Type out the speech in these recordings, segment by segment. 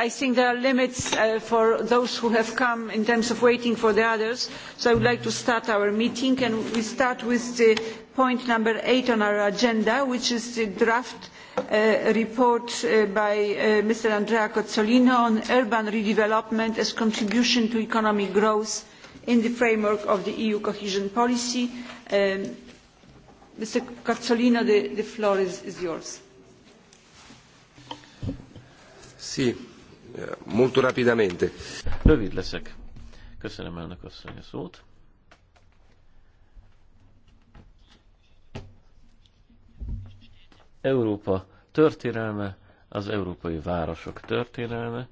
i think there are limits uh, for those who have come in terms of waiting for the others so i would like to start our meeting and we start with the point number eight on our agenda which is the draft uh, report uh, by uh, mr andrea cozzolino on urban redevelopment as contribution to economic growth in the framework of the eu cohesion policy. Um, mr cozzolino the, the floor is, is yours. Sì, molto rapidamente. Rövid leszek. Köszönöm elnök asszony a szót. Európa történelme, az európai városok történelme,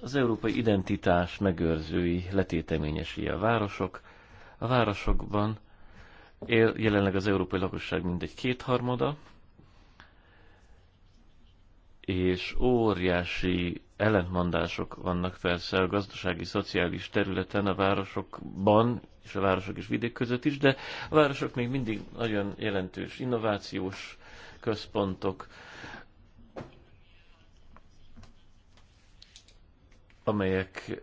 az európai identitás megőrzői, letéteményesei a városok. A városokban él jelenleg az európai lakosság mindegy kétharmada, és óriási ellentmondások vannak persze a gazdasági, szociális területen, a városokban és a városok és vidék között is, de a városok még mindig nagyon jelentős innovációs központok, amelyek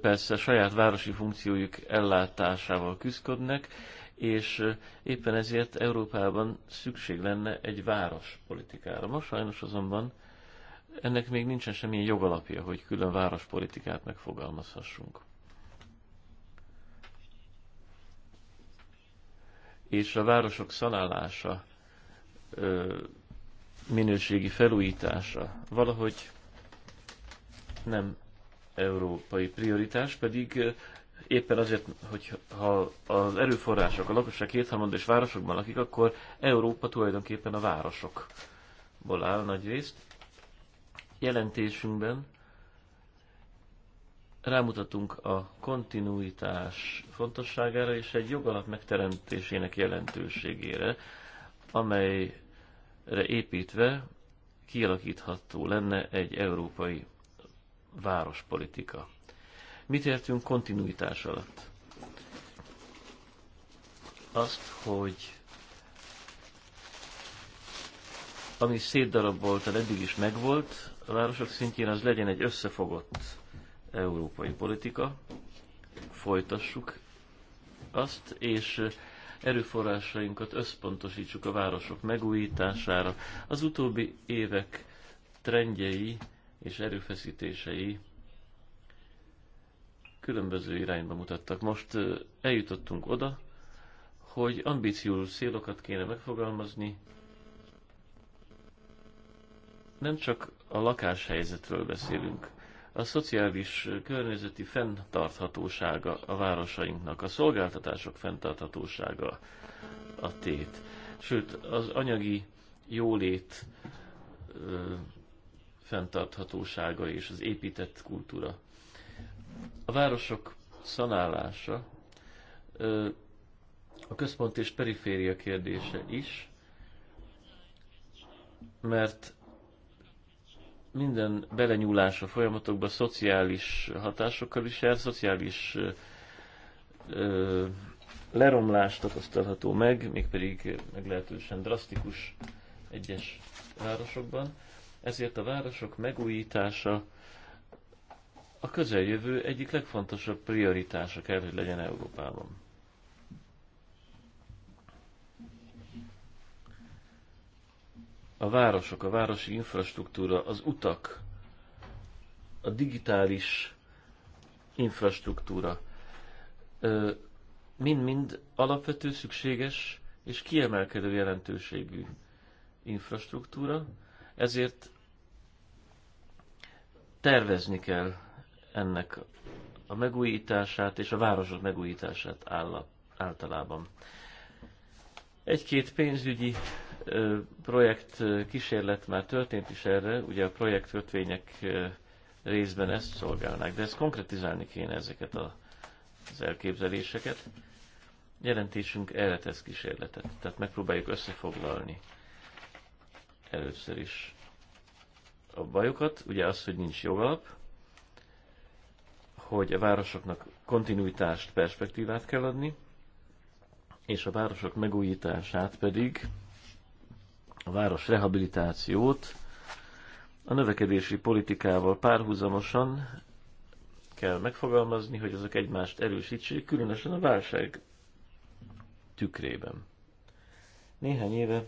persze saját városi funkciójuk ellátásával küzdködnek, és éppen ezért Európában szükség lenne egy várospolitikára. Most sajnos azonban ennek még nincsen semmilyen jogalapja, hogy külön várospolitikát megfogalmazhassunk. És a városok szanálása, minőségi felújítása valahogy nem európai prioritás, pedig éppen azért, hogy ha az erőforrások, a lakosság kétharmad és városokban lakik, akkor Európa tulajdonképpen a városokból áll nagy részt, jelentésünkben rámutatunk a kontinuitás fontosságára és egy jogalap megteremtésének jelentőségére, amelyre építve kialakítható lenne egy európai várospolitika. Mit értünk kontinuitás alatt? Azt, hogy ami szétdarabolt, eddig is megvolt, a városok szintjén az legyen egy összefogott európai politika, folytassuk azt, és erőforrásainkat összpontosítsuk a városok megújítására. Az utóbbi évek trendjei és erőfeszítései különböző irányba mutattak. Most eljutottunk oda, hogy ambíciós célokat kéne megfogalmazni, nem csak a lakáshelyzetről beszélünk, a szociális környezeti fenntarthatósága a városainknak, a szolgáltatások fenntarthatósága a tét. Sőt, az anyagi jólét ö, fenntarthatósága és az épített kultúra. A városok szanálása, ö, a központ és periféria kérdése is, mert minden belenyúlás a folyamatokba szociális hatásokkal is jár, szociális ö, leromlást tapasztalható meg, mégpedig meglehetősen drasztikus egyes városokban. Ezért a városok megújítása a közeljövő egyik legfontosabb prioritása kell, hogy legyen Európában. a városok, a városi infrastruktúra, az utak, a digitális infrastruktúra mind-mind alapvető, szükséges és kiemelkedő jelentőségű infrastruktúra, ezért tervezni kell ennek a megújítását és a városok megújítását általában. Egy-két pénzügyi projekt kísérlet már történt is erre, ugye a projekt kötvények részben ezt szolgálnák, de ezt konkretizálni kéne ezeket a, az elképzeléseket. Jelentésünk erre tesz kísérletet, tehát megpróbáljuk összefoglalni először is a bajokat, ugye az, hogy nincs jogalap, hogy a városoknak kontinuitást, perspektívát kell adni, és a városok megújítását pedig a város rehabilitációt a növekedési politikával párhuzamosan kell megfogalmazni, hogy azok egymást erősítsék, különösen a válság tükrében. Néhány éve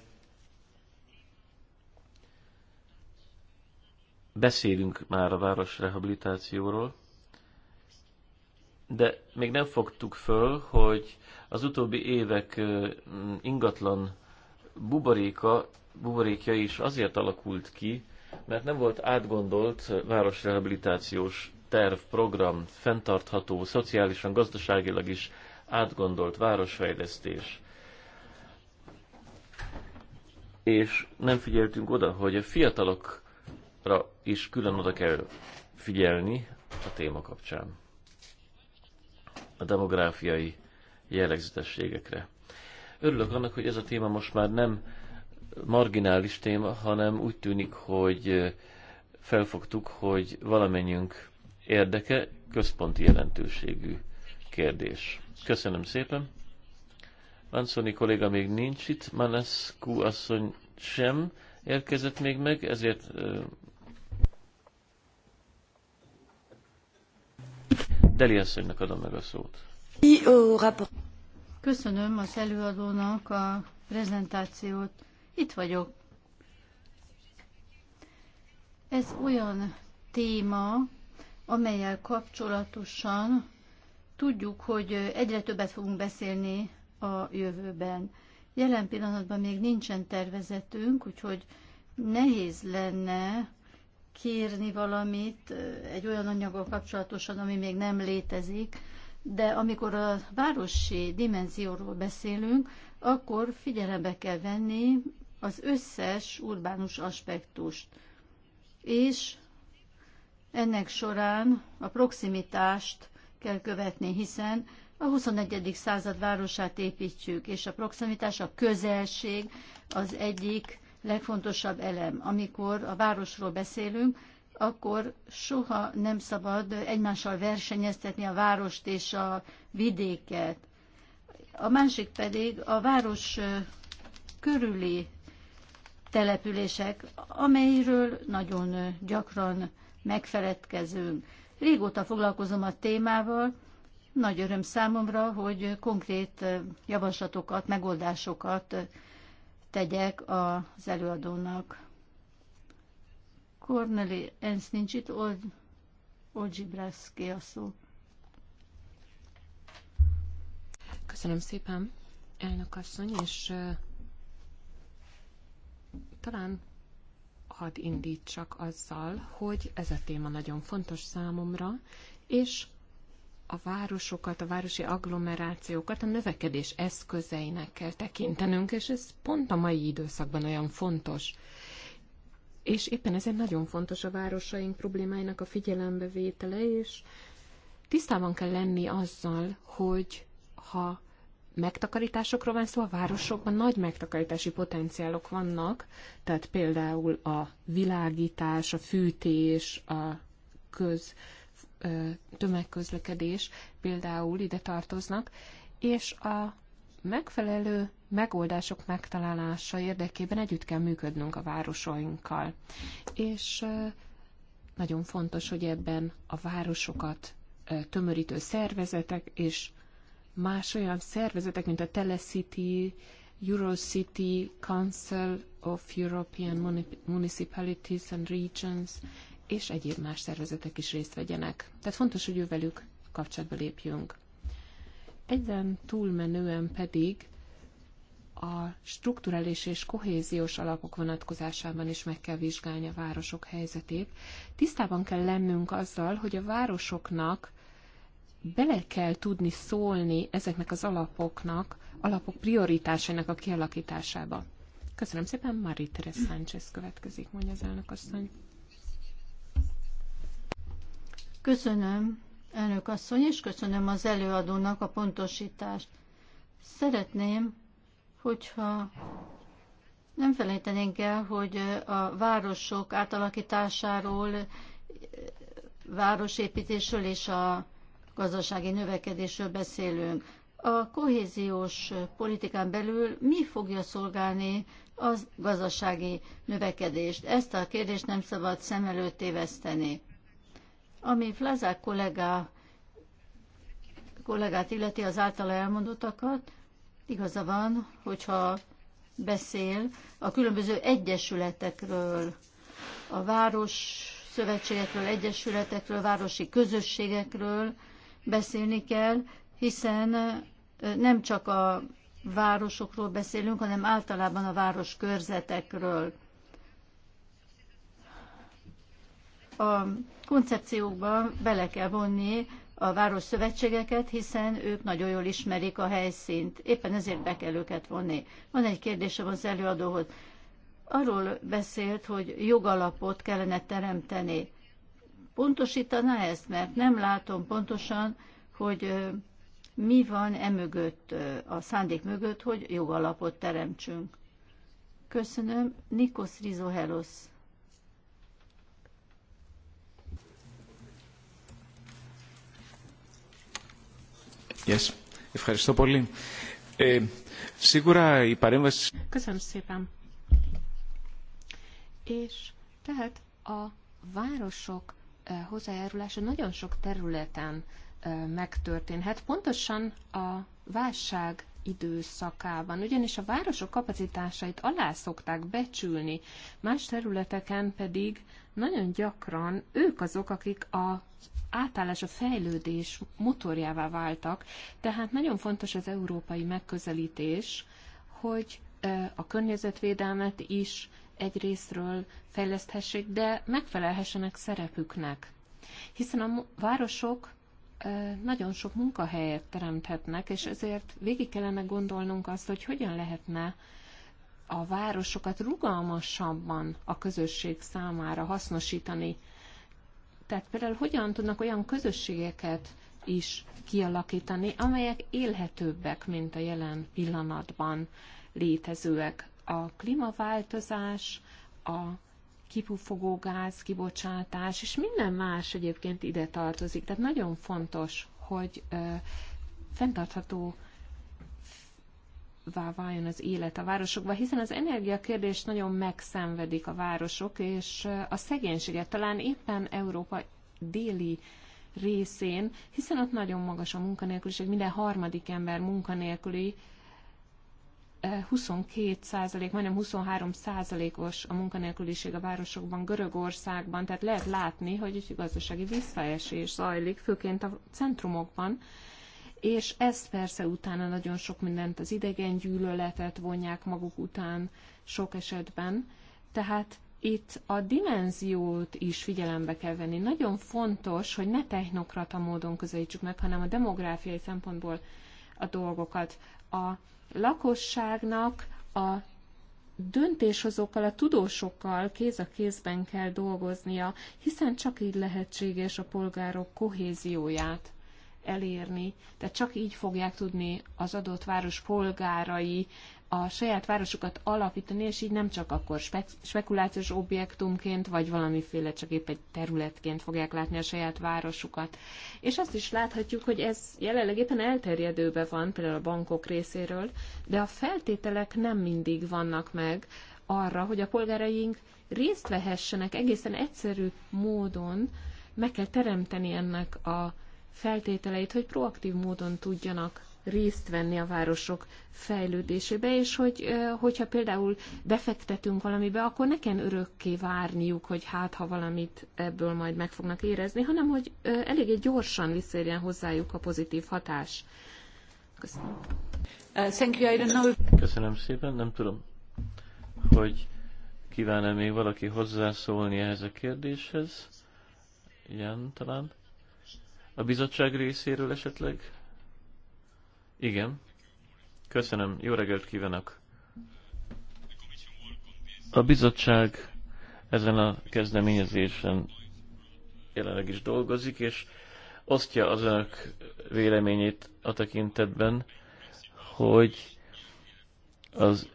beszélünk már a város rehabilitációról, de még nem fogtuk föl, hogy az utóbbi évek ingatlan buboréka buborékja is azért alakult ki, mert nem volt átgondolt városrehabilitációs terv, program, fenntartható, szociálisan, gazdaságilag is átgondolt városfejlesztés. És nem figyeltünk oda, hogy a fiatalokra is külön oda kell figyelni a téma kapcsán. A demográfiai jellegzetességekre. Örülök annak, hogy ez a téma most már nem marginális téma, hanem úgy tűnik, hogy felfogtuk, hogy valamennyünk érdeke központi jelentőségű kérdés. Köszönöm szépen. Anszoni kolléga még nincs itt, Manescu asszony sem érkezett még meg, ezért Deli asszonynak adom meg a szót. Köszönöm az előadónak a prezentációt. Itt vagyok. Ez olyan téma, amelyel kapcsolatosan tudjuk, hogy egyre többet fogunk beszélni a jövőben. Jelen pillanatban még nincsen tervezetünk, úgyhogy nehéz lenne kérni valamit egy olyan anyaggal kapcsolatosan, ami még nem létezik, de amikor a városi dimenzióról beszélünk, akkor figyelembe kell venni az összes urbánus aspektust, és ennek során a proximitást kell követni, hiszen a 21. század városát építjük, és a proximitás, a közelség az egyik legfontosabb elem. Amikor a városról beszélünk, akkor soha nem szabad egymással versenyeztetni a várost és a vidéket. A másik pedig a város körüli települések, amelyről nagyon gyakran megfeledkezünk. Régóta foglalkozom a témával, nagy öröm számomra, hogy konkrét javaslatokat, megoldásokat tegyek az előadónak. Corneli Ensz nincs itt, old a szó. Köszönöm szépen, elnök asszony, és talán hadd indítsak azzal, hogy ez a téma nagyon fontos számomra, és a városokat, a városi agglomerációkat a növekedés eszközeinek kell tekintenünk, és ez pont a mai időszakban olyan fontos. És éppen ezért nagyon fontos a városaink problémáinak a figyelembevétele, és tisztában kell lenni azzal, hogy ha megtakarításokról van szó, a városokban nagy megtakarítási potenciálok vannak, tehát például a világítás, a fűtés, a köz, tömegközlekedés például ide tartoznak, és a megfelelő megoldások megtalálása érdekében együtt kell működnünk a városainkkal. És nagyon fontos, hogy ebben a városokat tömörítő szervezetek és más olyan szervezetek, mint a Telecity, Eurocity, Council of European Municipalities and Regions, és egyéb más szervezetek is részt vegyenek. Tehát fontos, hogy ővelük kapcsolatba lépjünk. Egyben túlmenően pedig a strukturális és kohéziós alapok vonatkozásában is meg kell vizsgálni a városok helyzetét. Tisztában kell lennünk azzal, hogy a városoknak bele kell tudni szólni ezeknek az alapoknak, alapok prioritásainak a kialakításába. Köszönöm szépen, Marie Teres Sánchez következik, mondja az elnök asszony. Köszönöm, elnök asszony, és köszönöm az előadónak a pontosítást. Szeretném, hogyha nem felejtenénk el, hogy a városok átalakításáról, városépítésről és a gazdasági növekedésről beszélünk. A kohéziós politikán belül mi fogja szolgálni az gazdasági növekedést? Ezt a kérdést nem szabad szem előtt téveszteni. Ami Flazák kollégá, kollégát illeti az általa elmondottakat, igaza van, hogyha beszél a különböző egyesületekről, a város szövetségekről, egyesületekről, városi közösségekről, beszélni kell, hiszen nem csak a városokról beszélünk, hanem általában a város körzetekről. A koncepciókban bele kell vonni a város szövetségeket, hiszen ők nagyon jól ismerik a helyszínt. Éppen ezért be kell őket vonni. Van egy kérdésem az előadóhoz. Arról beszélt, hogy jogalapot kellene teremteni pontosítaná ezt, mert nem látom pontosan, hogy mi van emögött, a szándék mögött, hogy jogalapot teremtsünk. Köszönöm. Nikos Rizohelos. Yes. Ευχαριστώ πολύ. Ε, σίγουρα η παρέμβαση... Köszönöm szépen. És tehát a városok hozzájárulása nagyon sok területen megtörténhet, pontosan a válság időszakában, ugyanis a városok kapacitásait alá szokták becsülni, más területeken pedig nagyon gyakran ők azok, akik a átállás a fejlődés motorjává váltak, tehát nagyon fontos az európai megközelítés, hogy a környezetvédelmet is egy részről fejleszthessék, de megfelelhessenek szerepüknek. Hiszen a városok nagyon sok munkahelyet teremthetnek, és ezért végig kellene gondolnunk azt, hogy hogyan lehetne a városokat rugalmasabban a közösség számára hasznosítani. Tehát például hogyan tudnak olyan közösségeket is kialakítani, amelyek élhetőbbek, mint a jelen pillanatban létezőek a klímaváltozás, a kipufogó gáz, kibocsátás, és minden más egyébként ide tartozik. Tehát nagyon fontos, hogy ö, fenntartható váljon az élet a városokban, hiszen az energiakérdés nagyon megszenvedik a városok, és a szegénységet talán éppen Európa déli részén, hiszen ott nagyon magas a munkanélküliség, minden harmadik ember munkanélküli, 22 majdnem 23 százalékos a munkanélküliség a városokban, Görögországban, tehát lehet látni, hogy egy gazdasági visszaesés zajlik, főként a centrumokban, és ez persze utána nagyon sok mindent, az idegen gyűlöletet vonják maguk után sok esetben, tehát itt a dimenziót is figyelembe kell venni. Nagyon fontos, hogy ne technokrata módon közelítsük meg, hanem a demográfiai szempontból a dolgokat. A lakosságnak a döntéshozókkal, a tudósokkal kéz a kézben kell dolgoznia, hiszen csak így lehetséges a polgárok kohézióját elérni. Tehát csak így fogják tudni az adott város polgárai a saját városukat alapítani, és így nem csak akkor spek- spekulációs objektumként, vagy valamiféle csak épp egy területként fogják látni a saját városukat. És azt is láthatjuk, hogy ez jelenleg éppen elterjedőben van, például a bankok részéről, de a feltételek nem mindig vannak meg arra, hogy a polgáraink részt vehessenek egészen egyszerű módon, meg kell teremteni ennek a feltételeit, hogy proaktív módon tudjanak részt venni a városok fejlődésébe, és hogy, hogyha például befektetünk valamibe, akkor ne kell örökké várniuk, hogy hát ha valamit ebből majd meg fognak érezni, hanem hogy eléggé gyorsan visszérjen hozzájuk a pozitív hatás. Köszönöm. Uh, thank you, I don't know. Köszönöm szépen, nem tudom, hogy kíván-e még valaki hozzászólni ehhez a kérdéshez? Igen, talán. A bizottság részéről esetleg? Igen. Köszönöm. Jó reggelt kívánok. A bizottság ezen a kezdeményezésen jelenleg is dolgozik, és osztja az önök véleményét a tekintetben, hogy az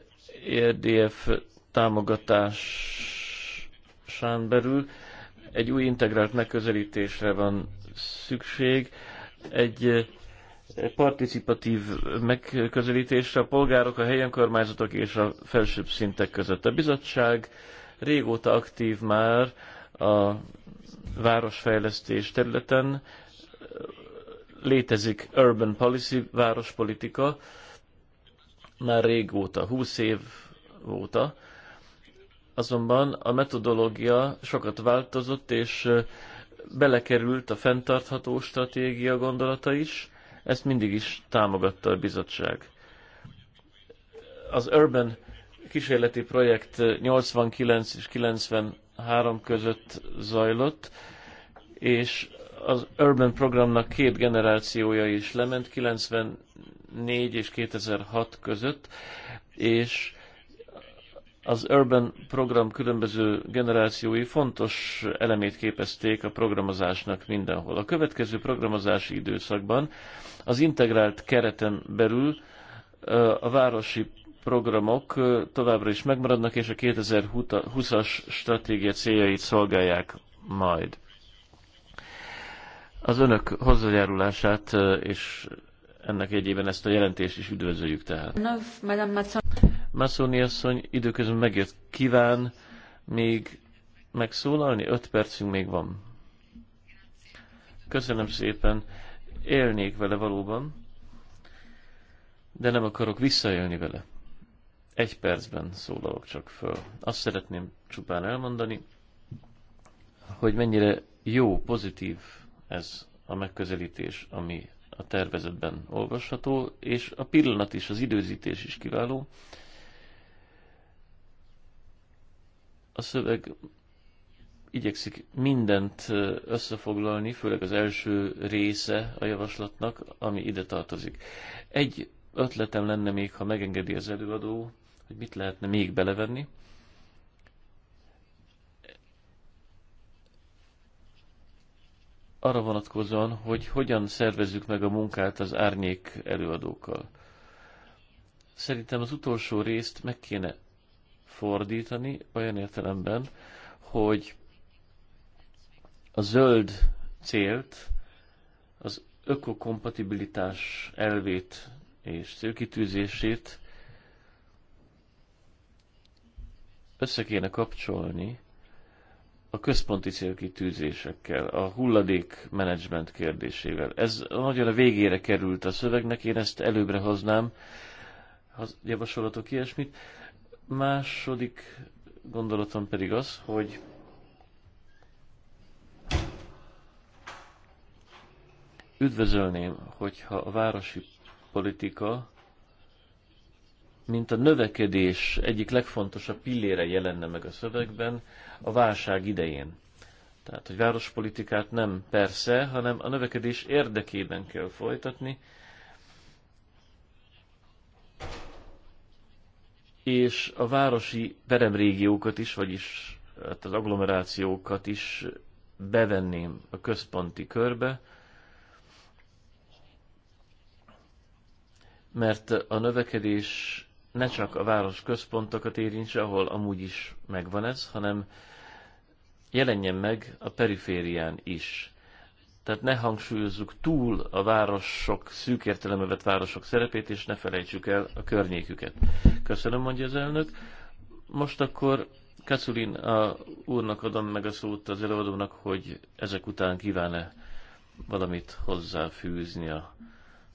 EDF támogatásán belül egy új integrált megközelítésre van szükség, egy participatív megközelítésre a polgárok, a helyi önkormányzatok és a felsőbb szintek között. A bizottság régóta aktív már a városfejlesztés területen, létezik urban policy, várospolitika, már régóta, 20 év óta, azonban a metodológia sokat változott, és belekerült a fenntartható stratégia gondolata is, ezt mindig is támogatta a bizottság. Az Urban kísérleti projekt 89 és 93 között zajlott, és az Urban programnak két generációja is lement, 94 és 2006 között, és az Urban program különböző generációi fontos elemét képezték a programozásnak mindenhol. A következő programozási időszakban az integrált kereten belül a városi programok továbbra is megmaradnak, és a 2020-as stratégia céljait szolgálják majd. Az önök hozzájárulását és ennek egyében ezt a jelentést is üdvözöljük tehát. Mászóni asszony időközben megjött. Kíván még megszólalni? Öt percünk még van. Köszönöm szépen. Élnék vele valóban, de nem akarok visszaélni vele. Egy percben szólalok csak föl. Azt szeretném csupán elmondani, hogy mennyire jó, pozitív ez a megközelítés, ami a tervezetben olvasható, és a pillanat is, az időzítés is kiváló. a szöveg igyekszik mindent összefoglalni, főleg az első része a javaslatnak, ami ide tartozik. Egy ötletem lenne még, ha megengedi az előadó, hogy mit lehetne még belevenni. Arra vonatkozóan, hogy hogyan szervezzük meg a munkát az árnyék előadókkal. Szerintem az utolsó részt meg kéne fordítani, olyan értelemben, hogy a zöld célt, az ökokompatibilitás elvét és célkitűzését össze kéne kapcsolni a központi célkitűzésekkel, a hulladék menedzsment kérdésével. Ez nagyon a végére került a szövegnek, én ezt előbbre hoznám, javasolatok ilyesmit. Második gondolatom pedig az, hogy üdvözölném, hogyha a városi politika, mint a növekedés egyik legfontosabb pillére jelenne meg a szövegben a válság idején. Tehát, hogy várospolitikát nem persze, hanem a növekedés érdekében kell folytatni, és a városi peremrégiókat is, vagyis hát az agglomerációkat is bevenném a központi körbe, mert a növekedés ne csak a város központokat érintse, ahol amúgy is megvan ez, hanem jelenjen meg a periférián is. Tehát ne hangsúlyozzuk túl a városok, szűk vett városok szerepét, és ne felejtsük el a környéküket. Köszönöm, mondja az elnök. Most akkor Kaculin a úrnak adom meg a szót az előadónak, hogy ezek után kíván-e valamit hozzáfűzni a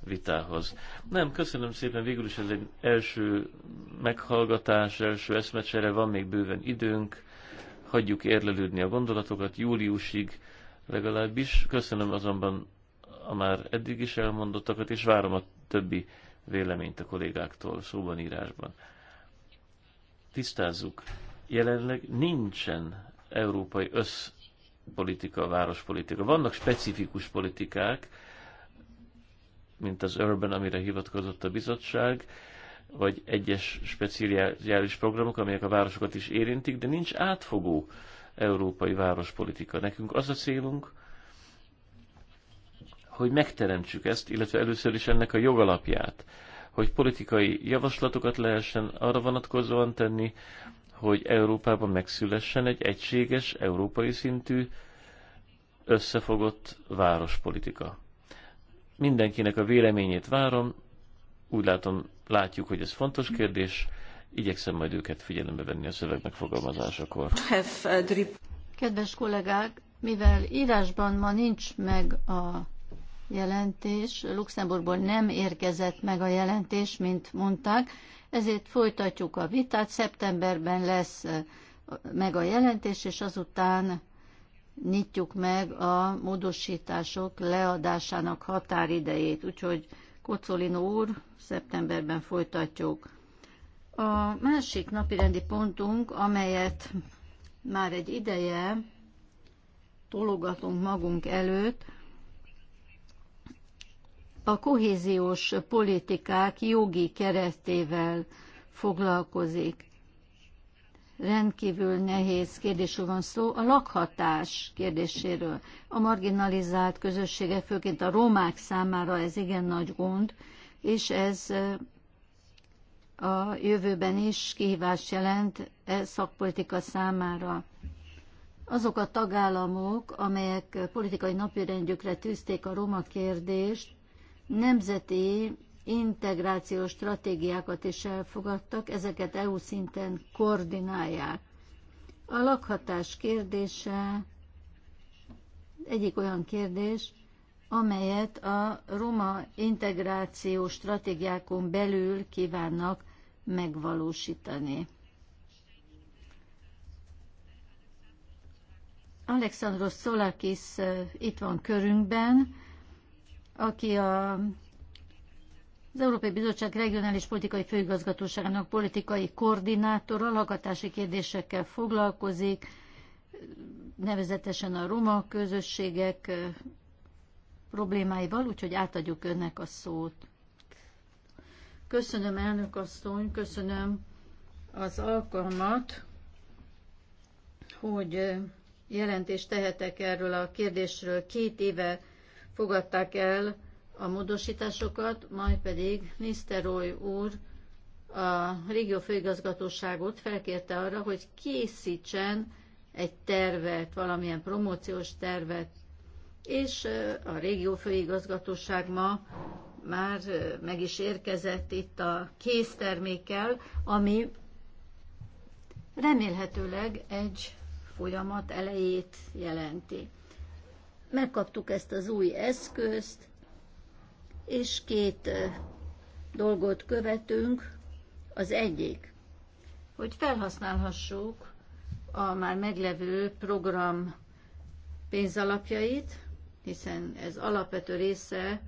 vitához. Nem, köszönöm szépen, végül is ez egy első meghallgatás, első eszmecsere, van még bőven időnk, hagyjuk érlelődni a gondolatokat júliusig, legalábbis. Köszönöm azonban a már eddig is elmondottakat, és várom a többi véleményt a kollégáktól szóban, írásban. Tisztázzuk, jelenleg nincsen európai összpolitika, várospolitika. Vannak specifikus politikák, mint az Urban, amire hivatkozott a bizottság, vagy egyes speciális programok, amelyek a városokat is érintik, de nincs átfogó uh, európai várospolitika. Nekünk az a célunk, hogy megteremtsük ezt, illetve először is ennek a jogalapját, hogy politikai javaslatokat lehessen arra vonatkozóan tenni, hogy Európában megszülessen egy egységes, európai szintű, összefogott várospolitika. Mindenkinek a véleményét várom, úgy látom, látjuk, hogy ez fontos kérdés, Igyekszem majd őket figyelembe venni a szöveg megfogalmazásakor. Kedves kollégák, mivel írásban ma nincs meg a jelentés, Luxemburgból nem érkezett meg a jelentés, mint mondták, ezért folytatjuk a vitát. Szeptemberben lesz meg a jelentés, és azután nyitjuk meg a módosítások leadásának határidejét. Úgyhogy Kocolin úr, szeptemberben folytatjuk. A másik napirendi pontunk, amelyet már egy ideje tologatunk magunk előtt, a kohéziós politikák jogi keretével foglalkozik. Rendkívül nehéz kérdésről van szó, a lakhatás kérdéséről. A marginalizált közösségek, főként a romák számára ez igen nagy gond, és ez a jövőben is kihívást jelent e szakpolitika számára. Azok a tagállamok, amelyek politikai napirendjükre tűzték a roma kérdést, nemzeti integrációs stratégiákat is elfogadtak, ezeket EU szinten koordinálják. A lakhatás kérdése egyik olyan kérdés, amelyet a roma integráció stratégiákon belül kívánnak megvalósítani. Alexandros Szolakis eh, itt van körünkben, aki a, az Európai Bizottság regionális politikai főigazgatóságának politikai koordinátora, lakatási kérdésekkel foglalkozik, nevezetesen a roma közösségek eh, problémáival, úgyhogy átadjuk önnek a szót. Köszönöm, elnök asszony, köszönöm az alkalmat, hogy jelentést tehetek erről a kérdésről. Két éve fogadták el a módosításokat, majd pedig Niszteroy úr a régió főigazgatóságot felkérte arra, hogy készítsen egy tervet, valamilyen promóciós tervet és a régió főigazgatóság ma már meg is érkezett itt a késztermékkel, ami remélhetőleg egy folyamat elejét jelenti. Megkaptuk ezt az új eszközt, és két dolgot követünk. Az egyik, hogy felhasználhassuk a már meglevő program pénzalapjait, hiszen ez alapvető része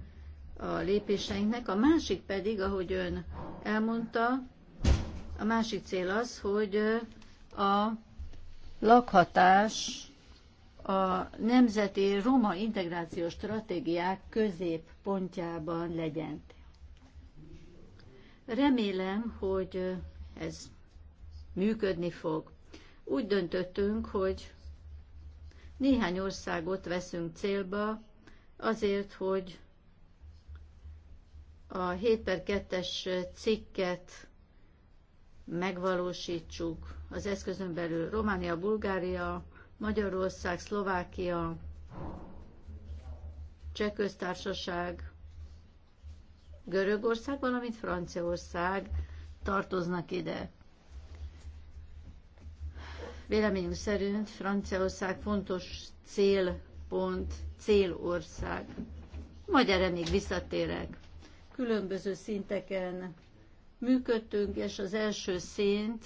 a lépéseinknek. A másik pedig, ahogy ön elmondta, a másik cél az, hogy a lakhatás a nemzeti roma integrációs stratégiák középpontjában legyen. Remélem, hogy ez működni fog. Úgy döntöttünk, hogy néhány országot veszünk célba azért, hogy a 7 per 2-es cikket megvalósítsuk az eszközön belül. Románia, Bulgária, Magyarország, Szlovákia, Cseh köztársaság, Görögország, valamint Franciaország tartoznak ide. Véleményünk szerint Franciaország fontos célpont, célország. Majd erre még visszatérek. Különböző szinteken működtünk, és az első szint,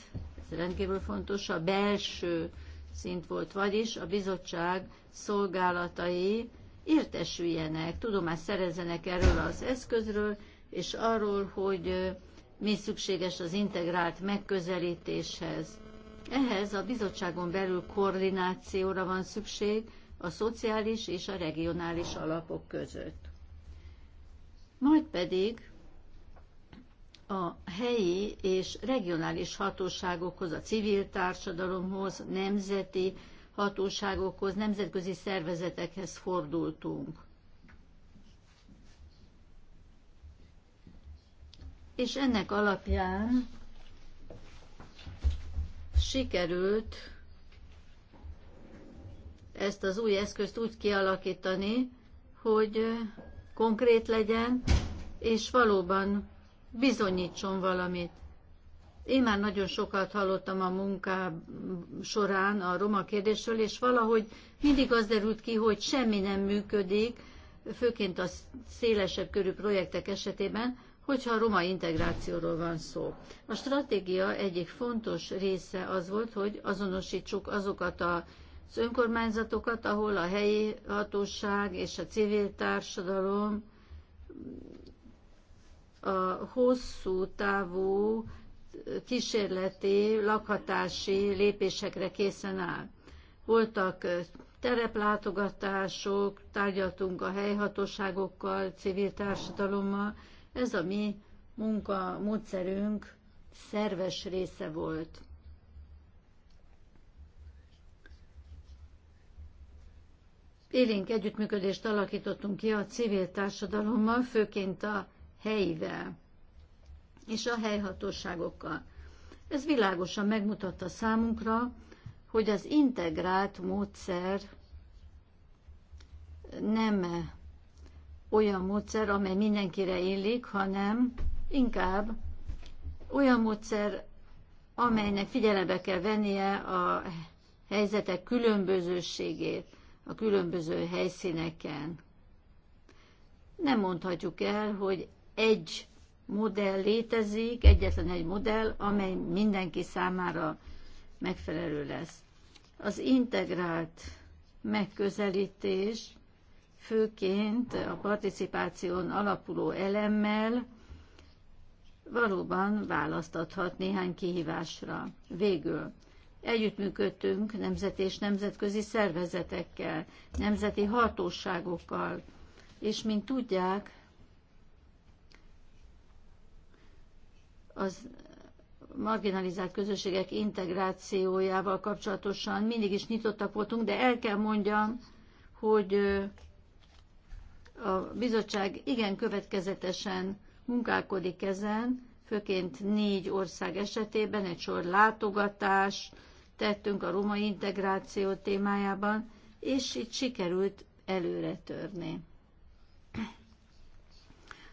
ez rendkívül fontos, a belső szint volt, vagyis a bizottság szolgálatai értesüljenek, tudomást szerezzenek erről az eszközről, és arról, hogy mi szükséges az integrált megközelítéshez. Ehhez a bizottságon belül koordinációra van szükség a szociális és a regionális alapok között. Majd pedig a helyi és regionális hatóságokhoz, a civil társadalomhoz, nemzeti hatóságokhoz, nemzetközi szervezetekhez fordultunk. És ennek alapján sikerült ezt az új eszközt úgy kialakítani, hogy konkrét legyen, és valóban bizonyítson valamit. Én már nagyon sokat hallottam a munkám során a roma kérdésről, és valahogy mindig az derült ki, hogy semmi nem működik, főként a szélesebb körű projektek esetében, hogyha a roma integrációról van szó. A stratégia egyik fontos része az volt, hogy azonosítsuk azokat a az önkormányzatokat, ahol a helyi hatóság és a civil társadalom a hosszú távú kísérleti, lakhatási lépésekre készen áll. Voltak tereplátogatások, tárgyaltunk a helyhatóságokkal, civil társadalommal, ez a mi munka módszerünk szerves része volt. Élénk együttműködést alakítottunk ki a civil társadalommal, főként a helyivel és a helyhatóságokkal. Ez világosan megmutatta számunkra, hogy az integrált módszer nem olyan módszer, amely mindenkire illik, hanem inkább olyan módszer, amelynek figyelembe kell vennie a helyzetek különbözőségét a különböző helyszíneken. Nem mondhatjuk el, hogy egy modell létezik, egyetlen egy modell, amely mindenki számára megfelelő lesz. Az integrált megközelítés főként a participáción alapuló elemmel valóban választathat néhány kihívásra. Végül együttműködtünk nemzet és nemzetközi szervezetekkel, nemzeti hatóságokkal, és mint tudják, az marginalizált közösségek integrációjával kapcsolatosan mindig is nyitottak voltunk, de el kell mondjam, hogy a bizottság igen következetesen munkálkodik ezen, főként négy ország esetében, egy sor látogatás tettünk a római integráció témájában, és itt sikerült előre törni.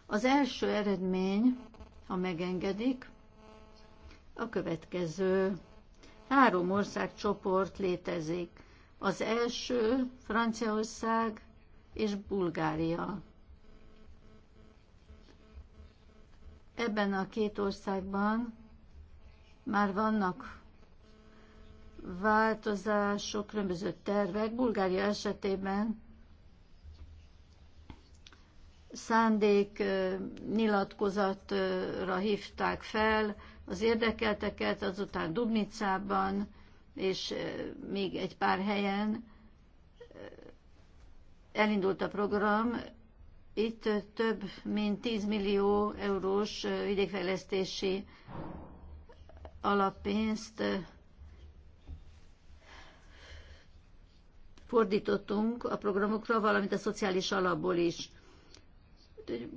Az első eredmény, ha megengedik, a következő. Három országcsoport létezik. Az első Franciaország, és Bulgária. Ebben a két országban már vannak változások, különböző tervek. Bulgária esetében szándék nyilatkozatra hívták fel az érdekelteket, azután Dubnicában és még egy pár helyen elindult a program, itt több mint 10 millió eurós vidékfejlesztési alappénzt fordítottunk a programokra, valamint a szociális alapból is.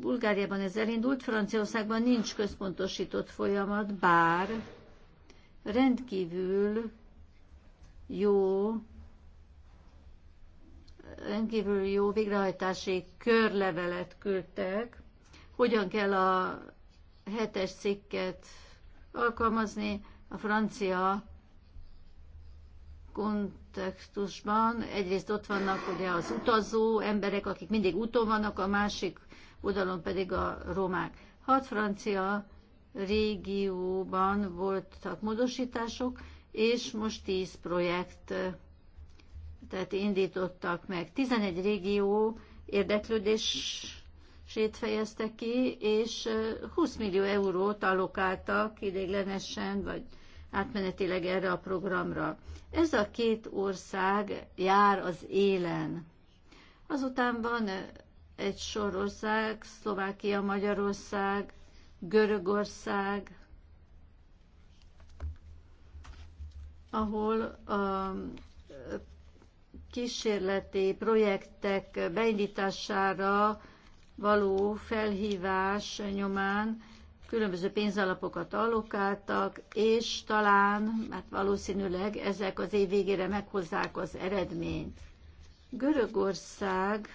Bulgáriában ez elindult, Franciaországban nincs központosított folyamat, bár rendkívül jó rendkívül jó végrehajtási körlevelet küldtek, hogyan kell a hetes cikket alkalmazni a francia kontextusban. Egyrészt ott vannak ugye az utazó emberek, akik mindig úton vannak, a másik oldalon pedig a romák. Hat francia régióban voltak módosítások, és most tíz projekt tehát indítottak meg. 11 régió érdeklődését fejezte ki, és 20 millió eurót allokáltak ideiglenesen, vagy átmenetileg erre a programra. Ez a két ország jár az élen. Azután van egy sor ország, Szlovákia, Magyarország, Görögország, ahol a kísérleti projektek beindítására való felhívás nyomán különböző pénzalapokat allokáltak, és talán, mert hát valószínűleg ezek az év végére meghozzák az eredményt. Görögország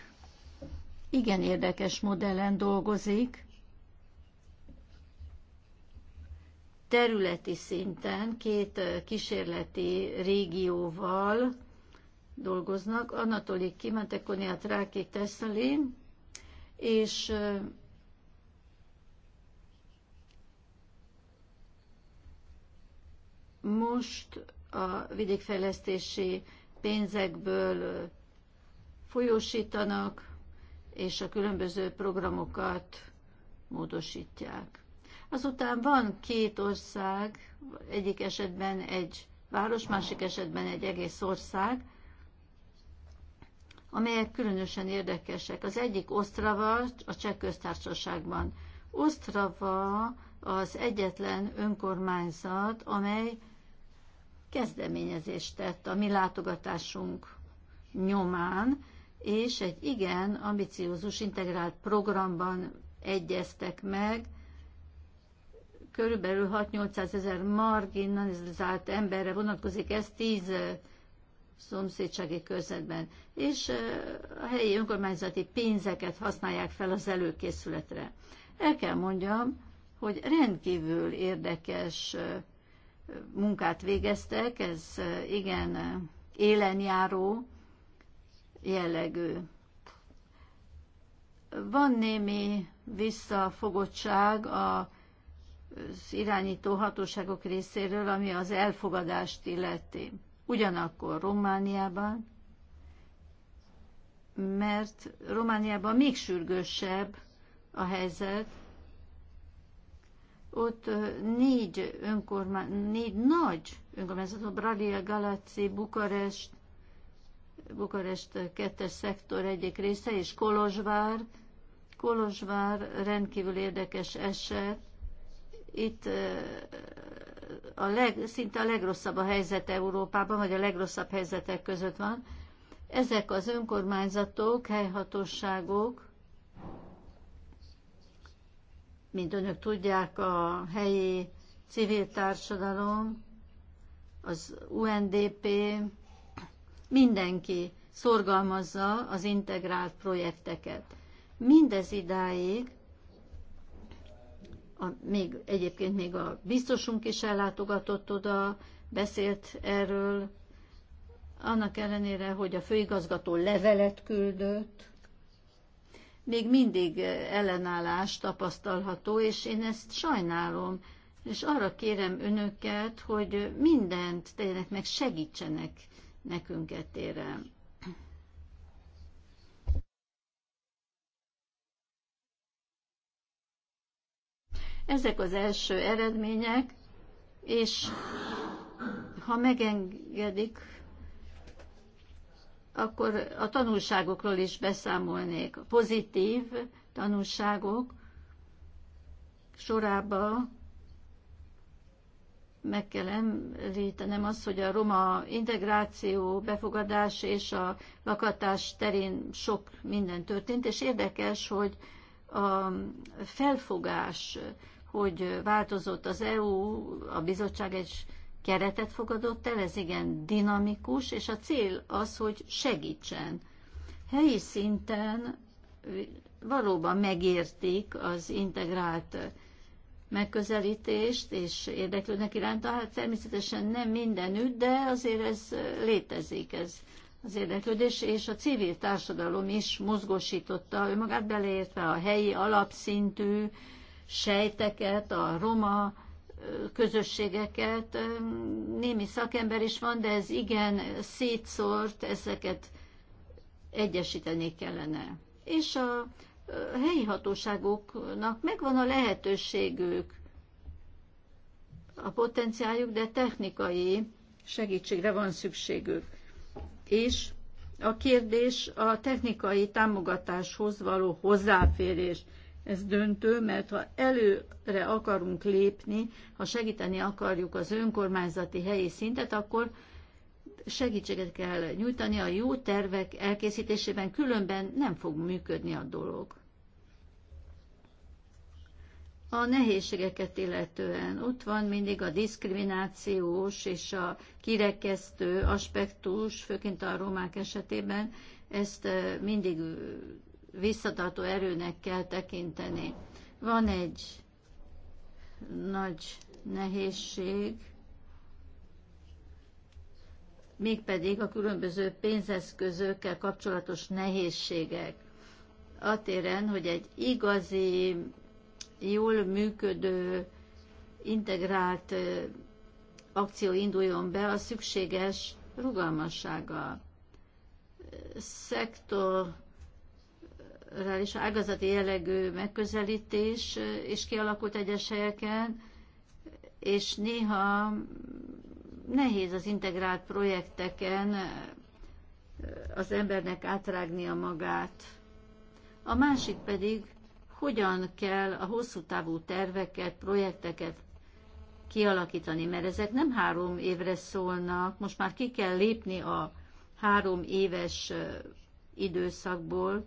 igen érdekes modellen dolgozik, területi szinten két kísérleti régióval, dolgoznak, Anatolik Kimatekoniát, Ráki teszeli, és most a vidékfejlesztési pénzekből folyósítanak, és a különböző programokat módosítják. Azután van két ország, egyik esetben egy város, másik esetben egy egész ország, amelyek különösen érdekesek. Az egyik Osztrava a Cseh köztársaságban. Osztrava az egyetlen önkormányzat, amely kezdeményezést tett a mi látogatásunk nyomán, és egy igen ambiciózus integrált programban egyeztek meg, körülbelül 6-800 ezer marginalizált emberre vonatkozik ez 10 szomszédsági körzetben, és a helyi önkormányzati pénzeket használják fel az előkészületre. El kell mondjam, hogy rendkívül érdekes munkát végeztek, ez igen élenjáró jellegű. Van némi visszafogottság a az irányító hatóságok részéről, ami az elfogadást illeti ugyanakkor Romániában, mert Romániában még sürgősebb a helyzet, ott négy, önkormány, négy nagy önkormányzat, a Bralia, Galaci, Bukarest, Bukarest kettes szektor egyik része, és Kolozsvár. Kolozsvár rendkívül érdekes eset. Itt a leg, szinte a legrosszabb a helyzet Európában, vagy a legrosszabb helyzetek között van. Ezek az önkormányzatok, helyhatóságok, mint önök tudják, a helyi civil társadalom, az UNDP, mindenki szorgalmazza az integrált projekteket. Mindez idáig a, még, egyébként még a biztosunk is ellátogatott oda, beszélt erről, annak ellenére, hogy a főigazgató levelet küldött, még mindig ellenállás tapasztalható, és én ezt sajnálom, és arra kérem önöket, hogy mindent tegyenek meg, segítsenek nekünk etére. Ezek az első eredmények, és ha megengedik, akkor a tanulságokról is beszámolnék. A pozitív tanulságok sorába meg kell említenem azt, hogy a roma integráció, befogadás és a lakatás terén sok minden történt, és érdekes, hogy a felfogás hogy változott az EU, a bizottság egy keretet fogadott el, ez igen dinamikus, és a cél az, hogy segítsen. Helyi szinten valóban megértik az integrált megközelítést, és érdeklődnek iránta. Hát természetesen nem mindenütt, de azért ez létezik, ez az érdeklődés, és a civil társadalom is mozgósította önmagát, beleértve a helyi alapszintű sejteket, a roma közösségeket. Némi szakember is van, de ez igen szétszórt, ezeket egyesíteni kellene. És a helyi hatóságoknak megvan a lehetőségük, a potenciáljuk, de technikai segítségre van szükségük. És a kérdés a technikai támogatáshoz való hozzáférés ez döntő, mert ha előre akarunk lépni, ha segíteni akarjuk az önkormányzati helyi szintet, akkor segítséget kell nyújtani a jó tervek elkészítésében, különben nem fog működni a dolog. A nehézségeket illetően ott van mindig a diszkriminációs és a kirekesztő aspektus, főként a romák esetében, ezt eh, mindig visszatartó erőnek kell tekinteni. Van egy nagy nehézség, mégpedig a különböző pénzeszközökkel kapcsolatos nehézségek. A téren, hogy egy igazi, jól működő, integrált akció induljon be a szükséges rugalmassággal. Szektor kulturális ágazati jellegű megközelítés és kialakult egyes helyeken, és néha nehéz az integrált projekteken az embernek átrágnia magát. A másik pedig, hogyan kell a hosszú távú terveket, projekteket kialakítani, mert ezek nem három évre szólnak, most már ki kell lépni a három éves időszakból,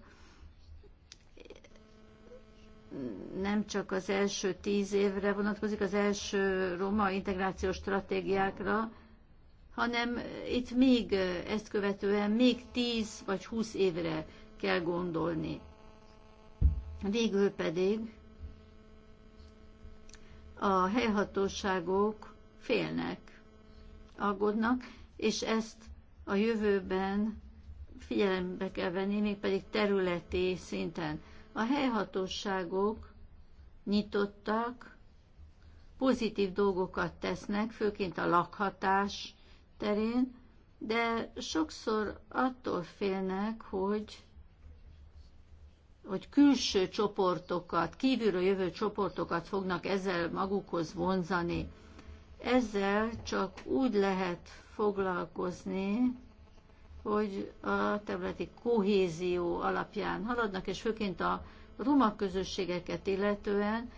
nem csak az első tíz évre vonatkozik, az első roma integrációs stratégiákra, hanem itt még ezt követően még tíz vagy húsz évre kell gondolni. Végül pedig a helyhatóságok félnek, aggódnak, és ezt a jövőben figyelembe kell venni, mégpedig területi szinten. A helyhatóságok nyitottak, pozitív dolgokat tesznek, főként a lakhatás terén, de sokszor attól félnek, hogy hogy külső csoportokat, kívülről jövő csoportokat fognak ezzel magukhoz vonzani. Ezzel csak úgy lehet foglalkozni, hogy a területi kohézió alapján haladnak, és főként a roma közösségeket illetően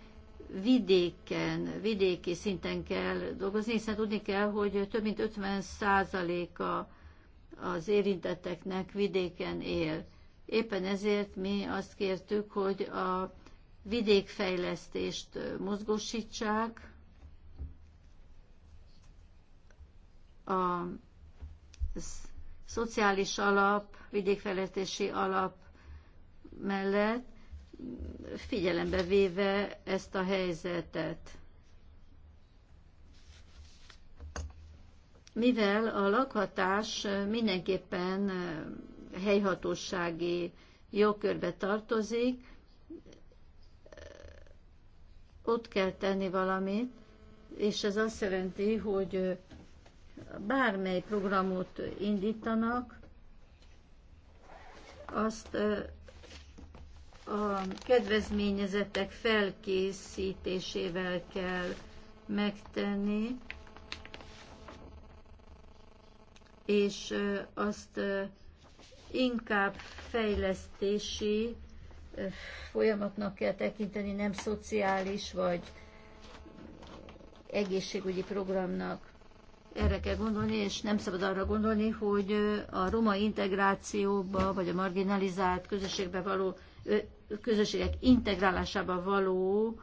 vidéken, vidéki szinten kell dolgozni, hiszen tudni kell, hogy több mint 50%-a az érintetteknek vidéken él. Éppen ezért mi azt kértük, hogy a vidékfejlesztést mozgósítsák, a, az szociális alap, vidékfejlesztési alap mellett, figyelembe véve ezt a helyzetet. Mivel a lakhatás mindenképpen helyhatósági jogkörbe tartozik, ott kell tenni valamit, és ez azt jelenti, hogy bármely programot indítanak, azt a kedvezményezettek felkészítésével kell megtenni, és azt inkább fejlesztési folyamatnak kell tekinteni, nem szociális vagy egészségügyi programnak erre kell gondolni, és nem szabad arra gondolni, hogy a roma integrációba, vagy a marginalizált közösségbe való, közösségek integrálásába való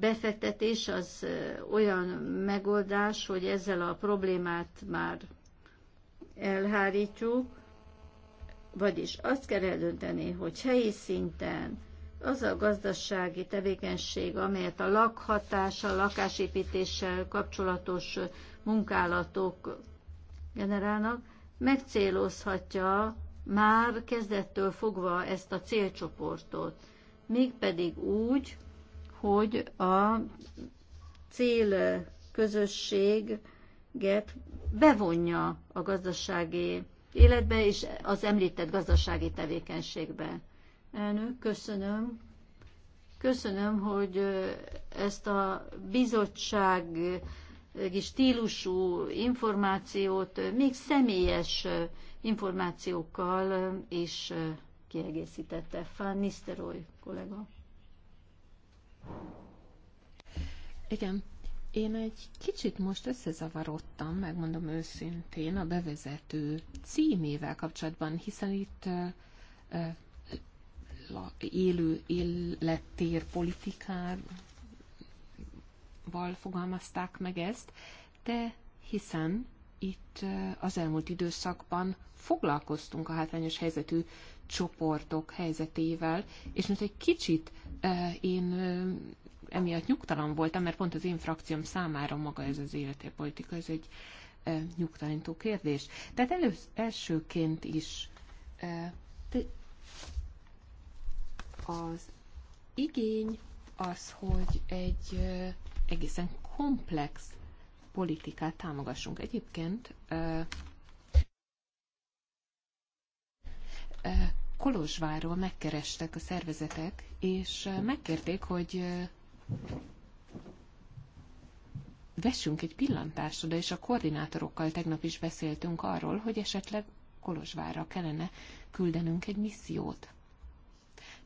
befektetés az olyan megoldás, hogy ezzel a problémát már elhárítjuk, vagyis azt kell eldönteni, hogy helyi szinten az a gazdasági tevékenység, amelyet a lakhatás, a lakásépítéssel kapcsolatos munkálatok generálnak, megcélozhatja már kezdettől fogva ezt a célcsoportot, mégpedig úgy, hogy a cél közösséget bevonja a gazdasági életbe és az említett gazdasági tevékenységbe. Elnök, köszönöm. Köszönöm, hogy ezt a bizottság, stílusú információt még személyes információkkal is kiegészítette. Fán Niszteroy kollega. Igen, én egy kicsit most összezavarodtam, megmondom őszintén, a bevezető címével kapcsolatban, hiszen itt élő élettér politikával fogalmazták meg ezt, de hiszen itt az elmúlt időszakban foglalkoztunk a hátrányos helyzetű csoportok helyzetével, és most egy kicsit én emiatt nyugtalan voltam, mert pont az én frakcióm számára maga ez az életépolitika, ez egy nyugtalanító kérdés. Tehát elősz, elsőként is az igény az, hogy egy egészen komplex politikát támogassunk. Egyébként Kolozsváról megkerestek a szervezetek, és megkérték, hogy vessünk egy pillantást oda, és a koordinátorokkal tegnap is beszéltünk arról, hogy esetleg Kolozsvárra kellene küldenünk egy missziót.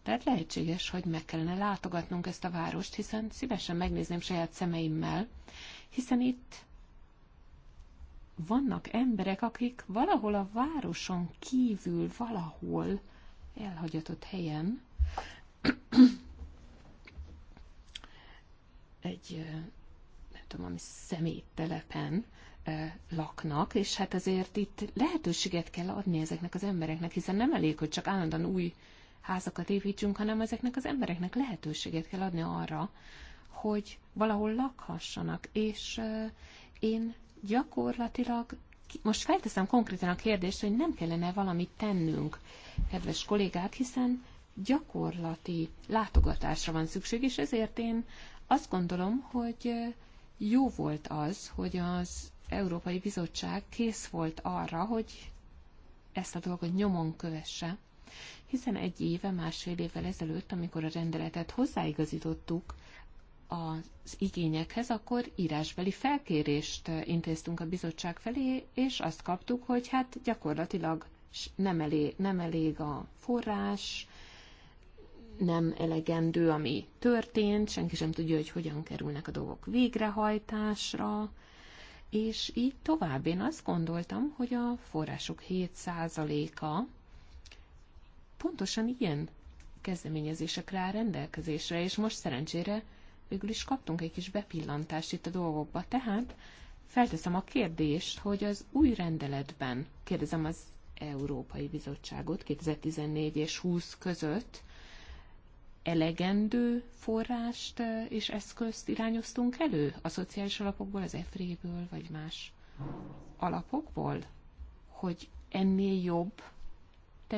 Tehát lehetséges, hogy meg kellene látogatnunk ezt a várost, hiszen szívesen megnézném saját szemeimmel, hiszen itt vannak emberek, akik valahol a városon kívül, valahol elhagyatott helyen egy, nem tudom, ami szeméttelepen laknak, és hát azért itt lehetőséget kell adni ezeknek az embereknek, hiszen nem elég, hogy csak állandóan új házakat építsünk, hanem ezeknek az embereknek lehetőséget kell adni arra, hogy valahol lakhassanak. És én gyakorlatilag most felteszem konkrétan a kérdést, hogy nem kellene valamit tennünk, kedves kollégák, hiszen gyakorlati látogatásra van szükség, és ezért én azt gondolom, hogy jó volt az, hogy az Európai Bizottság kész volt arra, hogy ezt a dolgot nyomon kövesse, hiszen egy éve, másfél évvel ezelőtt, amikor a rendeletet hozzáigazítottuk az igényekhez, akkor írásbeli felkérést intéztünk a bizottság felé, és azt kaptuk, hogy hát gyakorlatilag nem elég, nem elég a forrás, nem elegendő, ami történt, senki sem tudja, hogy hogyan kerülnek a dolgok végrehajtásra, és így tovább. Én azt gondoltam, hogy a források 7%-a pontosan ilyen kezdeményezések rá rendelkezésre, és most szerencsére végül is kaptunk egy kis bepillantást itt a dolgokba. Tehát felteszem a kérdést, hogy az új rendeletben, kérdezem az Európai Bizottságot 2014 és 20 között, elegendő forrást és eszközt irányoztunk elő a szociális alapokból, az EFRÉ-ből, vagy más alapokból, hogy ennél jobb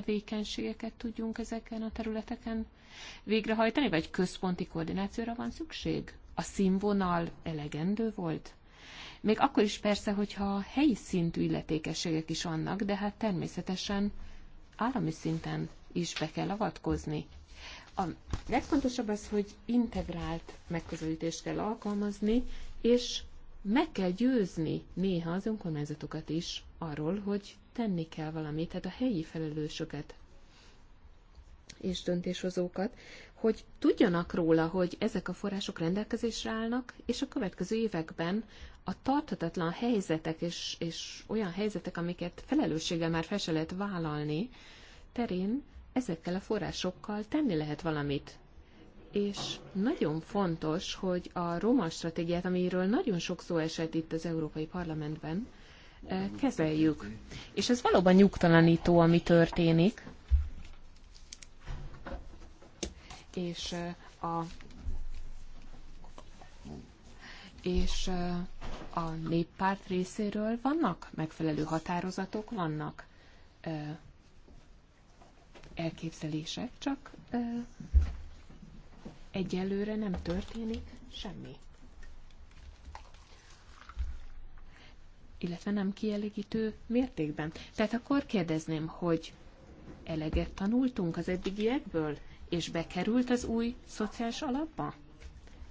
tevékenységeket tudjunk ezeken a területeken végrehajtani, vagy központi koordinációra van szükség? A színvonal elegendő volt? Még akkor is persze, hogyha helyi szintű illetékességek is vannak, de hát természetesen állami szinten is be kell avatkozni. A legfontosabb az, hogy integrált megközelítést kell alkalmazni, és meg kell győzni néha az önkormányzatokat is arról, hogy tenni kell valamit, tehát a helyi felelősöket és döntéshozókat, hogy tudjanak róla, hogy ezek a források rendelkezésre állnak, és a következő években a tarthatatlan helyzetek és, és olyan helyzetek, amiket felelősséggel már fel se lehet vállalni, terén ezekkel a forrásokkal tenni lehet valamit és nagyon fontos, hogy a roma stratégiát, amiről nagyon sok szó esett itt az Európai Parlamentben, eh, kezeljük. És ez valóban nyugtalanító, ami történik. És eh, a és eh, a néppárt részéről vannak megfelelő határozatok, vannak elképzelések, csak egyelőre nem történik semmi. Illetve nem kielégítő mértékben. Tehát akkor kérdezném, hogy eleget tanultunk az eddigiekből, és bekerült az új szociális alapba?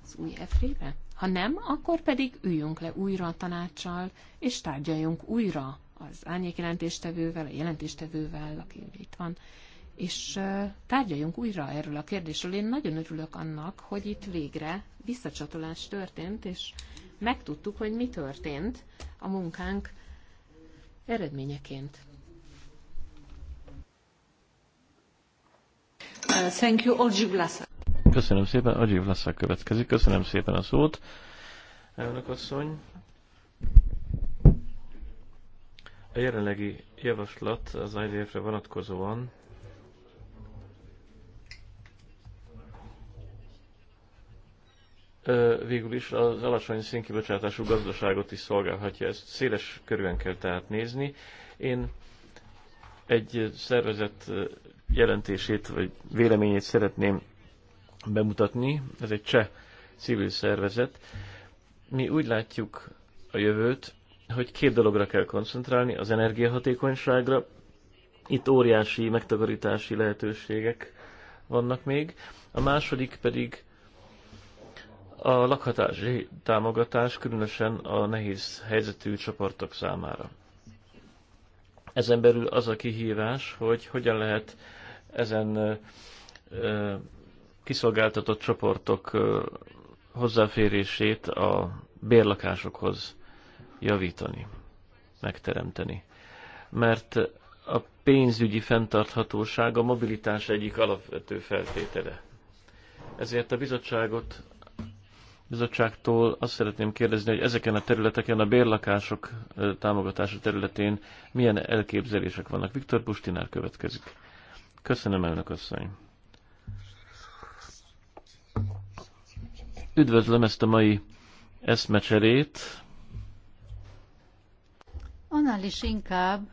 Az új EFRÉ-be? Ha nem, akkor pedig üljünk le újra a tanácssal, és tárgyaljunk újra az árnyék jelentéstevővel, a jelentéstevővel, aki itt van, és tárgyaljunk újra erről a kérdésről. Én nagyon örülök annak, hogy itt végre visszacsatolás történt, és megtudtuk, hogy mi történt a munkánk eredményeként. Uh, thank you, Olgyiv Köszönöm szépen, Olgyiv Lassa következik. Köszönöm szépen a szót, elnök asszony. A jelenlegi javaslat az idf re vonatkozóan végül is az alacsony szénkibocsátású gazdaságot is szolgálhatja. Ezt széles körülön kell tehát nézni. Én egy szervezet jelentését vagy véleményét szeretném bemutatni. Ez egy cseh civil szervezet. Mi úgy látjuk a jövőt, hogy két dologra kell koncentrálni, az energiahatékonyságra. Itt óriási megtakarítási lehetőségek vannak még. A második pedig a lakhatási támogatás különösen a nehéz helyzetű csoportok számára. Ezen belül az a kihívás, hogy hogyan lehet ezen kiszolgáltatott csoportok hozzáférését a bérlakásokhoz javítani, megteremteni. Mert a pénzügyi fenntarthatóság a mobilitás egyik alapvető feltétele. Ezért a bizottságot bizottságtól azt szeretném kérdezni, hogy ezeken a területeken, a bérlakások támogatása területén milyen elképzelések vannak. Viktor Pustinár következik. Köszönöm, elnök asszony. Üdvözlöm ezt a mai eszmecserét. Annál is inkább,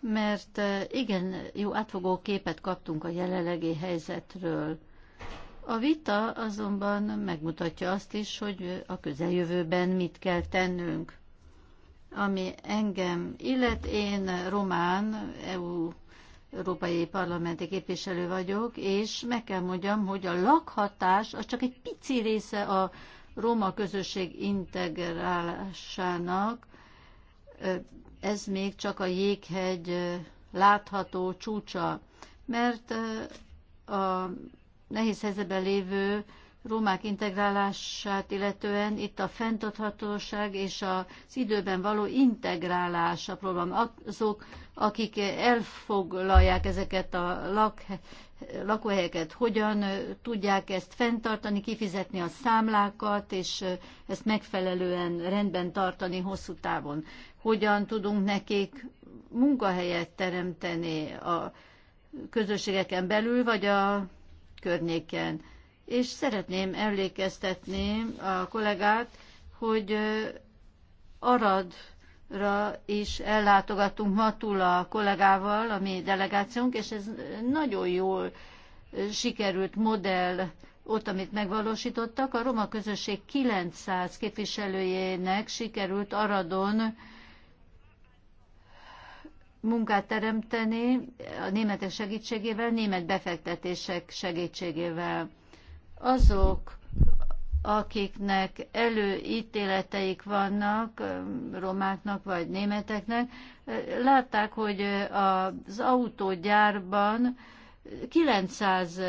mert igen, jó átfogó képet kaptunk a jelenlegi helyzetről a vita azonban megmutatja azt is, hogy a közeljövőben mit kell tennünk. Ami engem illet, én román, EU európai parlamenti képviselő vagyok, és meg kell mondjam, hogy a lakhatás az csak egy pici része a roma közösség integrálásának. Ez még csak a jéghegy látható csúcsa, mert a nehéz helyzetben lévő romák integrálását illetően itt a fenntarthatóság és az időben való integrálás a probléma. Azok, akik elfoglalják ezeket a lak, lakóhelyeket, hogyan tudják ezt fenntartani, kifizetni a számlákat, és ezt megfelelően rendben tartani hosszú távon. Hogyan tudunk nekik munkahelyet teremteni a közösségeken belül, vagy a környéken. És szeretném emlékeztetni a kollégát, hogy Aradra is ellátogatunk ma túl a kollégával, a mi delegációnk, és ez nagyon jól sikerült modell ott, amit megvalósítottak. A roma közösség 900 képviselőjének sikerült Aradon munkát teremteni a németek segítségével, német befektetések segítségével. Azok, akiknek előítéleteik vannak, romáknak vagy németeknek, látták, hogy az autógyárban 900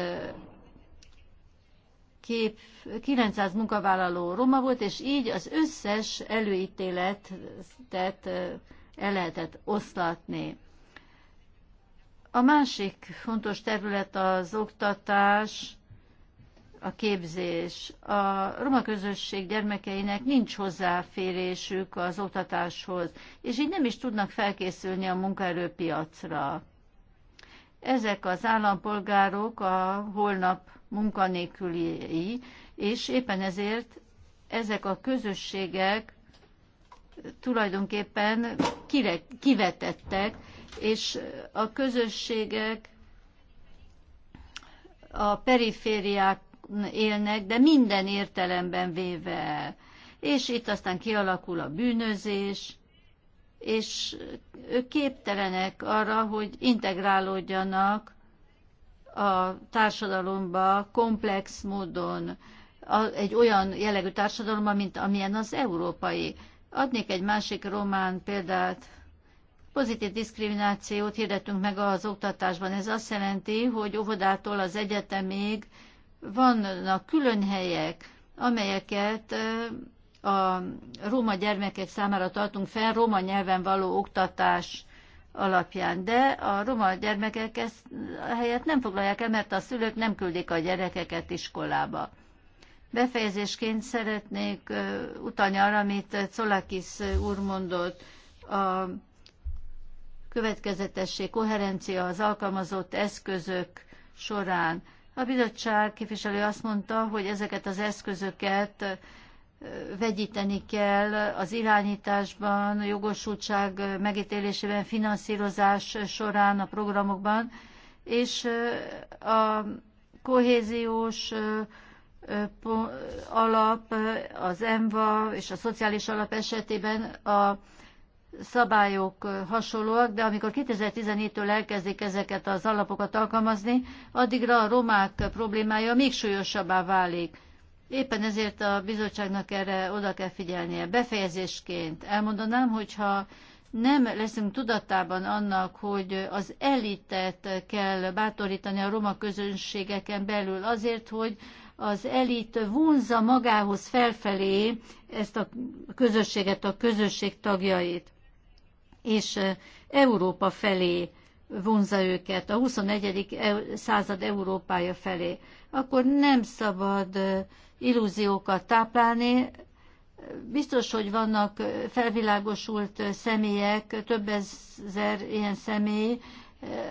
kép, 900 munkavállaló roma volt, és így az összes előítéletet el lehetett oszlatni. A másik fontos terület az oktatás, a képzés. A roma közösség gyermekeinek nincs hozzáférésük az oktatáshoz, és így nem is tudnak felkészülni a munkaerőpiacra. Ezek az állampolgárok a holnap munkanélküliei, és éppen ezért ezek a közösségek tulajdonképpen kire, kivetettek, és a közösségek a perifériák élnek, de minden értelemben véve el. És itt aztán kialakul a bűnözés, és ők képtelenek arra, hogy integrálódjanak a társadalomba komplex módon, egy olyan jellegű társadalomba, mint amilyen az európai. Adnék egy másik román példát. Pozitív diszkriminációt hirdettünk meg az oktatásban. Ez azt jelenti, hogy óvodától az egyetemig vannak külön helyek, amelyeket a róma gyermekek számára tartunk fel, róma nyelven való oktatás alapján. De a roma gyermekek ezt a helyet nem foglalják el, mert a szülők nem küldik a gyerekeket iskolába. Befejezésként szeretnék utalni arra, amit Colakis úr mondott, a következetesség, koherencia az alkalmazott eszközök során. A bizottság képviselő azt mondta, hogy ezeket az eszközöket vegyíteni kell az irányításban, a jogosultság megítélésében, finanszírozás során, a programokban, és a kohéziós alap, az EMVA és a szociális alap esetében a szabályok hasonlóak, de amikor 2014-től elkezdik ezeket az alapokat alkalmazni, addigra a romák problémája még súlyosabbá válik. Éppen ezért a bizottságnak erre oda kell figyelnie. Befejezésként elmondanám, hogyha nem leszünk tudatában annak, hogy az elitet kell bátorítani a roma közönségeken belül azért, hogy az elit vonza magához felfelé ezt a közösséget, a közösség tagjait, és eh, Európa felé vonza őket, a 21. E, század Európája felé, akkor nem szabad eh, illúziókat táplálni. Biztos, hogy vannak eh, felvilágosult személyek, több ezer ilyen személy,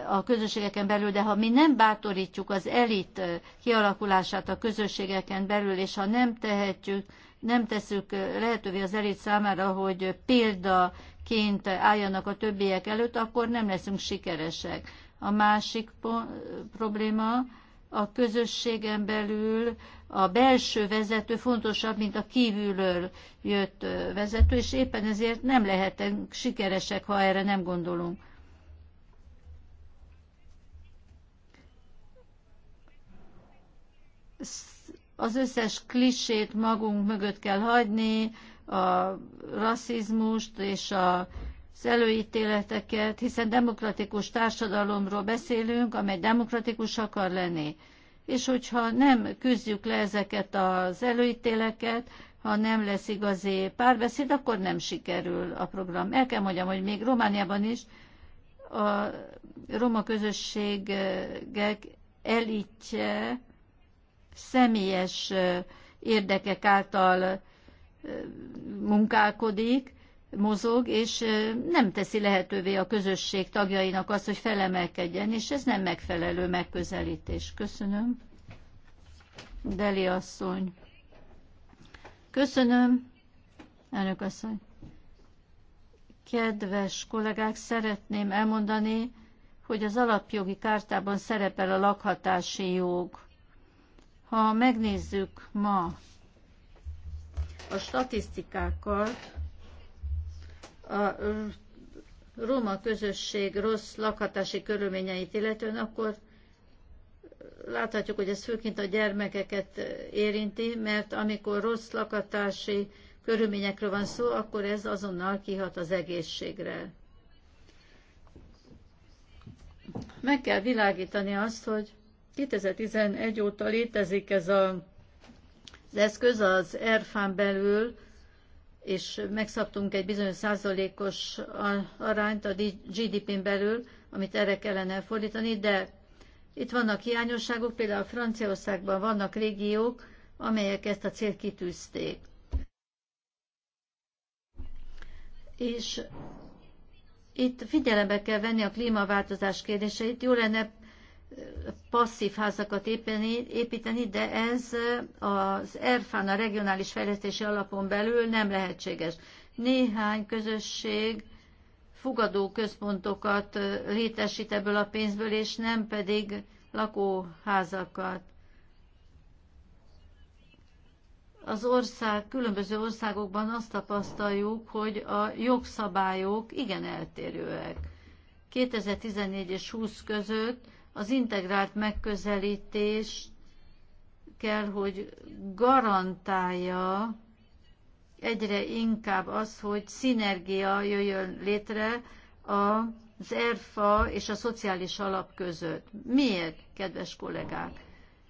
a közösségeken belül, de ha mi nem bátorítjuk az elit kialakulását a közösségeken belül, és ha nem tehetjük, nem teszük lehetővé az elit számára, hogy példaként álljanak a többiek előtt, akkor nem leszünk sikeresek. A másik probléma a közösségen belül a belső vezető fontosabb, mint a kívülről jött vezető, és éppen ezért nem lehetünk sikeresek, ha erre nem gondolunk. az összes klisét magunk mögött kell hagyni, a rasszizmust és a az előítéleteket, hiszen demokratikus társadalomról beszélünk, amely demokratikus akar lenni. És hogyha nem küzdjük le ezeket az előítéleket, ha nem lesz igazi párbeszéd, akkor nem sikerül a program. El kell mondjam, hogy még Romániában is a roma közösségek elítje személyes érdekek által munkálkodik, mozog, és nem teszi lehetővé a közösség tagjainak azt, hogy felemelkedjen, és ez nem megfelelő megközelítés. Köszönöm. Deli asszony. Köszönöm. Elnök asszony. Kedves kollégák, szeretném elmondani, hogy az alapjogi kártában szerepel a lakhatási jog. Ha megnézzük ma a statisztikákat, a roma közösség rossz lakhatási körülményeit illetően, akkor láthatjuk, hogy ez főként a gyermekeket érinti, mert amikor rossz lakhatási körülményekről van szó, akkor ez azonnal kihat az egészségre. Meg kell világítani azt, hogy 2011 óta létezik ez a, az eszköz az erfán belül, és megszabtunk egy bizonyos százalékos arányt a GDP-n belül, amit erre kellene fordítani, de itt vannak hiányosságok, például Franciaországban vannak régiók, amelyek ezt a célt kitűzték. És itt figyelembe kell venni a klímaváltozás kérdéseit. Jó lenne passzív házakat építeni, építeni de ez az ERFAN, a Regionális Fejlesztési Alapon belül nem lehetséges. Néhány közösség fogadó központokat létesít ebből a pénzből, és nem pedig lakóházakat. Az ország, különböző országokban azt tapasztaljuk, hogy a jogszabályok igen eltérőek. 2014 és 20 között az integrált megközelítés kell, hogy garantálja egyre inkább az, hogy szinergia jöjjön létre az ERFA és a szociális alap között. Miért, kedves kollégák?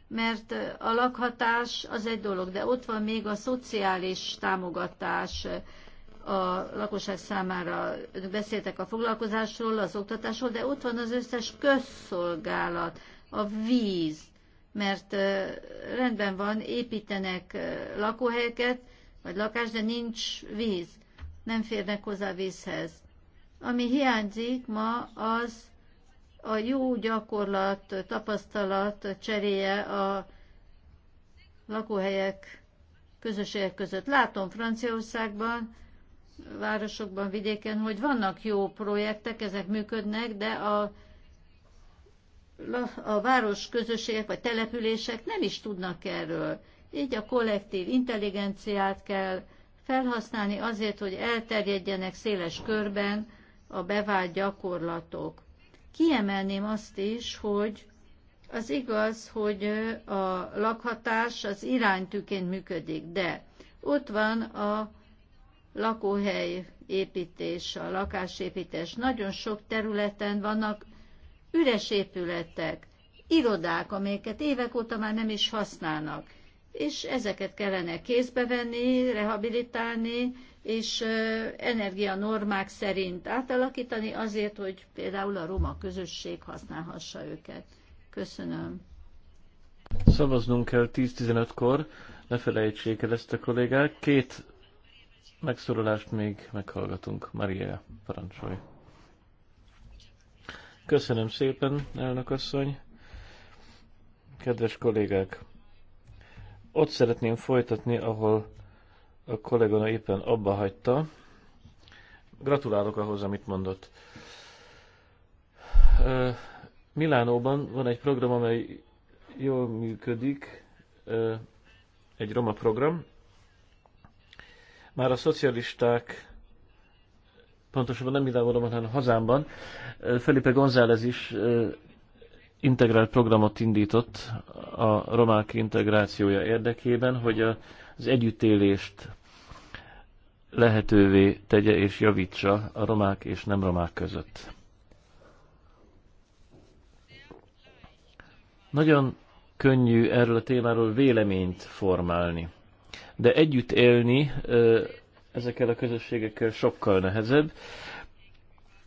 Mert a lakhatás az egy dolog, de ott van még a szociális támogatás, a lakosság számára. Beszéltek a foglalkozásról, az oktatásról, de ott van az összes közszolgálat, a víz, mert rendben van, építenek lakóhelyeket, vagy lakás, de nincs víz, nem férnek hozzá vízhez. Ami hiányzik ma, az a jó gyakorlat, tapasztalat cseréje a lakóhelyek közösségek között. Látom Franciaországban, városokban, vidéken, hogy vannak jó projektek, ezek működnek, de a, a város közösségek vagy települések nem is tudnak erről. Így a kollektív intelligenciát kell felhasználni azért, hogy elterjedjenek széles körben a bevált gyakorlatok. Kiemelném azt is, hogy az igaz, hogy a lakhatás az iránytűként működik, de ott van a lakóhely építés, a lakásépítés. Nagyon sok területen vannak üres épületek, irodák, amelyeket évek óta már nem is használnak. És ezeket kellene kézbe venni, rehabilitálni, és energianormák szerint átalakítani azért, hogy például a roma közösség használhassa őket. Köszönöm. Szavaznunk kell 10-15-kor, ne felejtsék el ezt a kollégák. Két megszorulást még meghallgatunk. Maria, parancsolj. Köszönöm szépen, elnök asszony. Kedves kollégák, ott szeretném folytatni, ahol a kolléganő éppen abba hagyta. Gratulálok ahhoz, amit mondott. Milánóban van egy program, amely jól működik, egy roma program, már a szocialisták, pontosabban nem világban, hanem hazámban, Felipe González is integrált programot indított a romák integrációja érdekében, hogy az együttélést lehetővé tegye és javítsa a romák és nem romák között. Nagyon könnyű erről a témáról véleményt formálni de együtt élni ezekkel a közösségekkel sokkal nehezebb.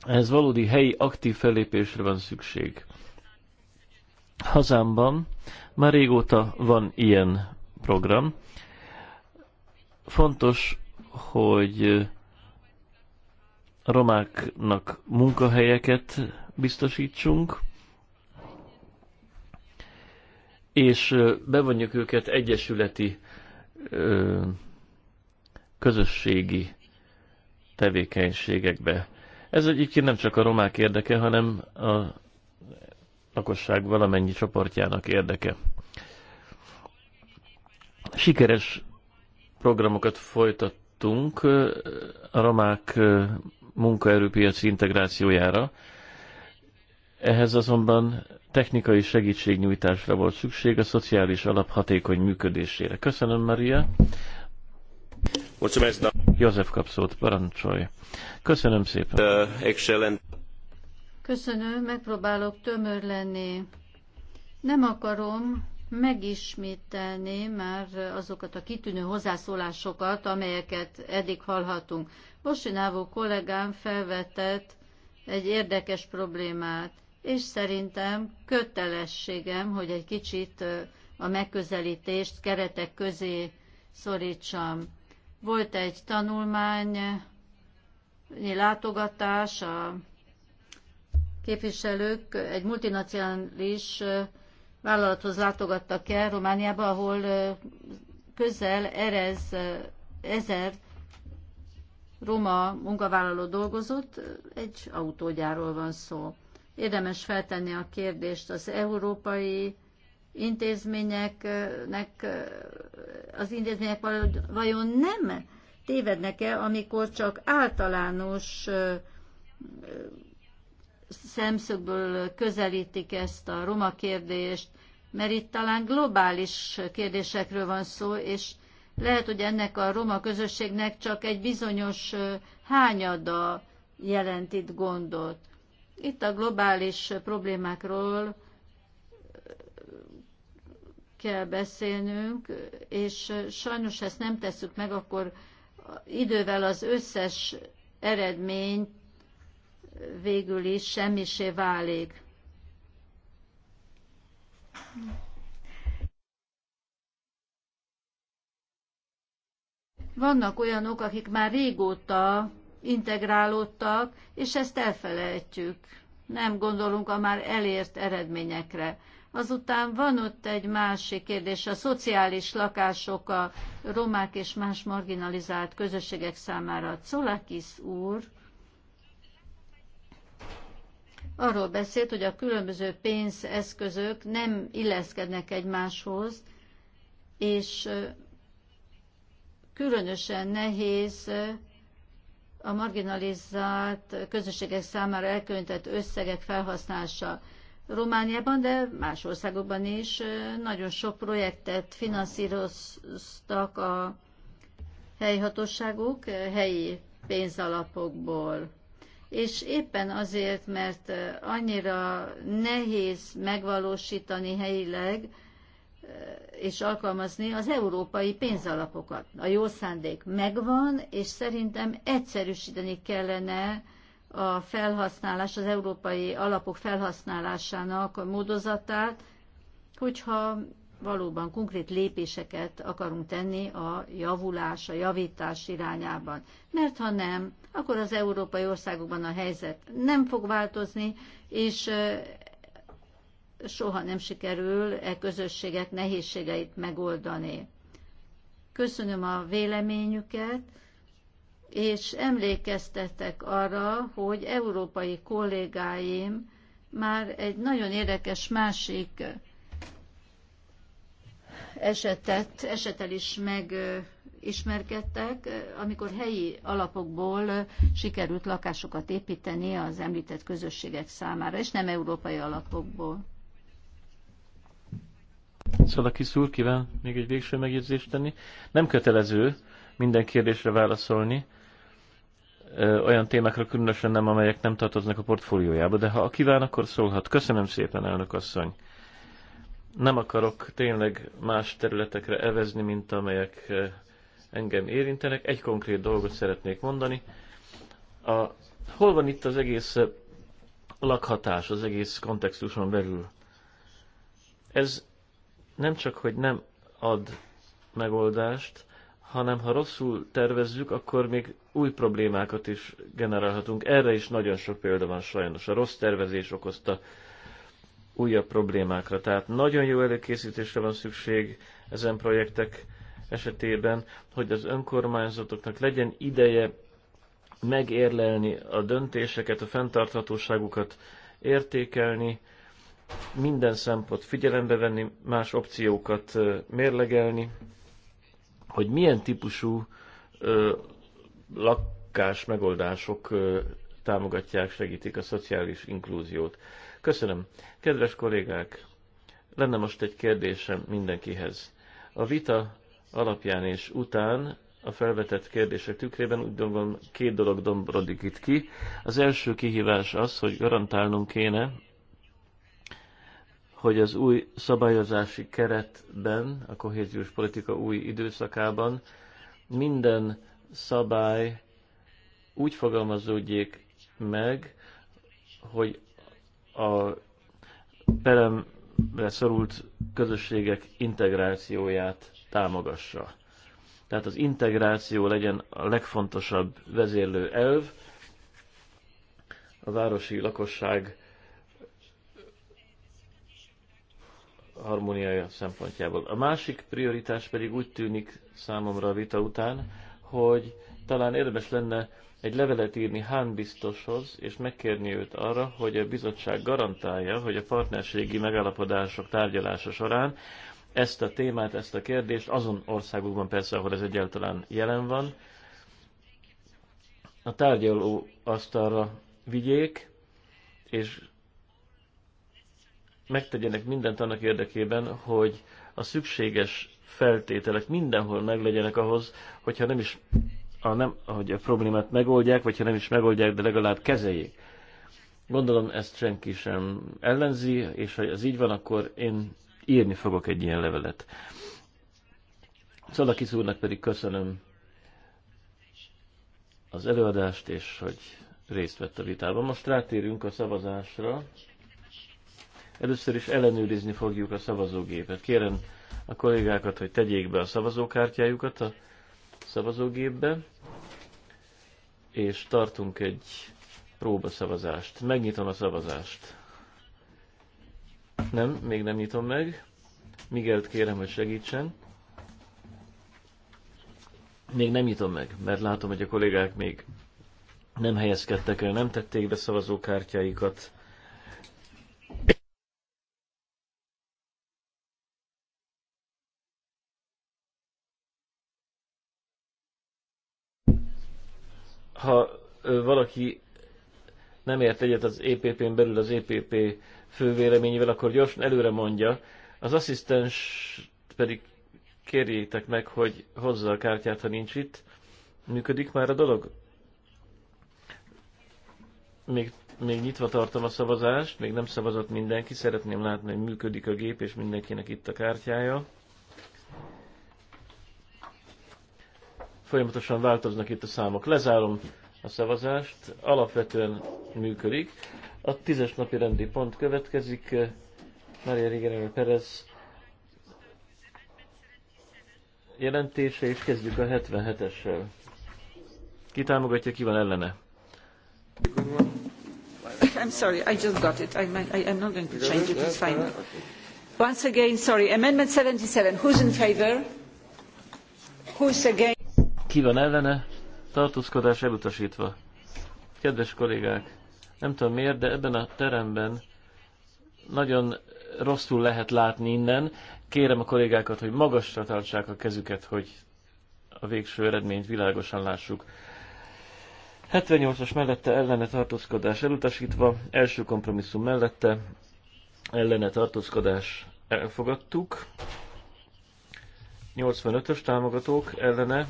Ez valódi helyi aktív fellépésre van szükség. Hazámban már régóta van ilyen program. Fontos, hogy a romáknak munkahelyeket biztosítsunk, és bevonjuk őket egyesületi ö, közösségi tevékenységekbe. Ez egyébként nem csak a romák érdeke, hanem a lakosság valamennyi csoportjának érdeke. Sikeres programokat folytattunk a romák munkaerőpiaci integrációjára, ehhez azonban technikai segítségnyújtásra volt szükség a szociális alap hatékony működésére. Köszönöm, Maria. József kapszót, parancsolj. Köszönöm szépen. Excellent. Köszönöm, megpróbálok tömör lenni. Nem akarom megismételni már azokat a kitűnő hozzászólásokat, amelyeket eddig hallhatunk. Bosinávó kollégám felvetett egy érdekes problémát és szerintem kötelességem, hogy egy kicsit a megközelítést keretek közé szorítsam. Volt egy tanulmány, eh, látogatás, a képviselők egy multinacionális vállalathoz látogattak el Romániába, ahol közel erez, ezer roma munkavállaló dolgozott, egy autógyáról van szó. Érdemes feltenni a kérdést az európai intézményeknek, az intézmények vajon nem tévednek-e, amikor csak általános szemszögből közelítik ezt a roma kérdést, mert itt talán globális kérdésekről van szó, és lehet, hogy ennek a roma közösségnek csak egy bizonyos hányada jelent itt gondot. Itt a globális problémákról kell beszélnünk, és sajnos ezt nem tesszük meg, akkor idővel az összes eredmény végül is semmisé válik. Vannak olyanok, akik már régóta integrálódtak, és ezt elfelejtjük. Nem gondolunk a már elért eredményekre. Azután van ott egy másik kérdés, a szociális lakások a romák és más marginalizált közösségek számára. Colakis úr arról beszélt, hogy a különböző pénzeszközök nem illeszkednek egymáshoz, és különösen nehéz a marginalizált közösségek számára elkülönített összegek felhasználása. Romániában, de más országokban is nagyon sok projektet finanszíroztak a helyi hatóságok helyi pénzalapokból. És éppen azért, mert annyira nehéz megvalósítani helyileg és alkalmazni az európai pénzalapokat. A jó szándék megvan, és szerintem egyszerűsíteni kellene a felhasználás, az európai alapok felhasználásának a módozatát, hogyha valóban konkrét lépéseket akarunk tenni a javulás, a javítás irányában. Mert ha nem, akkor az európai országokban a helyzet nem fog változni, és soha nem sikerül e közösségek nehézségeit megoldani. Köszönöm a véleményüket, és emlékeztetek arra, hogy európai kollégáim már egy nagyon érdekes másik esetet, esetel is megismerkedtek, amikor helyi alapokból sikerült lakásokat építeni az említett közösségek számára, és nem európai alapokból. Szalaki szóval, úr kíván még egy végső megjegyzést tenni. Nem kötelező minden kérdésre válaszolni, olyan témákra különösen nem, amelyek nem tartoznak a portfóliójába, de ha kíván, akkor szólhat. Köszönöm szépen, elnök asszony. Nem akarok tényleg más területekre evezni, mint amelyek engem érintenek. Egy konkrét dolgot szeretnék mondani. A, hol van itt az egész lakhatás, az egész kontextuson belül? Ez nem csak, hogy nem ad megoldást, hanem ha rosszul tervezzük, akkor még új problémákat is generálhatunk. Erre is nagyon sok példa van sajnos. A rossz tervezés okozta újabb problémákra. Tehát nagyon jó előkészítésre van szükség ezen projektek esetében, hogy az önkormányzatoknak legyen ideje megérlelni a döntéseket, a fenntarthatóságukat értékelni, minden szempont figyelembe venni, más opciókat mérlegelni, hogy milyen típusú lakás megoldások támogatják, segítik a szociális inklúziót. Köszönöm. Kedves kollégák, lenne most egy kérdésem mindenkihez. A vita alapján és után a felvetett kérdések tükrében úgy gondolom két dolog dombrodik itt ki. Az első kihívás az, hogy garantálnunk kéne hogy az új szabályozási keretben, a kohéziós politika új időszakában minden szabály úgy fogalmazódjék meg, hogy a peremre szorult közösségek integrációját támogassa. Tehát az integráció legyen a legfontosabb vezérlő elv, a városi lakosság harmóniája szempontjából. A másik prioritás pedig úgy tűnik számomra a vita után, hogy talán érdemes lenne egy levelet írni Hán biztoshoz, és megkérni őt arra, hogy a bizottság garantálja, hogy a partnerségi megállapodások tárgyalása során ezt a témát, ezt a kérdést, azon országokban persze, ahol ez egyáltalán jelen van, a tárgyaló asztalra vigyék, és megtegyenek mindent annak érdekében, hogy a szükséges feltételek mindenhol meglegyenek ahhoz, hogyha nem is a, nem, hogy a problémát megoldják, vagy ha nem is megoldják, de legalább kezeljék. Gondolom ezt senki sem ellenzi, és ha ez így van, akkor én írni fogok egy ilyen levelet. Szalakisz úrnak pedig köszönöm az előadást, és hogy részt vett a vitában. Most rátérünk a szavazásra. Először is ellenőrizni fogjuk a szavazógépet. Kérem a kollégákat, hogy tegyék be a szavazókártyájukat a szavazógépbe, és tartunk egy próbaszavazást. Megnyitom a szavazást. Nem, még nem nyitom meg. Migelt kérem, hogy segítsen. Még nem nyitom meg, mert látom, hogy a kollégák még nem helyezkedtek el, nem tették be szavazókártyáikat. valaki nem ért egyet az EPP-n belül az EPP fővéleményével, akkor gyorsan előre mondja. Az asszisztens pedig kérjétek meg, hogy hozza a kártyát, ha nincs itt. Működik már a dolog? Még, még nyitva tartom a szavazást, még nem szavazott mindenki, szeretném látni, hogy működik a gép, és mindenkinek itt a kártyája. Folyamatosan változnak itt a számok. Lezárom a szavazást, alapvetően működik. A tízes napi rendi pont következik. Maria Rigenel Perez jelentése, és kezdjük a 77-essel. Ki támogatja, ki van ellene? I'm sorry, I just got it. I'm, I, I'm not going to change it, it's fine. Once again, sorry, Amendment 77. Who's in favor? Who's against? Ki van ellene? tartózkodás elutasítva. Kedves kollégák, nem tudom miért, de ebben a teremben nagyon rosszul lehet látni innen. Kérem a kollégákat, hogy magasra tartsák a kezüket, hogy a végső eredményt világosan lássuk. 78-as mellette ellene tartózkodás elutasítva, első kompromisszum mellette ellene tartózkodás elfogadtuk. 85-ös támogatók ellene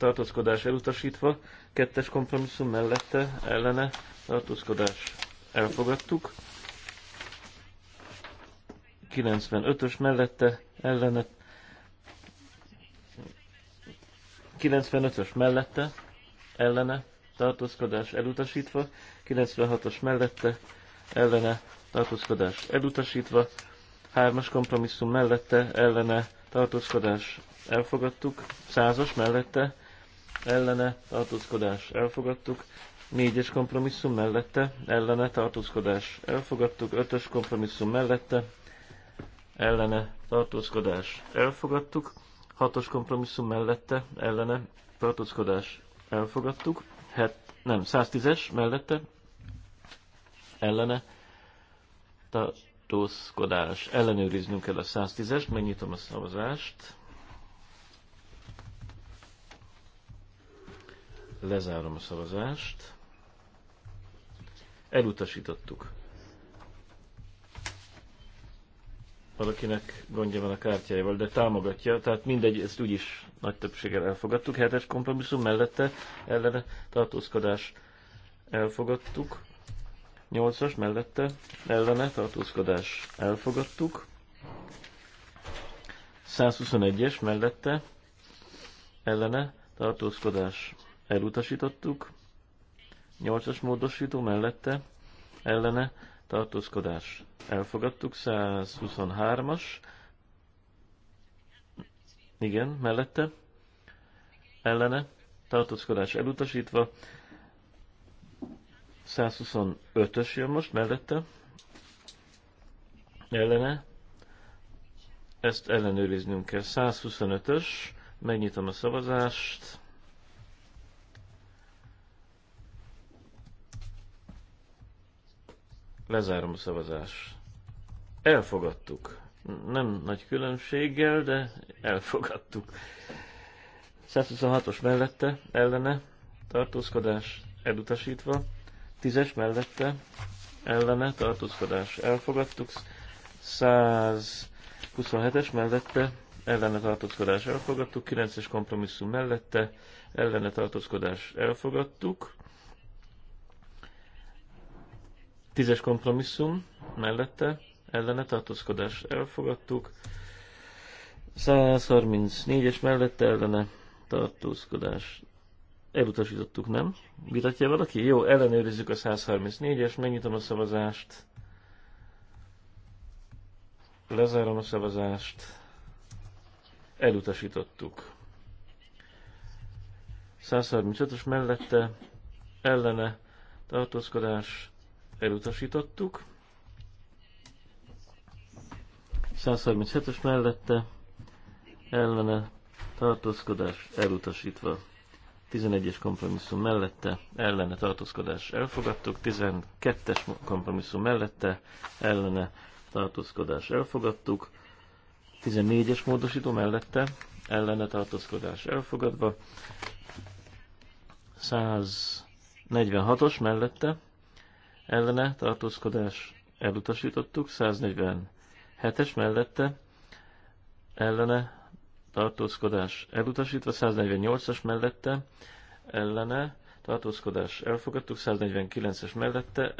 tartózkodás elutasítva, kettes kompromisszum mellette ellene tartózkodás elfogadtuk, 95-ös mellette ellene 95-ös mellette ellene tartózkodás elutasítva, 96-os mellette ellene tartózkodás elutasítva, 3-as kompromisszum mellette ellene tartózkodás elfogadtuk, 100-as mellette ellene tartózkodás elfogadtuk, négyes kompromisszum mellette, ellene tartózkodás elfogadtuk, ötös kompromisszum mellette, ellene tartózkodás elfogadtuk, hatos kompromisszum mellette, ellene tartózkodás elfogadtuk, het, nem, 110-es mellette, ellene tartózkodás. Ellenőriznünk kell a 110-est, megnyitom a szavazást. Lezárom a szavazást. Elutasítottuk. Valakinek gondja van a kártyájával, de támogatja, tehát mindegy, ezt úgyis nagy többséggel elfogadtuk. Hetes kompromisszum mellette ellene tartózkodás elfogadtuk. 8-as mellette ellene tartózkodás elfogadtuk. 121-es mellette ellene tartózkodás elutasítottuk. Nyolcas módosító mellette ellene tartózkodás elfogadtuk. 123-as igen, mellette ellene tartózkodás elutasítva. 125-ös jön most mellette ellene. Ezt ellenőriznünk kell. 125-ös, megnyitom a szavazást. Lezárom a szavazás. Elfogadtuk. Nem nagy különbséggel, de elfogadtuk. 126-os mellette, ellene, tartózkodás elutasítva. 10-es mellette, ellene, tartózkodás elfogadtuk. 127-es mellette, ellene tartózkodás elfogadtuk, 9-es kompromisszum mellette, ellene tartózkodás elfogadtuk, Tízes kompromisszum mellette ellene tartózkodás elfogadtuk. 134-es mellette ellene tartózkodás elutasítottuk, nem? Vitatja valaki? Jó, ellenőrizzük a 134-es, megnyitom a szavazást. Lezárom a szavazást. Elutasítottuk. 135-ös mellette ellene tartózkodás elutasítottuk. 137-es mellette ellene tartózkodás elutasítva. 11-es kompromisszum mellette ellene tartózkodás elfogadtuk, 12-es kompromisszum mellette ellene tartózkodás elfogadtuk, 14-es módosító mellette ellene tartózkodás elfogadva, 146-os mellette ellene tartózkodás elutasítottuk, 147-es mellette ellene tartózkodás elutasítva, 148-as mellette ellene tartózkodás elfogadtuk, 149-es mellette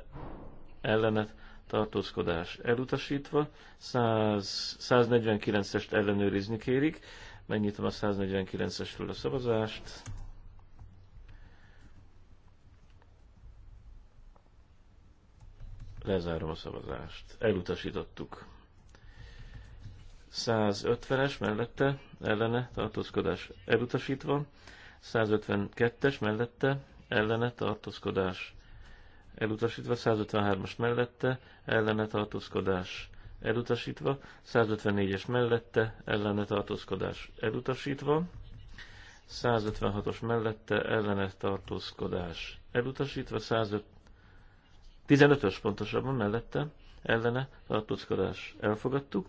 ellene tartózkodás elutasítva, 149-est ellenőrizni kérik, megnyitom a 149-esről a szavazást, Lezárom a szavazást. Elutasítottuk. 150-es mellette, ellene tartózkodás elutasítva. 152-es mellette, ellene tartózkodás elutasítva. 153-as mellette, ellene tartózkodás elutasítva. 154-es mellette, ellene tartózkodás elutasítva. 156-os mellette, ellene tartózkodás elutasítva. 150 15-ös pontosabban mellette ellene tartózkodás elfogadtuk.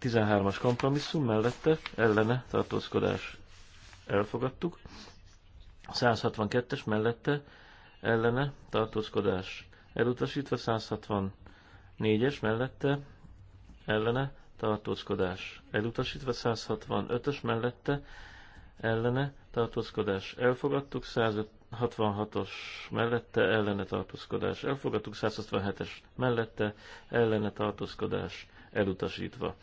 13-as kompromisszum mellette ellene tartózkodás elfogadtuk. 162-es mellette ellene tartózkodás elutasítva, 164-es mellette ellene tartózkodás elutasítva, 165-ös mellette ellene tartózkodás elfogadtuk, 105 166 os mellette ellene tartózkodás elfogadtuk, 167-es mellette ellene tartózkodás elutasítva.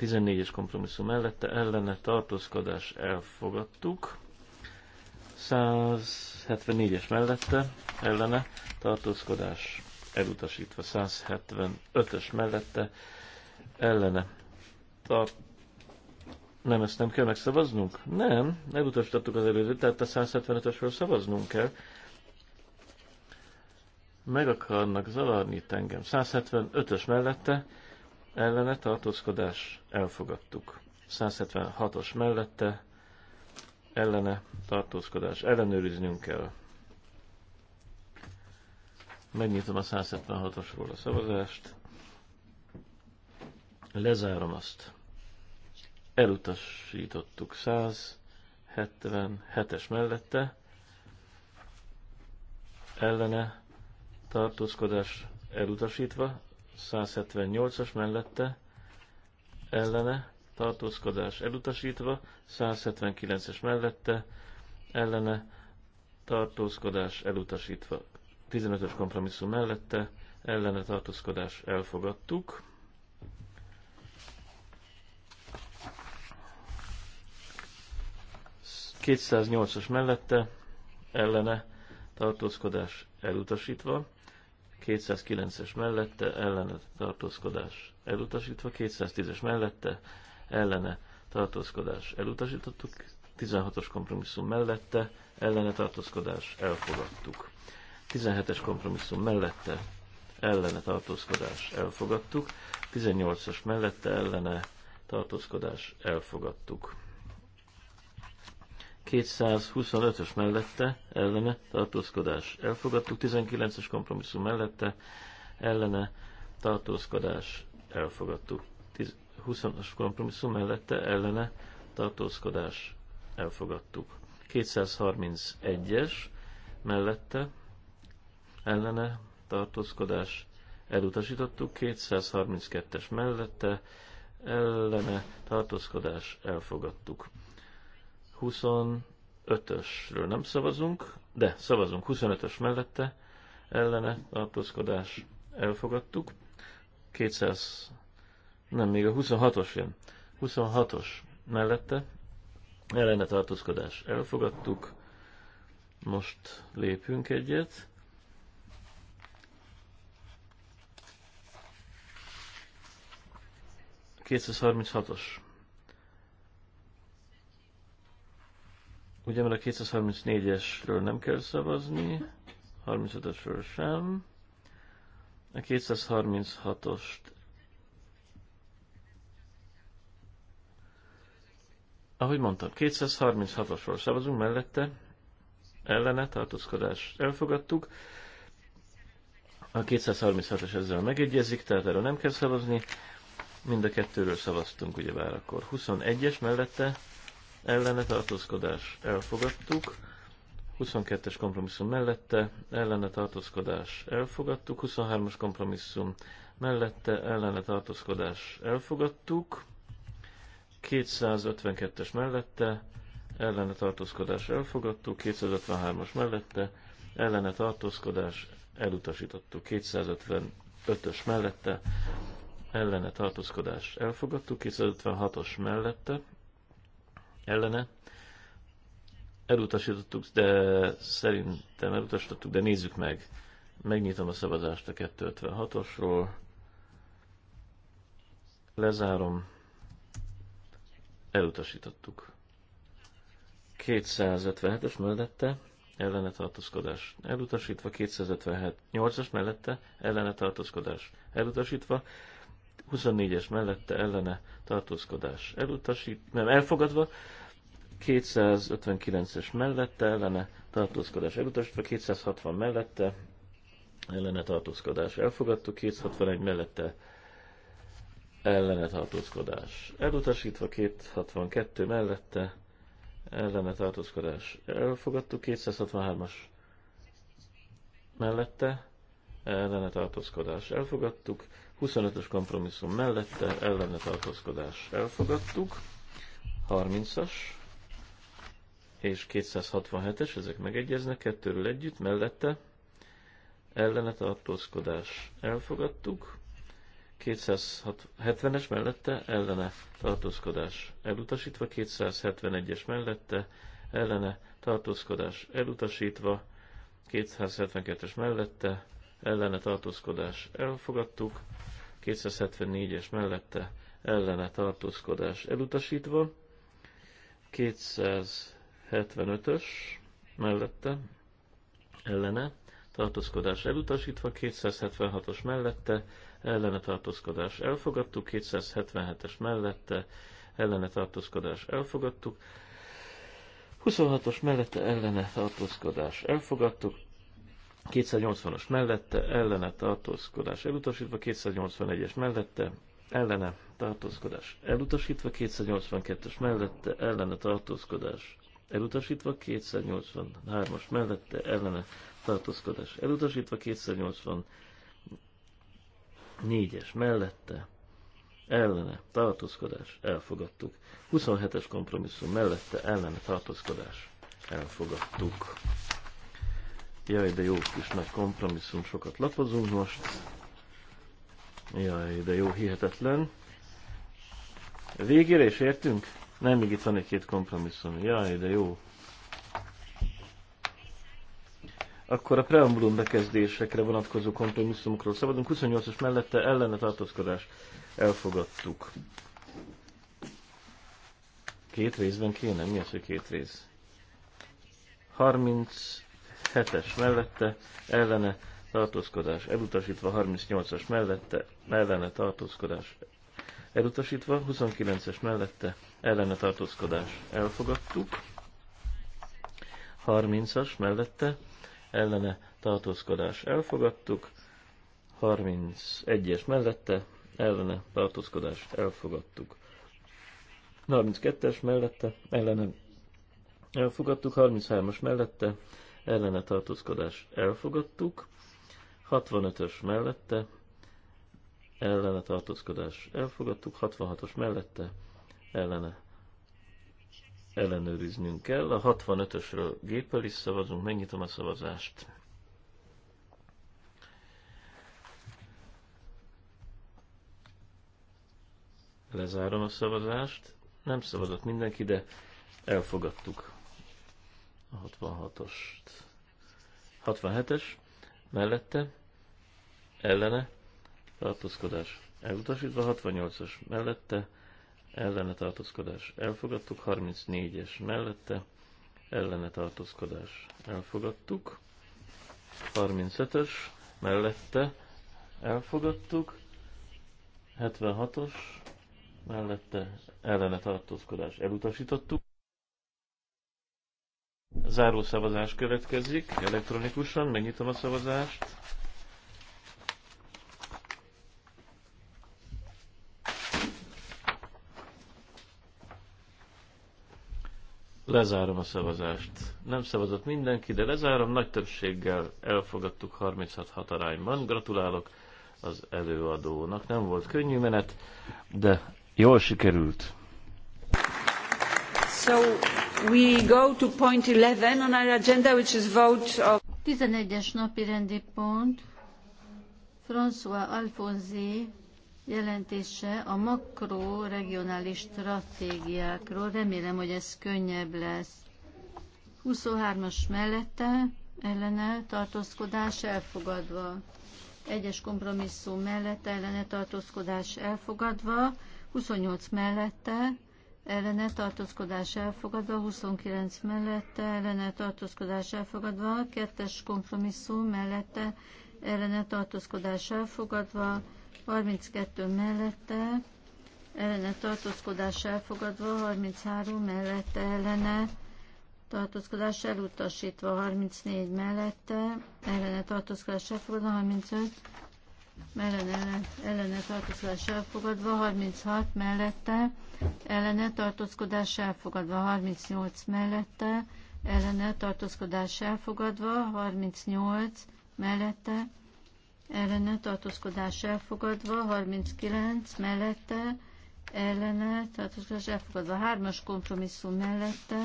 14-es kompromisszum mellette ellene tartózkodás elfogadtuk. 174-es mellette ellene tartózkodás elutasítva. 175-ös mellette ellene tartózkodás nem, ezt nem kell megszavaznunk? Nem, elutasítottuk az előzőt, tehát a 175-ösről szavaznunk kell. Meg akarnak zavarni itt engem. 175-ös mellette ellene tartózkodás elfogadtuk. 176-os mellette ellene tartózkodás ellenőriznünk kell. Megnyitom a 176-osról a szavazást. Lezárom azt elutasítottuk 177-es mellette, ellene tartózkodás elutasítva, 178-as mellette, ellene tartózkodás elutasítva, 179-es mellette, ellene tartózkodás elutasítva, 15-ös kompromisszum mellette, ellene tartózkodás elfogadtuk, 208-as mellette ellene tartózkodás elutasítva, 209-es mellette ellene tartózkodás elutasítva, 210-es mellette ellene tartózkodás elutasítottuk, 16-os kompromisszum mellette ellene tartózkodás elfogadtuk. 17-es kompromisszum mellette ellene tartózkodás elfogadtuk, 18-as mellette ellene tartózkodás elfogadtuk. 225-ös mellette ellene tartózkodás elfogadtuk, 19-es kompromisszum mellette ellene tartózkodás elfogadtuk, 20-as kompromisszum mellette ellene tartózkodás elfogadtuk, 231-es mellette ellene tartózkodás elutasítottuk, 232-es mellette ellene tartózkodás elfogadtuk. 25-ösről nem szavazunk, de szavazunk 25-ös mellette, ellene tartózkodás elfogadtuk. 200, nem, még a 26-os jön. 26-os mellette ellene tartózkodás elfogadtuk. Most lépünk egyet. 236os. Ugye, mert a 234-esről nem kell szavazni, 35 esről sem. A 236-ost ahogy mondtam, 236-osról szavazunk mellette, ellene tartózkodás elfogadtuk. A 236-os ezzel megegyezik, tehát erről nem kell szavazni. Mind a kettőről szavaztunk ugyebár akkor. 21-es mellette ellene tartózkodás elfogadtuk, 22-es kompromisszum mellette ellene tartózkodás elfogadtuk, 23-as kompromisszum mellette ellene tartózkodás elfogadtuk, 252-es mellette ellene tartózkodás elfogadtuk, 253-as mellette ellene tartózkodás elutasítottuk, 255-ös mellette ellene tartózkodás elfogadtuk, 256-os mellette ellene. Elutasítottuk, de szerintem elutasítottuk, de nézzük meg. Megnyitom a szavazást a 256-osról. Lezárom. Elutasítottuk. 257-es mellette ellene tartózkodás elutasítva, 257-8-as mellette ellene tartózkodás elutasítva, 24-es mellette ellene tartózkodás elutasít, nem elfogadva, 259-es mellette ellene tartózkodás elutasítva, 260 mellette ellene tartózkodás elfogadtuk, 261 mellette ellene tartózkodás elutasítva, 262 mellette ellene tartózkodás elfogadtuk, 263-as mellette ellene tartózkodás elfogadtuk, 25-ös kompromisszum mellette ellene tartózkodás elfogadtuk. 30-as és 267-es, ezek megegyeznek, kettőről együtt, mellette ellene tartózkodás elfogadtuk. 270-es mellette ellene tartózkodás elutasítva, 271-es mellette ellene tartózkodás elutasítva, 272-es mellette ellene tartózkodás elfogadtuk, 274-es mellette ellene tartózkodás elutasítva, 275-ös mellette ellene tartózkodás elutasítva, 276-os mellette ellene tartózkodás elfogadtuk, 277-es mellette ellene tartózkodás elfogadtuk, 26-os mellette ellene tartózkodás elfogadtuk, 280-as mellette, ellene tartózkodás elutasítva, 281-es mellette, ellene tartózkodás elutasítva, 282-es mellette, ellene tartózkodás elutasítva, 283-as mellette, ellene tartózkodás elutasítva, 284-es mellette, ellene tartózkodás elfogadtuk. 27-es kompromisszum mellette, ellene tartózkodás elfogadtuk. Jaj, de jó kis nagy kompromisszum, sokat lapozunk most. Jaj, de jó, hihetetlen. Végére is értünk? Nem, még itt van egy-két kompromisszum. Jaj, de jó. Akkor a preambulum bekezdésekre vonatkozó kompromisszumokról szabadunk. 28-as mellette ellene tartózkodás. Elfogadtuk. Két részben kéne? Mi az, hogy két rész? 30 hetes es mellette ellene tartózkodás elutasítva, 38-as mellette ellene tartózkodás elutasítva, 29-es mellette ellene tartózkodás elfogadtuk, 30-as mellette ellene tartózkodás elfogadtuk, 31-es mellette ellene tartózkodás elfogadtuk. 32-es mellette ellene elfogadtuk, 33-as mellette ellene tartózkodás elfogadtuk, 65-ös mellette ellene tartózkodás elfogadtuk, 66-os mellette ellene ellenőriznünk kell. A 65-ösről géppel is szavazunk, megnyitom a szavazást. Lezárom a szavazást. Nem szavazott mindenki, de elfogadtuk a 66-ost. 67-es mellette, ellene, tartózkodás elutasítva, 68-as mellette, ellene tartózkodás elfogadtuk, 34-es mellette, ellene tartózkodás elfogadtuk, 35-ös mellette elfogadtuk, 76-os mellette ellene tartózkodás elutasítottuk, Záró szavazás következik elektronikusan, megnyitom a szavazást. Lezárom a szavazást. Nem szavazott mindenki, de lezárom. Nagy többséggel elfogadtuk 36 arányban. Gratulálok az előadónak. Nem volt könnyű menet, de jól sikerült. So We go to point 11 on our agenda, which is vote of... 11-es napi rendi pont, François Alfonzi jelentése a makroregionális stratégiákról. Remélem, hogy ez könnyebb lesz. 23-as mellette ellene tartózkodás elfogadva. Egyes kompromisszum mellette ellene tartózkodás elfogadva. 28 mellette ellene tartózkodás elfogadva, 29 mellette ellene tartózkodás elfogadva, 2-es kompromisszum mellette ellene tartózkodás elfogadva, 32 mellette ellene tartózkodás elfogadva, 33 mellette ellene tartózkodás elutasítva, 34 mellette ellene tartózkodás elfogadva, 35 ellene, ellen, ellene tartózkodás elfogadva, 36 mellette, ellene tartózkodás elfogadva, 38 mellette, ellene tartózkodás elfogadva, 38 mellette, ellene tartózkodás elfogadva, 39 mellette, ellene tartózkodás elfogadva, 3-as kompromisszum mellette,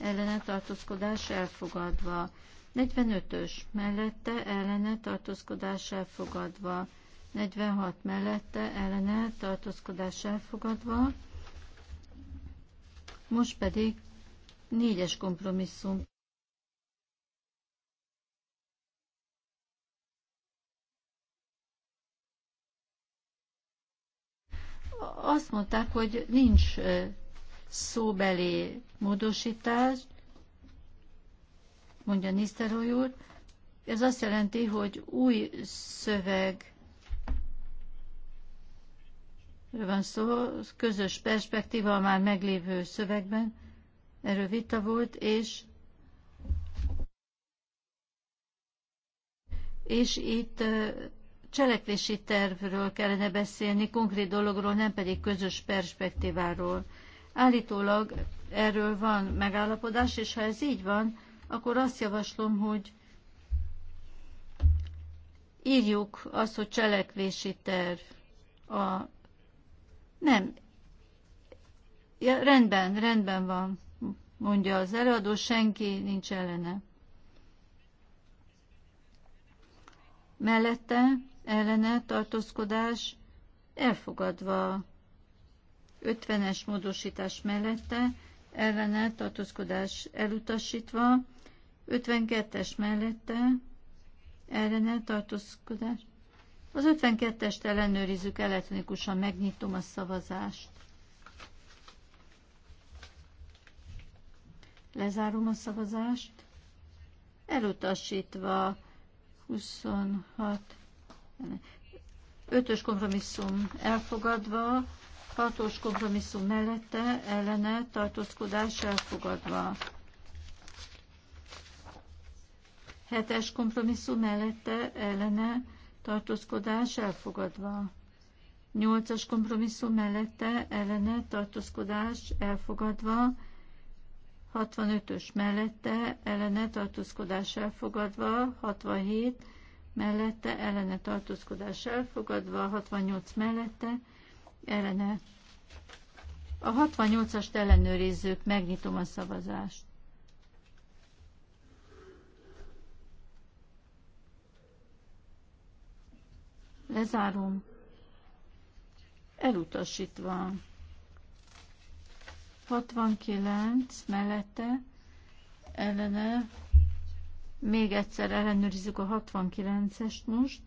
ellene tartózkodás elfogadva. 45-ös mellette ellene tartózkodás elfogadva. 46 mellette ellene tartózkodás elfogadva. Most pedig négyes kompromisszum. Azt mondták, hogy nincs szóbeli módosítás, mondja Nisztelói úr. Ez azt jelenti, hogy új szöveg van szó, közös perspektíva a már meglévő szövegben, erről vita volt, és és itt cselekvési tervről kellene beszélni, konkrét dologról, nem pedig közös perspektíváról. Állítólag erről van megállapodás, és ha ez így van, akkor azt javaslom, hogy írjuk azt, hogy cselekvési terv. A... Nem. Ja, rendben, rendben van, mondja az előadó, senki nincs ellene. Mellette ellene tartózkodás elfogadva 50-es módosítás mellette ellene tartózkodás elutasítva 52-es mellette ne tartózkodás. Az 52-est ellenőrizzük elektronikusan, megnyitom a szavazást. Lezárom a szavazást. Elutasítva 26. 5-ös kompromisszum elfogadva, 6-os kompromisszum mellette ellene tartózkodás elfogadva. Hetes kompromisszum mellette ellene tartózkodás elfogadva. Nyolcas kompromisszum mellette ellene tartózkodás elfogadva. 65-ös mellette ellene tartózkodás elfogadva. 67 mellette ellene tartózkodás elfogadva. 68 mellette ellene. A 68-ast ellenőrizzük, megnyitom a szavazást. Lezárom. Elutasítva. 69 mellette ellene. Még egyszer ellenőrizzük a 69-est most.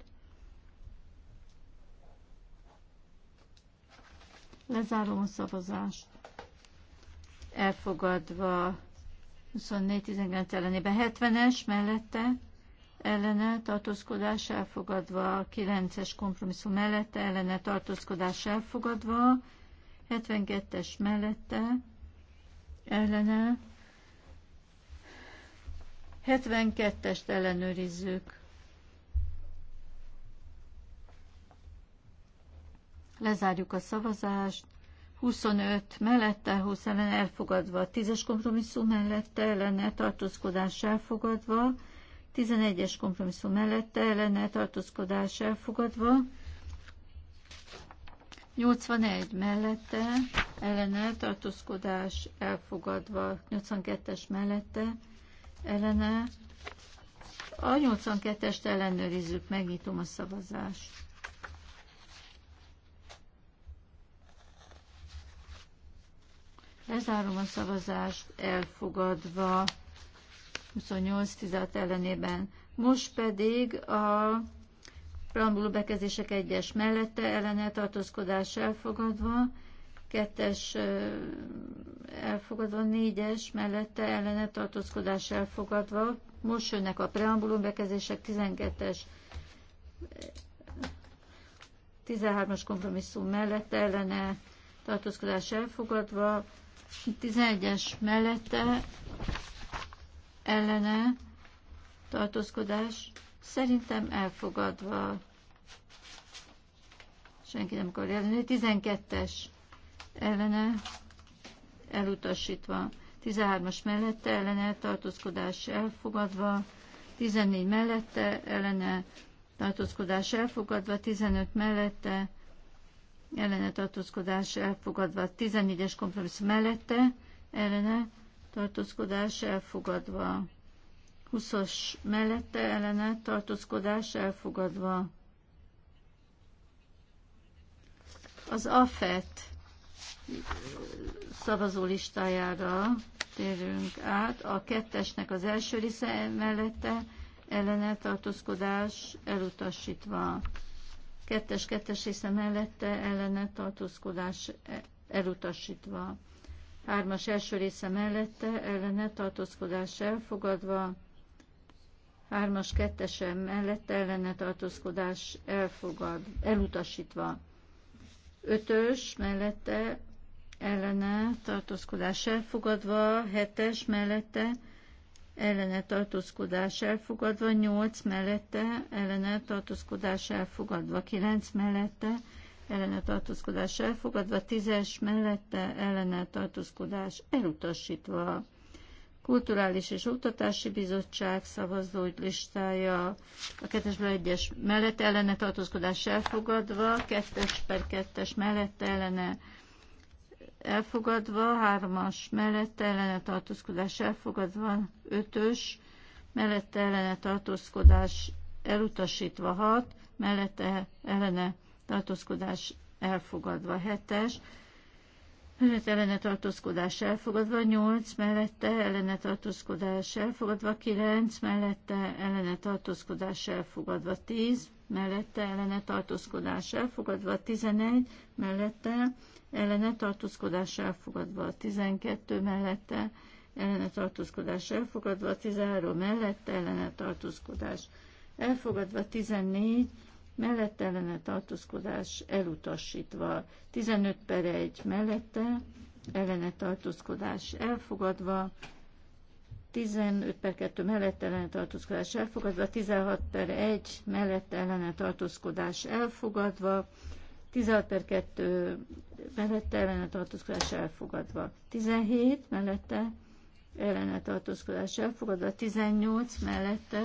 Lezárom a szavazást. Elfogadva 24-19 ellenében 70-es mellette ellene tartózkodás elfogadva, a 9-es kompromisszum mellette ellene tartózkodás elfogadva, 72-es mellette ellene, 72-est ellenőrizzük. Lezárjuk a szavazást. 25 mellette, 20 ellen elfogadva, 10-es kompromisszum mellette ellene tartózkodás elfogadva, 11-es kompromisszum mellette lenne tartózkodás elfogadva, 81 mellette ellene tartózkodás elfogadva, 82-es mellette ellene. A 82-est ellenőrizzük, megnyitom a szavazást. Lezárom a szavazást, elfogadva 28 tizet ellenében. Most pedig a preambuló bekezdések egyes mellette ellene tartózkodás elfogadva, kettes elfogadva, négyes mellette ellene tartózkodás elfogadva. Most jönnek a preambuló bekezések 12-es 13-as kompromisszum mellette ellene tartózkodás elfogadva, 11-es mellette ellene tartózkodás szerintem elfogadva. Senki nem akar jelenni. 12-es ellene elutasítva. 13-as mellette ellene tartózkodás elfogadva. 14 mellette ellene tartózkodás elfogadva. 15 mellette ellene tartózkodás elfogadva. 14-es kompromisszum mellette ellene tartózkodás elfogadva. 20-as mellette ellene tartózkodás elfogadva. Az AFET szavazó listájára térünk át. A kettesnek az első része mellette ellene tartózkodás elutasítva. Kettes-kettes része mellette ellene tartózkodás e- elutasítva. Hármas első része mellette ellene tartózkodás elfogadva. Hármas kettese mellette ellene tartózkodás elfogad, elutasítva. Ötös mellette ellene tartózkodás elfogadva, hetes mellette ellene tartózkodás elfogadva, 8 mellette ellene tartózkodás elfogadva, 9 mellette ellene tartózkodás elfogadva, tízes mellette ellene tartózkodás elutasítva. Kulturális és Oktatási Bizottság szavazó listája a 2-es 1-es mellette ellene tartózkodás elfogadva, 2-es per 2-es mellette ellene elfogadva, 3-as mellette ellene tartózkodás elfogadva, 5-ös mellette ellene tartózkodás elutasítva, 6 mellette ellene tartózkodás elfogadva, hetes, mellett ellene tartózkodás elfogadva, 8 mellette ellene tartózkodás elfogadva, 9 mellette ellene tartózkodás elfogadva, 10 mellette ellene tartózkodás elfogadva, 11 mellette ellene tartózkodás elfogadva, 12 mellette ellene tartózkodás elfogadva, 13 mellette ellene tartózkodás elfogadva, 14 mellettelene tartózkodás elutasítva, 15 per 1 mellette ellene tartózkodás elfogadva, 15 per 2 mellett ellene tartózkodás elfogadva, 16 per 1 mellett ellene tartózkodás elfogadva, 16 per 2 mellette ellene tartózkodás elfogadva, 17 mellette ellene tartózkodás elfogadva, 18 mellette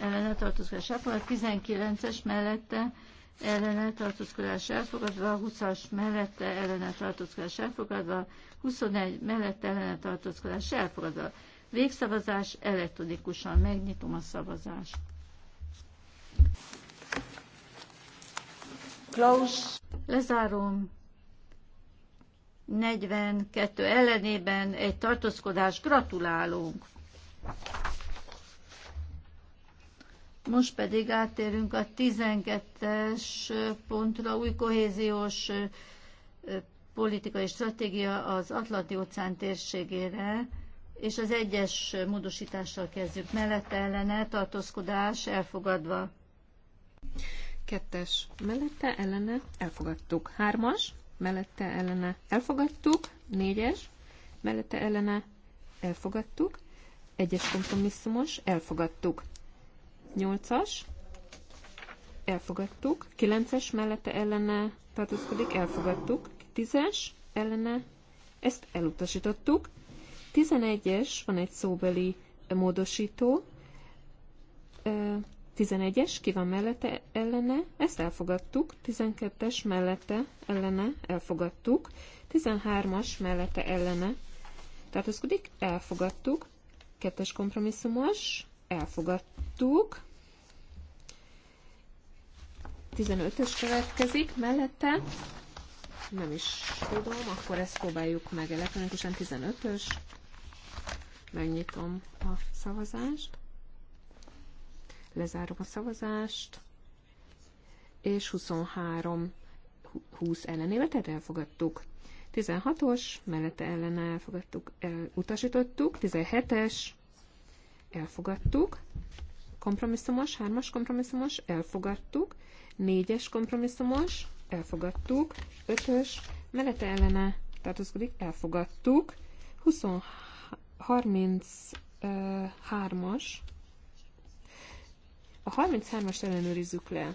ellene tartózkodás elfogadva, 19-es mellette ellene tartózkodás elfogadva, 20-as mellette ellene tartózkodás elfogadva, 21 mellette ellene tartózkodás elfogadva. Végszavazás elektronikusan. Megnyitom a szavazást. Close. Lezárom. 42 ellenében egy tartózkodás. Gratulálunk! Most pedig áttérünk a 12-es pontra, új kohéziós politikai stratégia az Atlanti-óceán térségére, és az egyes módosítással kezdjük. Mellette ellene tartózkodás elfogadva. Kettes mellette ellene elfogadtuk. Hármas mellette ellene elfogadtuk, négyes, mellette ellene elfogadtuk, egyes kompromisszumos, elfogadtuk. Nyolcas, elfogadtuk, kilences mellette ellene tartózkodik, elfogadtuk, tízes ellene, ezt elutasítottuk, tizenegyes, van egy szóbeli módosító, 11-es, ki van mellette, ellene, ezt elfogadtuk. 12-es mellette, ellene, elfogadtuk. 13-as mellette, ellene, tartózkodik, elfogadtuk. 2-es kompromisszumos, elfogadtuk. 15-ös következik, mellette nem is tudom, akkor ezt próbáljuk meg elektronikusan 15-ös. Megnyitom a szavazást. Lezárom a szavazást, és 23 20 ellenével, tehát elfogadtuk. 16-os, mellette ellen elfogadtuk, elutasítottuk, 17-es, elfogadtuk, kompromisszumos, 3-as kompromisszumos, elfogadtuk, 4-es kompromisszumos, elfogadtuk, 5-ös, mellette ellene tartozkodik, elfogadtuk, 20, 33-as, a 33-as ellenőrizzük le.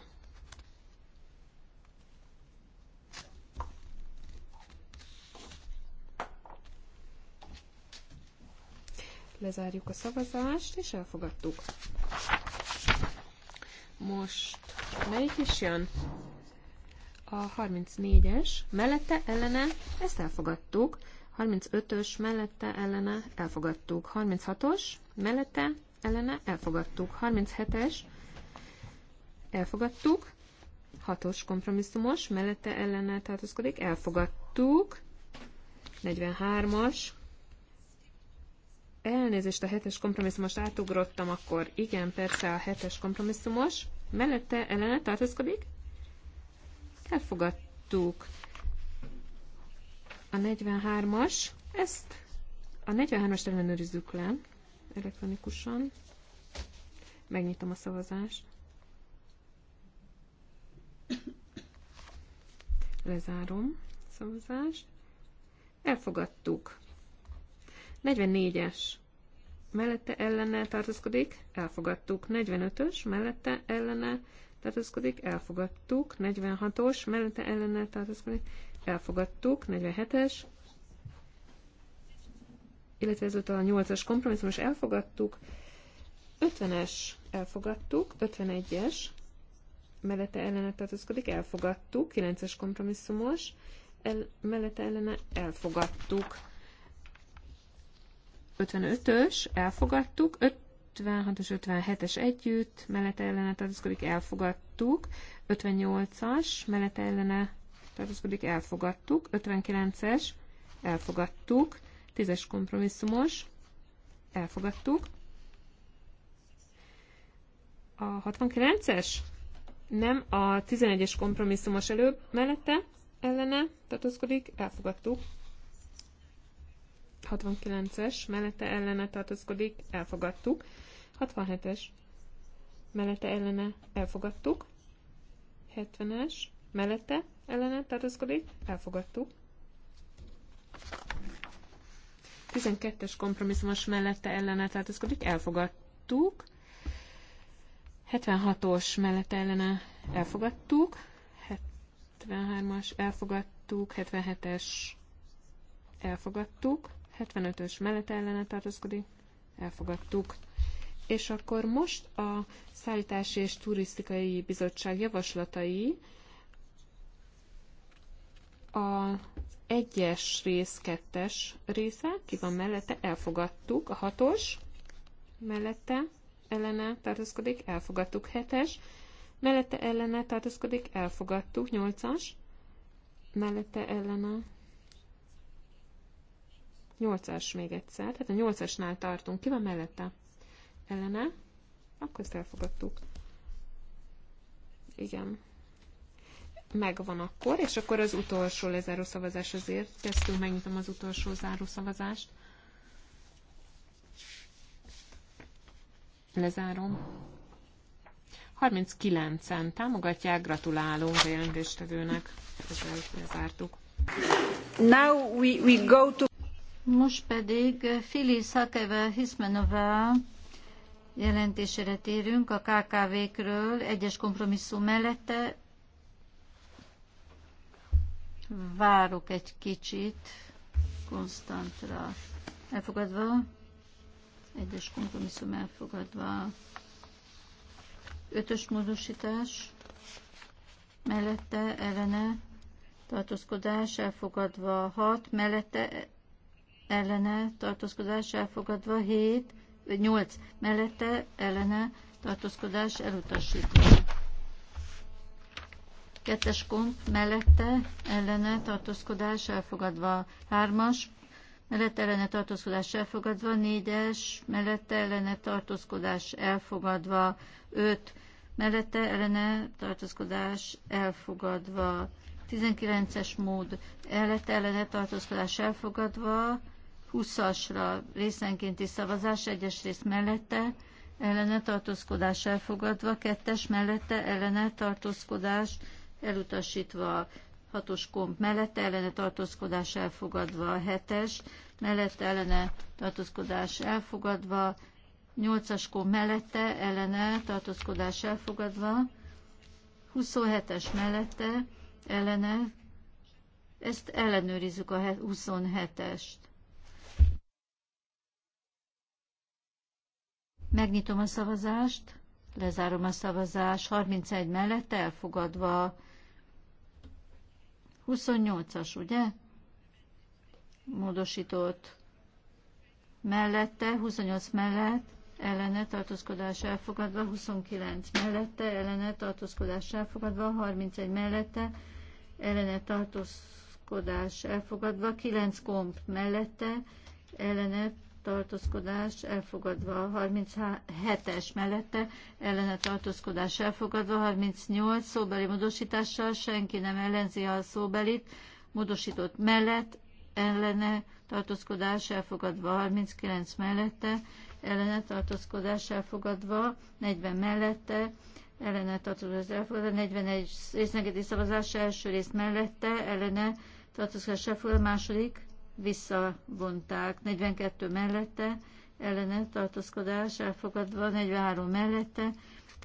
Lezárjuk a szavazást, és elfogadtuk. Most melyik is jön? A 34-es, mellette, ellene, ezt elfogadtuk. 35-ös, mellette, ellene, elfogadtuk. 36-os, mellette, ellene, elfogadtuk. 37-es, elfogadtuk. Hatos kompromisszumos, mellette ellennel tartózkodik, elfogadtuk. 43-as. Elnézést, a hetes kompromisszumos átugrottam, akkor igen, persze a hetes kompromisszumos. Mellette ellene tartózkodik, elfogadtuk. A 43-as, ezt a 43 as ellenőrizzük le elektronikusan. Megnyitom a szavazást. Lezárom szavazást. Elfogadtuk. 44-es mellette ellene tartozkodik, elfogadtuk. 45-ös mellette ellene tartozkodik, elfogadtuk. 46-os mellette ellene tartozkodik, elfogadtuk. 47-es, illetve ezúttal a 8-as kompromisszumos elfogadtuk. 50-es elfogadtuk, 51-es mellette ellene tartózkodik, elfogadtuk. 9-es kompromisszumos, el, mellette ellene elfogadtuk. 55-ös, elfogadtuk. 56-os, 57-es együtt, mellette ellene tartózkodik, elfogadtuk. 58-as, mellette ellene tartózkodik, elfogadtuk. 59-es, elfogadtuk. 10-es kompromisszumos, elfogadtuk. A 69-es? Nem, a 11-es kompromisszumos előbb mellette ellene tartózkodik, elfogadtuk. 69-es mellette ellene tartózkodik, elfogadtuk. 67-es mellette ellene elfogadtuk. 70-es mellette ellene tartózkodik, elfogadtuk. 12-es kompromisszumos mellette ellene tartózkodik, elfogadtuk. 76-os mellett ellene elfogadtuk, 73-as elfogadtuk, 77-es elfogadtuk, 75-ös mellett ellene tartózkodik, elfogadtuk. És akkor most a Szállítási és Turisztikai Bizottság javaslatai a egyes rész, kettes része, ki van mellette, elfogadtuk, a hatos mellette, ellene tartózkodik, elfogadtuk. 7-es, mellette ellene tartózkodik, elfogadtuk. 8-as, mellette ellene 8-as még egyszer, tehát a 8-asnál tartunk. Ki van mellette? Ellene? Akkor ezt elfogadtuk. Igen. Megvan akkor, és akkor az utolsó lezáró szavazás azért. Kezdtünk, megnyitom az utolsó záró szavazást. Lezárom. 39-en támogatják, gratulálunk a jelentéstevőnek. Ezzel lezártuk. Now we, we go to... Most pedig Fili Szakeve Hiszmenova jelentésére térünk a KKV-kről, egyes kompromisszum mellette. Várok egy kicsit, Konstantra. Elfogadva egyes kompromisszum elfogadva. Ötös módosítás mellette ellene tartózkodás elfogadva hat mellette ellene tartózkodás elfogadva vagy nyolc mellette ellene tartózkodás elutasítva. Kettes komp mellette ellene tartózkodás elfogadva. Hármas mellette ellene tartózkodás elfogadva, négyes, mellette ellene tartózkodás elfogadva, öt, mellette ellene tartózkodás elfogadva, tizenkilences mód mellette ellene tartózkodás elfogadva, 20 részenkénti szavazás, egyes rész mellette, ellene tartózkodás elfogadva, kettes mellette ellene tartózkodás elutasítva, hatos komp mellette ellene tartózkodás elfogadva, a hetes mellette ellene tartózkodás elfogadva, nyolcas komp mellette ellene tartózkodás elfogadva, 27-es mellette ellene, ezt ellenőrizzük a 27-est. Megnyitom a szavazást, lezárom a szavazást, 31 mellette elfogadva, 28-as, ugye? Módosított mellette, 28 mellett, ellene tartózkodás elfogadva, 29 mellette, ellene tartózkodás elfogadva, 31 mellette, ellene tartózkodás elfogadva, 9 komp mellette, ellene tartózkodás elfogadva, 37-es mellette ellene tartózkodás elfogadva, 38 szóbeli módosítással senki nem ellenzi a szóbelit, módosított mellett ellene tartózkodás elfogadva, 39 mellette ellene tartózkodás elfogadva, 40 mellette ellene tartózkodás elfogadva, 41 résznegedi szavazás első rész mellette ellene tartózkodás elfogadva, második visszavonták, 42 mellette, ellene tartózkodás elfogadva, 43 mellette,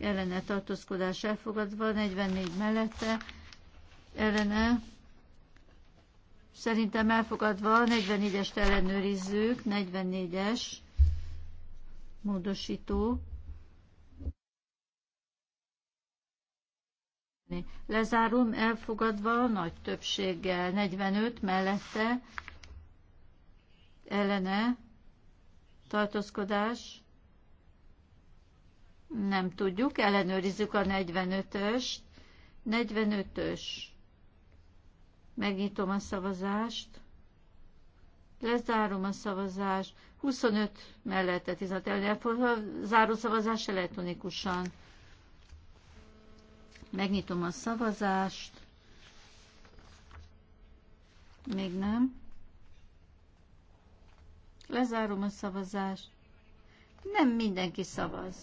ellene tartózkodás elfogadva, 44 mellette, ellene szerintem elfogadva, 44-est ellenőrizzük, 44-es módosító. Lezárom elfogadva nagy többséggel 45 mellette ellene tartózkodás. Nem tudjuk, ellenőrizzük a 45-öst. 45-ös. Megnyitom a szavazást. Lezárom a szavazást. 25 mellette 16 ellen. Záró szavazás elektronikusan. Megnyitom a szavazást. Még nem lezárom a szavazást. Nem mindenki szavaz.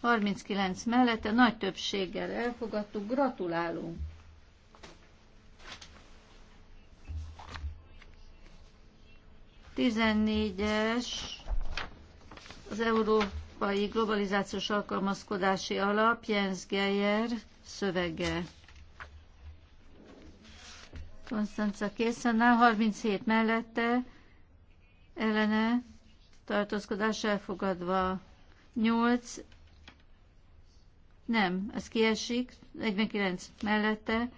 39 mellette nagy többséggel elfogadtuk, gratulálunk. Tizennégyes az Európai Globalizációs Alkalmazkodási Alap Jens Geyer szövege. Konstanca készen áll, 37 mellette ellene tartózkodás elfogadva. 8 nem, ez kiesik, 49 mellette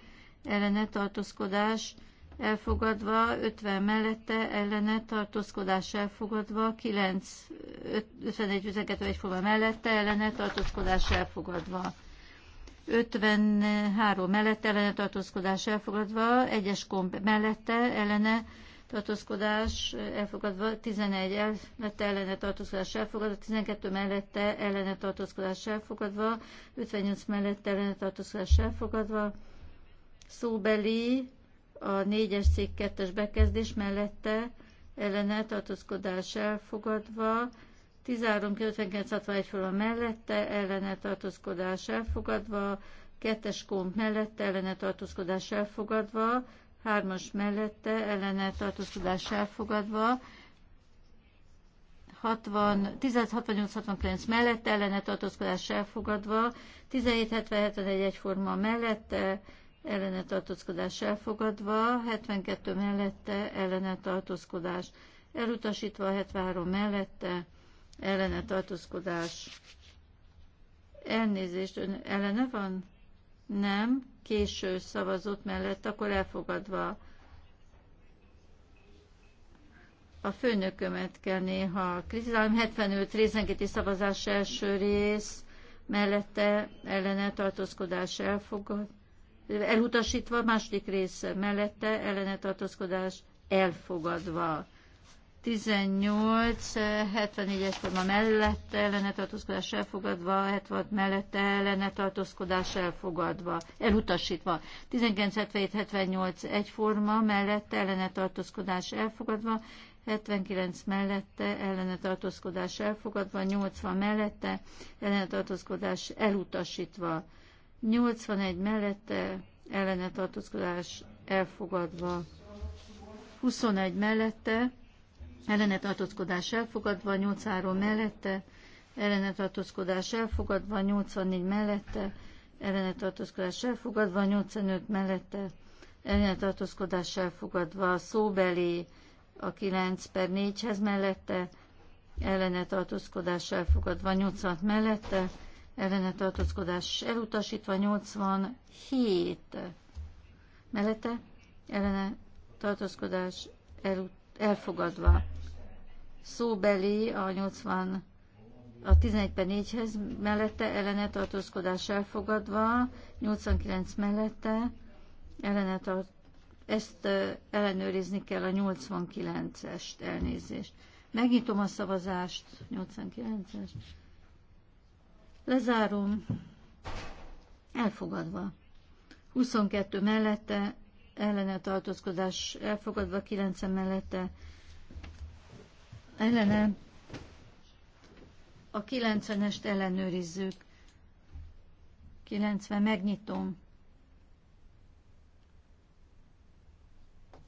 ellene tartózkodás elfogadva, 50 mellette ellene tartózkodás elfogadva, 9, 51, 52 egyforma mellette ellene tartózkodás elfogadva. 53 mellette ellene tartózkodás elfogadva, 1-es komp mellette ellene tartózkodás elfogadva, 11 mellette ellene tartózkodás elfogadva, 12 mellette ellene tartózkodás elfogadva, 58 mellette ellene tartózkodás elfogadva, szóbeli a 4-es cég 2 bekezdés mellette ellene tartózkodás elfogadva, 59 61 a mellette, ellene tartózkodás elfogadva, kettes komp mellette, ellene tartózkodás elfogadva, hármas mellette ellene tartózkodás elfogadva, 60, 1068-69 mellette ellene tartózkodás elfogadva, 1770-71 egyforma mellette ellene tartózkodás elfogadva, 72 mellette ellene tartózkodás elutasítva, 73 mellette ellene tartózkodás elnézést, ön ellene van? Nem késő szavazott mellett, akkor elfogadva a főnökömet kell néha kritizálom. 75 részenkéti szavazás első rész mellette ellene tartózkodás elfogad, elutasítva, második rész mellette ellene tartózkodás elfogadva. 18, 74-es forma mellett ellene tartózkodás elfogadva, 76 mellett ellene tartózkodás elfogadva, elutasítva. 19, 77, 78 egyforma mellett ellene tartózkodás elfogadva, 79 mellette ellene tartózkodás elfogadva, 80 mellette ellene tartózkodás elutasítva, 81 mellette ellene tartózkodás elfogadva, 21 mellette ellene tartózkodás elfogadva, 83 mellette, ellene tartózkodás elfogadva, 84 mellette, ellene tartózkodás elfogadva, 85 mellette, ellene tartózkodás elfogadva, szóbeli a 9 per 4-hez mellette, ellene tartózkodás elfogadva, 86 mellette, ellene tartózkodás elutasítva, 87 mellette, ellene tartózkodás elut- elfogadva szóbeli a 80 a 11 per 4-hez mellette ellene tartózkodás elfogadva, 89 mellette ellene tart, ezt ellenőrizni kell a 89-est elnézést. Megnyitom a szavazást, 89-es. Lezárom. Elfogadva. 22 mellette, ellene tartózkodás elfogadva, 9 mellette, Ellenem, a 90-est ellenőrizzük. 90, megnyitom.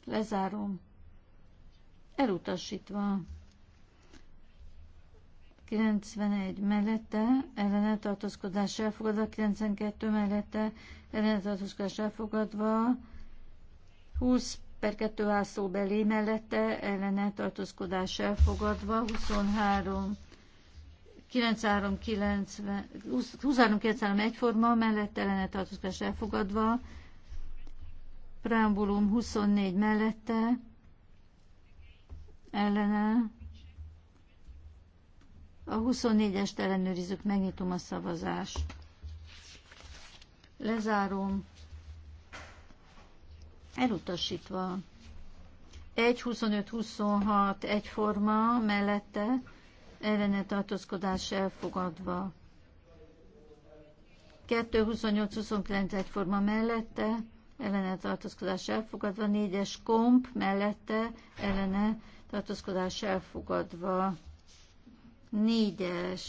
Lezárom. Elutasítva. 91 mellette ellene tartózkodás elfogadva, 92 mellette ellene tartózkodás elfogadva, 20 per 2A szóbeli mellette ellene tartózkodás elfogadva, 23 9390, 2393 egyforma mellett ellene tartózkodás elfogadva, preambulum 24 mellette ellene, a 24-est ellenőrizzük, megnyitom a szavazást. Lezárom elutasítva. 25 26 egyforma mellette ellene tartózkodás elfogadva. 22-28 29 egyforma mellette ellene tartózkodás elfogadva, 4-es komp mellette ellene tartózkodás elfogadva, 4-es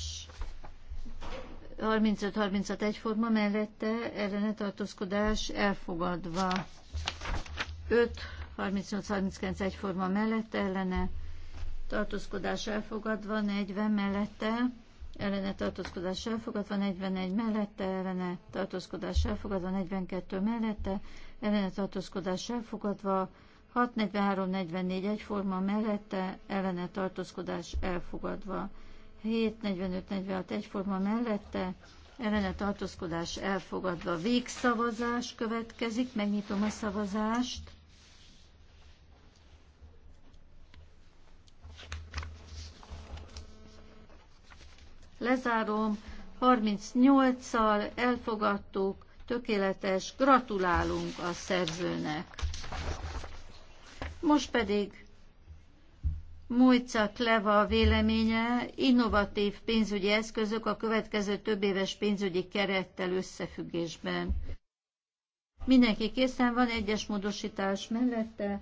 35-36 egyforma mellette ellene tartózkodás elfogadva. 5, 38, 39 egyforma mellette ellene tartózkodás elfogadva, 40 mellette ellene tartózkodás elfogadva, 41 mellette ellene tartózkodás elfogadva, 42 mellette ellene tartózkodás elfogadva, 6, 43, 44 egyforma mellette ellene tartózkodás elfogadva, 7, 45, 46 egyforma mellette a tartózkodás elfogadva. Végszavazás következik, megnyitom a szavazást. Lezárom, 38-szal elfogadtuk, tökéletes, gratulálunk a szerzőnek. Most pedig Mújcak Leva véleménye innovatív pénzügyi eszközök a következő több éves pénzügyi kerettel összefüggésben. Mindenki készen van, egyes módosítás mellette,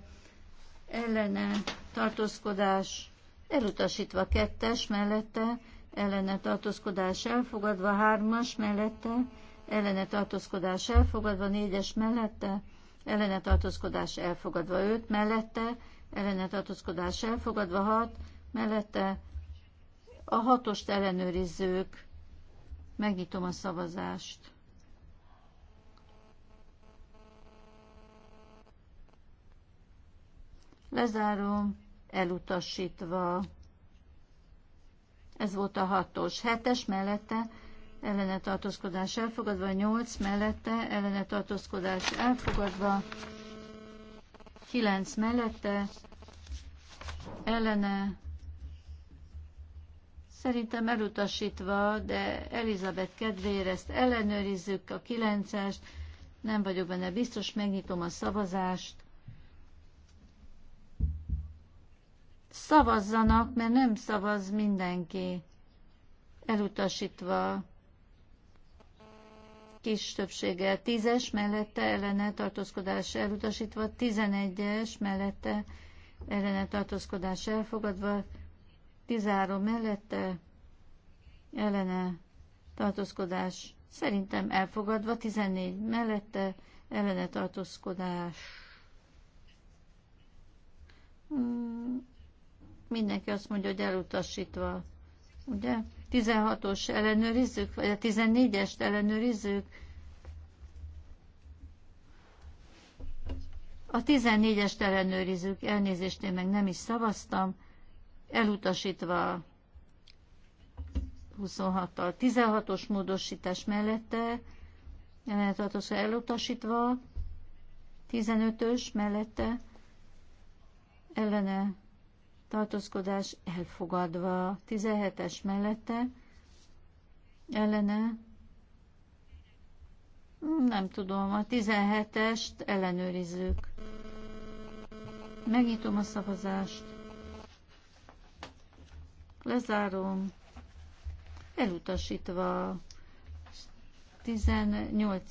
ellene tartózkodás elutasítva kettes mellette, ellene tartózkodás elfogadva hármas mellette, ellene tartózkodás elfogadva négyes mellette, ellene tartózkodás elfogadva öt mellette, ellene tartózkodás elfogadva, hat, mellette a hatost ellenőrizzők, megnyitom a szavazást. Lezárom, elutasítva. Ez volt a hatos. Hetes mellette ellene tartózkodás elfogadva, nyolc mellette ellene tartózkodás elfogadva kilenc mellette, ellene, szerintem elutasítva, de Elizabeth kedvére ezt ellenőrizzük a kilencest, nem vagyok benne biztos, megnyitom a szavazást. Szavazzanak, mert nem szavaz mindenki. Elutasítva kis többséggel. 10-es mellette ellene tartózkodás elutasítva, 11-es mellette ellene tartózkodás elfogadva, 13 mellette ellene tartózkodás szerintem elfogadva, 14 mellette ellene tartózkodás. Hmm, mindenki azt mondja, hogy elutasítva, ugye? 16-os ellenőrizzük, vagy a 14-est ellenőrizzük. A 14-est ellenőrizzük, elnézést én meg nem is szavaztam, elutasítva 26-tal. 16-os módosítás mellette, ellentartózkodás elutasítva, 15-ös mellette, ellene tartózkodás elfogadva. 17-es mellette ellene nem tudom, a 17-est ellenőrizzük. Megnyitom a szavazást. Lezárom. Elutasítva 18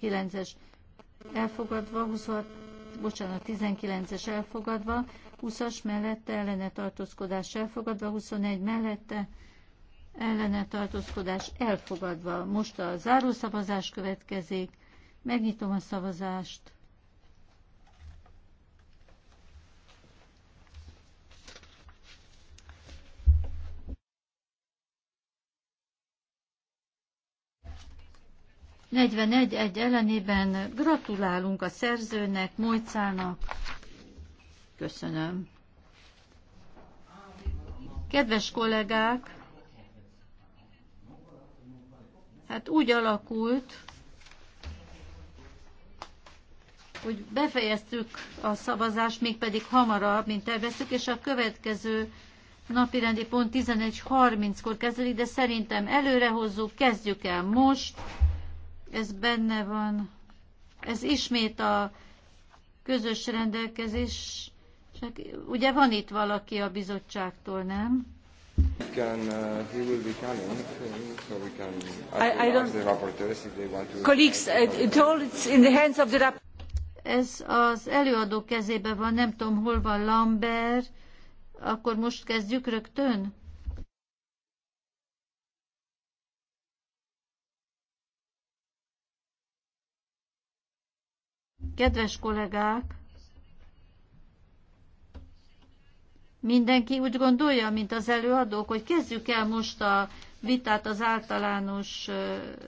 9-es elfogadva, 26, bocsánat, 19-es elfogadva, 20-as mellette ellene tartózkodás elfogadva, 21 mellette ellene tartózkodás elfogadva. Most a zárószavazás következik. Megnyitom a szavazást. Negyvenegy egy ellenében gratulálunk a szerzőnek, Mojcának. Köszönöm. Kedves kollégák, hát úgy alakult, hogy befejeztük a szavazást, mégpedig hamarabb, mint terveztük, és a következő napirendi pont 11.30-kor kezdődik, de szerintem előrehozzuk, kezdjük el most. Ez benne van, ez ismét a közös rendelkezés csak, ugye van itt valaki a bizottságtól, nem? Can, uh, he will be coming, so we can I, I don't... the rapporteurs if they want to... Colleagues, uh, it all it's in the hands of the Ez az előadó kezében van, nem tudom, hol van Lambert. Akkor most kezdjük rögtön? Kedves kollégák! Mindenki úgy gondolja, mint az előadók, hogy kezdjük el most a vitát az általános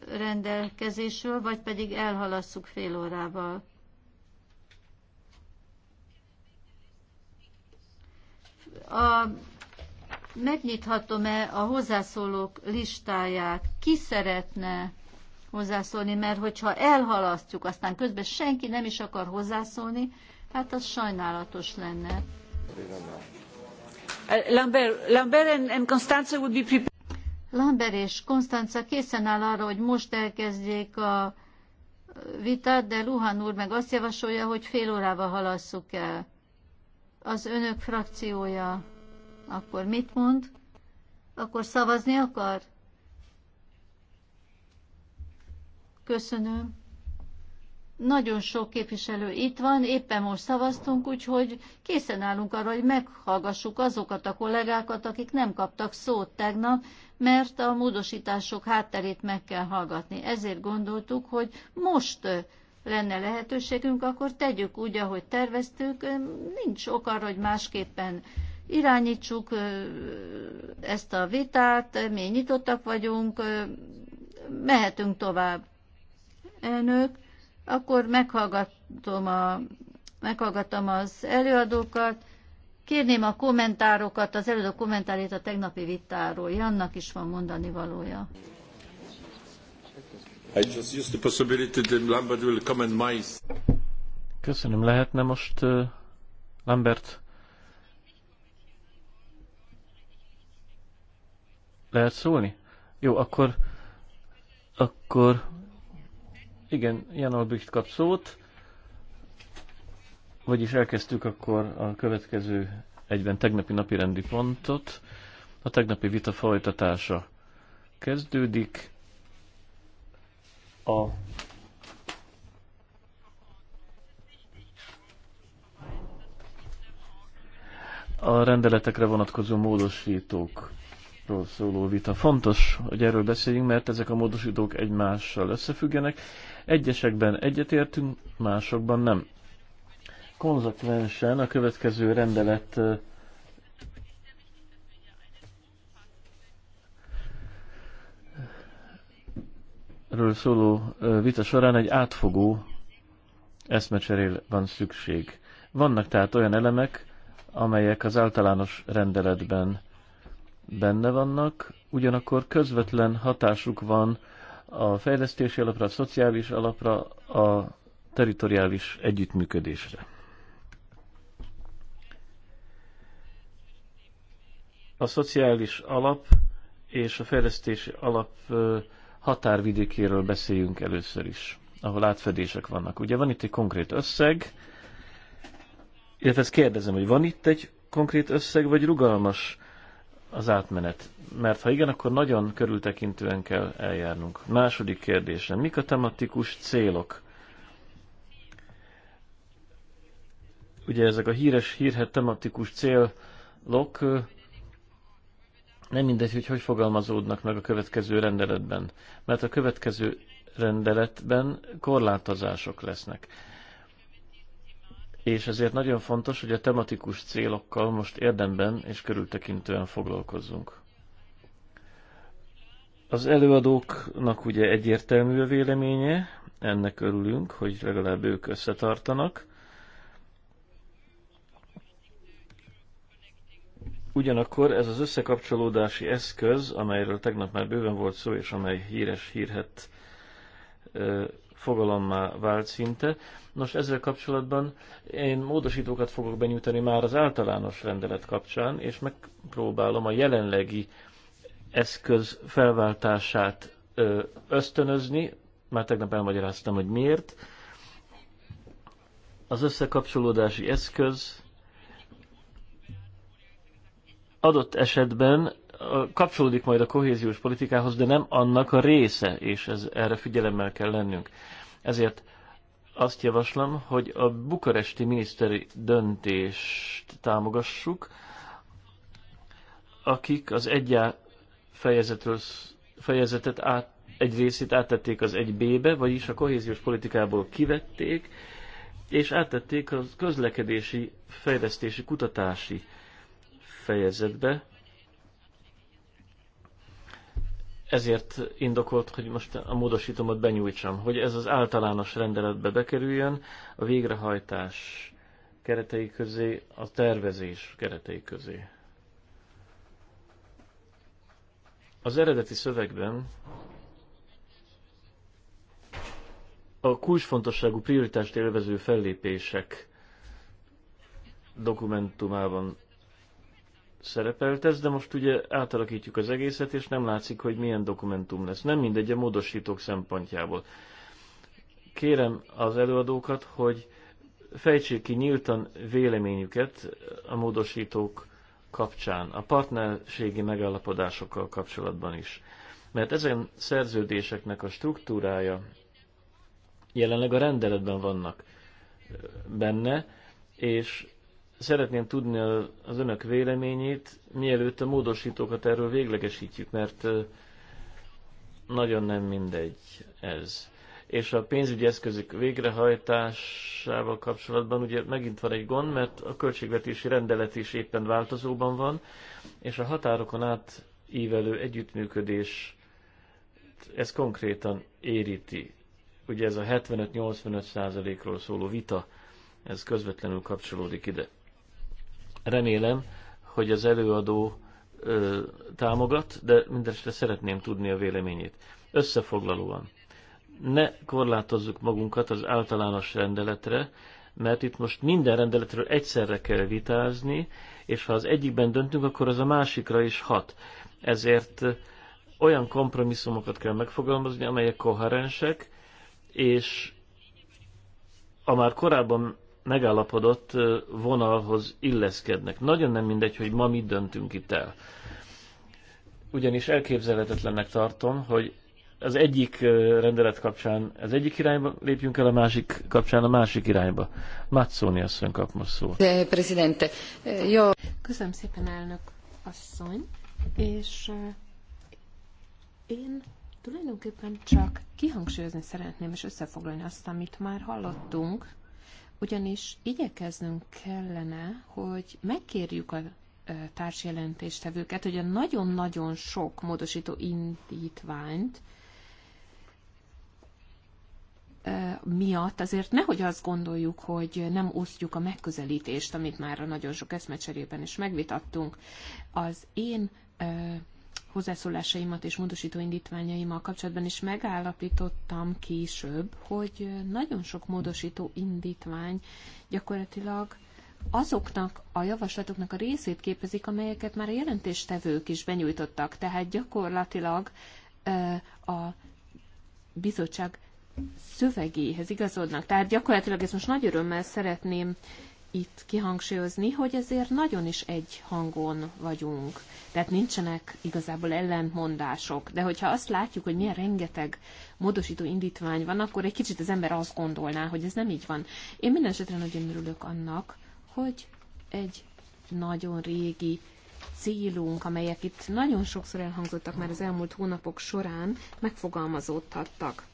rendelkezésről, vagy pedig elhalasszuk fél órával. A, megnyithatom-e a hozzászólók listáját? Ki szeretne hozzászólni? Mert hogyha elhalasztjuk, aztán közben senki nem is akar hozzászólni, hát az sajnálatos lenne. Köszönöm. Lambert, és Konstanca készen áll arra, hogy most elkezdjék a vitát, de Luhan úr meg azt javasolja, hogy fél órával halasszuk el. Az önök frakciója akkor mit mond? Akkor szavazni akar? Köszönöm. Nagyon sok képviselő itt van, éppen most szavaztunk, úgyhogy készen állunk arra, hogy meghallgassuk azokat a kollégákat, akik nem kaptak szót tegnap, mert a módosítások hátterét meg kell hallgatni. Ezért gondoltuk, hogy most lenne lehetőségünk, akkor tegyük úgy, ahogy terveztük. Nincs ok arra, hogy másképpen irányítsuk ezt a vitát, mi nyitottak vagyunk, mehetünk tovább. Elnök, akkor meghallgatom a, meghallgattam az előadókat, kérném a kommentárokat, az előadó kommentárét a tegnapi vitáról. Jannak is van mondani valója. Köszönöm, lehetne most uh, Lambert lehet szólni? Jó, akkor, akkor igen, Jan Albrecht kap szót, vagyis elkezdtük akkor a következő egyben tegnapi napi rendi pontot. A tegnapi vita folytatása kezdődik. A a rendeletekre vonatkozó módosítókról szóló vita. Fontos, hogy erről beszéljünk, mert ezek a módosítók egymással összefüggenek. Egyesekben egyetértünk, másokban nem. Konzekvensen a következő rendelet ről szóló vita során egy átfogó eszmecserél van szükség. Vannak tehát olyan elemek, amelyek az általános rendeletben benne vannak, ugyanakkor közvetlen hatásuk van a fejlesztési alapra, a szociális alapra, a teritoriális együttműködésre. A szociális alap és a fejlesztési alap határvidékéről beszéljünk először is, ahol átfedések vannak. Ugye van itt egy konkrét összeg, illetve ezt kérdezem, hogy van itt egy konkrét összeg, vagy rugalmas az átmenet? Mert ha igen, akkor nagyon körültekintően kell eljárnunk. Második kérdésem, mik a tematikus célok? Ugye ezek a híres, hírhet tematikus célok nem mindegy, hogy hogy fogalmazódnak meg a következő rendeletben, mert a következő rendeletben korlátozások lesznek és ezért nagyon fontos, hogy a tematikus célokkal most érdemben és körültekintően foglalkozzunk. Az előadóknak ugye egyértelmű a véleménye, ennek örülünk, hogy legalább ők összetartanak. Ugyanakkor ez az összekapcsolódási eszköz, amelyről tegnap már bőven volt szó, és amely híres hírhet fogalommá vált szinte. Nos, ezzel kapcsolatban én módosítókat fogok benyújtani már az általános rendelet kapcsán, és megpróbálom a jelenlegi eszköz felváltását ösztönözni. Már tegnap elmagyaráztam, hogy miért. Az összekapcsolódási eszköz adott esetben kapcsolódik majd a kohéziós politikához, de nem annak a része, és ez, erre figyelemmel kell lennünk. Ezért azt javaslom, hogy a bukaresti miniszteri döntést támogassuk, akik az egyá fejezetről, fejezetet át, egy részét áttették az 1B-be, vagyis a kohéziós politikából kivették, és áttették a közlekedési, fejlesztési, kutatási fejezetbe, ezért indokolt, hogy most a módosítomat benyújtsam, hogy ez az általános rendeletbe bekerüljön a végrehajtás keretei közé, a tervezés keretei közé. Az eredeti szövegben a kulcsfontosságú prioritást élvező fellépések dokumentumában szerepelt ez, de most ugye átalakítjuk az egészet, és nem látszik, hogy milyen dokumentum lesz. Nem mindegy a módosítók szempontjából. Kérem az előadókat, hogy fejtsék ki nyíltan véleményüket a módosítók kapcsán, a partnerségi megállapodásokkal kapcsolatban is. Mert ezen szerződéseknek a struktúrája jelenleg a rendeletben vannak benne, és szeretném tudni az önök véleményét, mielőtt a módosítókat erről véglegesítjük, mert nagyon nem mindegy ez. És a pénzügyi eszközök végrehajtásával kapcsolatban ugye megint van egy gond, mert a költségvetési rendelet is éppen változóban van, és a határokon át ívelő együttműködés ez konkrétan éríti. Ugye ez a 75-85 százalékról szóló vita, ez közvetlenül kapcsolódik ide. Remélem, hogy az előadó ö, támogat, de mindenesetre szeretném tudni a véleményét. Összefoglalóan, ne korlátozzuk magunkat az általános rendeletre, mert itt most minden rendeletről egyszerre kell vitázni, és ha az egyikben döntünk, akkor az a másikra is hat. Ezért olyan kompromisszumokat kell megfogalmazni, amelyek koherensek, és a már korábban megállapodott vonalhoz illeszkednek. Nagyon nem mindegy, hogy ma mit döntünk itt el. Ugyanis elképzelhetetlennek tartom, hogy az egyik rendelet kapcsán az egyik irányba lépjünk el, a másik kapcsán a másik irányba. Mátszóni asszony kap most szó. Eh, presidente, jó. Eh, Köszönöm szépen, elnök asszony. És én tulajdonképpen csak kihangsúlyozni szeretném és összefoglalni azt, amit már hallottunk ugyanis igyekeznünk kellene, hogy megkérjük a társjelentéstevőket, hogy a nagyon-nagyon sok módosító indítványt miatt azért nehogy azt gondoljuk, hogy nem osztjuk a megközelítést, amit már a nagyon sok eszmecserében is megvitattunk. Az én hozzászólásaimat és módosító indítványaimmal kapcsolatban is megállapítottam később, hogy nagyon sok módosító indítvány gyakorlatilag azoknak a javaslatoknak a részét képezik, amelyeket már a jelentéstevők is benyújtottak. Tehát gyakorlatilag a bizottság szövegéhez igazodnak. Tehát gyakorlatilag ezt most nagy örömmel szeretném itt kihangsúlyozni, hogy ezért nagyon is egy hangon vagyunk. Tehát nincsenek igazából ellentmondások. De hogyha azt látjuk, hogy milyen rengeteg módosító indítvány van, akkor egy kicsit az ember azt gondolná, hogy ez nem így van. Én minden esetre nagyon örülök annak, hogy egy nagyon régi célunk, amelyek itt nagyon sokszor elhangzottak már az elmúlt hónapok során, megfogalmazódhattak.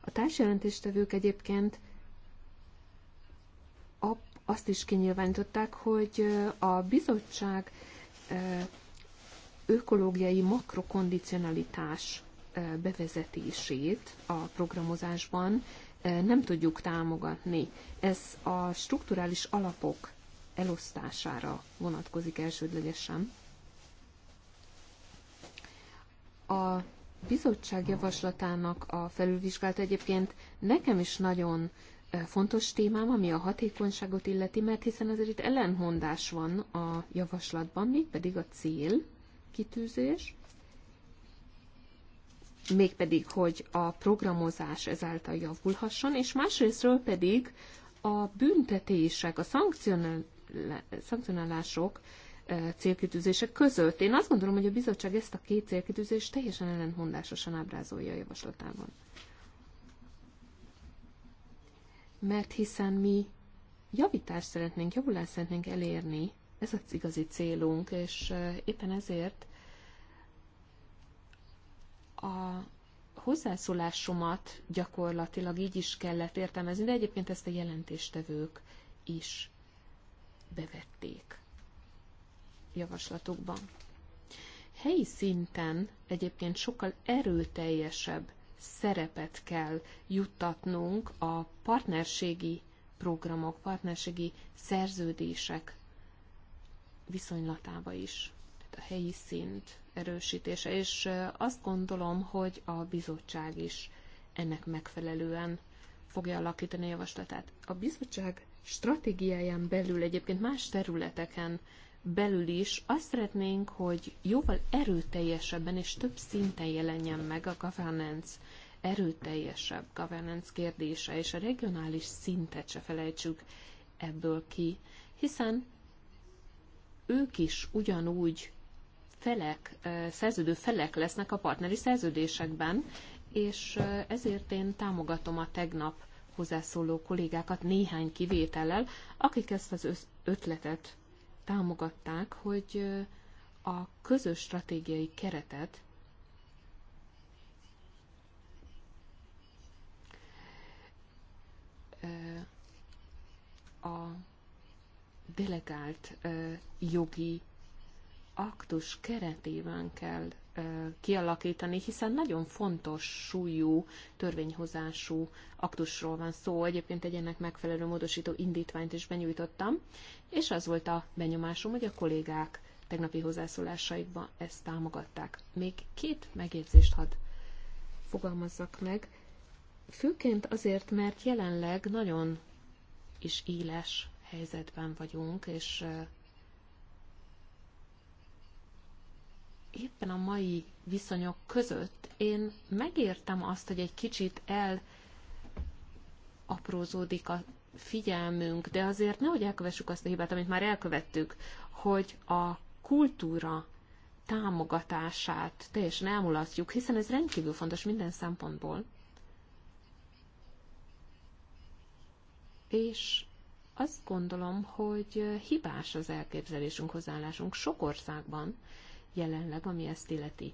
A társjelentéstevők egyébként azt is kinyilvánították, hogy a bizottság ökológiai makrokondicionalitás bevezetését a programozásban nem tudjuk támogatni. Ez a strukturális alapok elosztására vonatkozik elsődlegesen. A bizottság javaslatának a felülvizsgálat egyébként nekem is nagyon fontos témám, ami a hatékonyságot illeti, mert hiszen azért itt ellenhondás van a javaslatban, mégpedig a cél kitűzés, mégpedig, hogy a programozás ezáltal javulhasson, és másrésztről pedig a büntetések, a szankcionálások e, célkitűzése között. Én azt gondolom, hogy a bizottság ezt a két célkitűzést teljesen ellenhondásosan ábrázolja a javaslatában mert hiszen mi javítást szeretnénk, javulást szeretnénk elérni, ez az igazi célunk, és éppen ezért a hozzászólásomat gyakorlatilag így is kellett értelmezni, de egyébként ezt a jelentéstevők is bevették javaslatokban. Helyi szinten egyébként sokkal erőteljesebb szerepet kell juttatnunk a partnerségi programok, partnerségi szerződések viszonylatába is, tehát a helyi szint erősítése, és azt gondolom, hogy a bizottság is ennek megfelelően fogja alakítani a javaslatát. A bizottság stratégiáján belül egyébként más területeken belül is azt szeretnénk, hogy jóval erőteljesebben és több szinten jelenjen meg a governance, erőteljesebb governance kérdése, és a regionális szintet se felejtsük ebből ki, hiszen ők is ugyanúgy felek, szerződő felek lesznek a partneri szerződésekben, és ezért én támogatom a tegnap hozzászóló kollégákat néhány kivétellel, akik ezt az ötletet támogatták, hogy a közös stratégiai keretet a delegált jogi aktus keretében kell kialakítani, hiszen nagyon fontos súlyú törvényhozású aktusról van szó. Egyébként egy ennek megfelelő módosító indítványt is benyújtottam, és az volt a benyomásom, hogy a kollégák tegnapi hozzászólásaikban ezt támogatták. Még két megjegyzést hadd fogalmazzak meg. Főként azért, mert jelenleg nagyon is éles helyzetben vagyunk, és éppen a mai viszonyok között én megértem azt, hogy egy kicsit el aprózódik a figyelmünk, de azért nehogy elkövessük azt a hibát, amit már elkövettük, hogy a kultúra támogatását teljesen elmulasztjuk, hiszen ez rendkívül fontos minden szempontból. És azt gondolom, hogy hibás az elképzelésünk, hozzáállásunk sok országban, jelenleg, ami ezt illeti.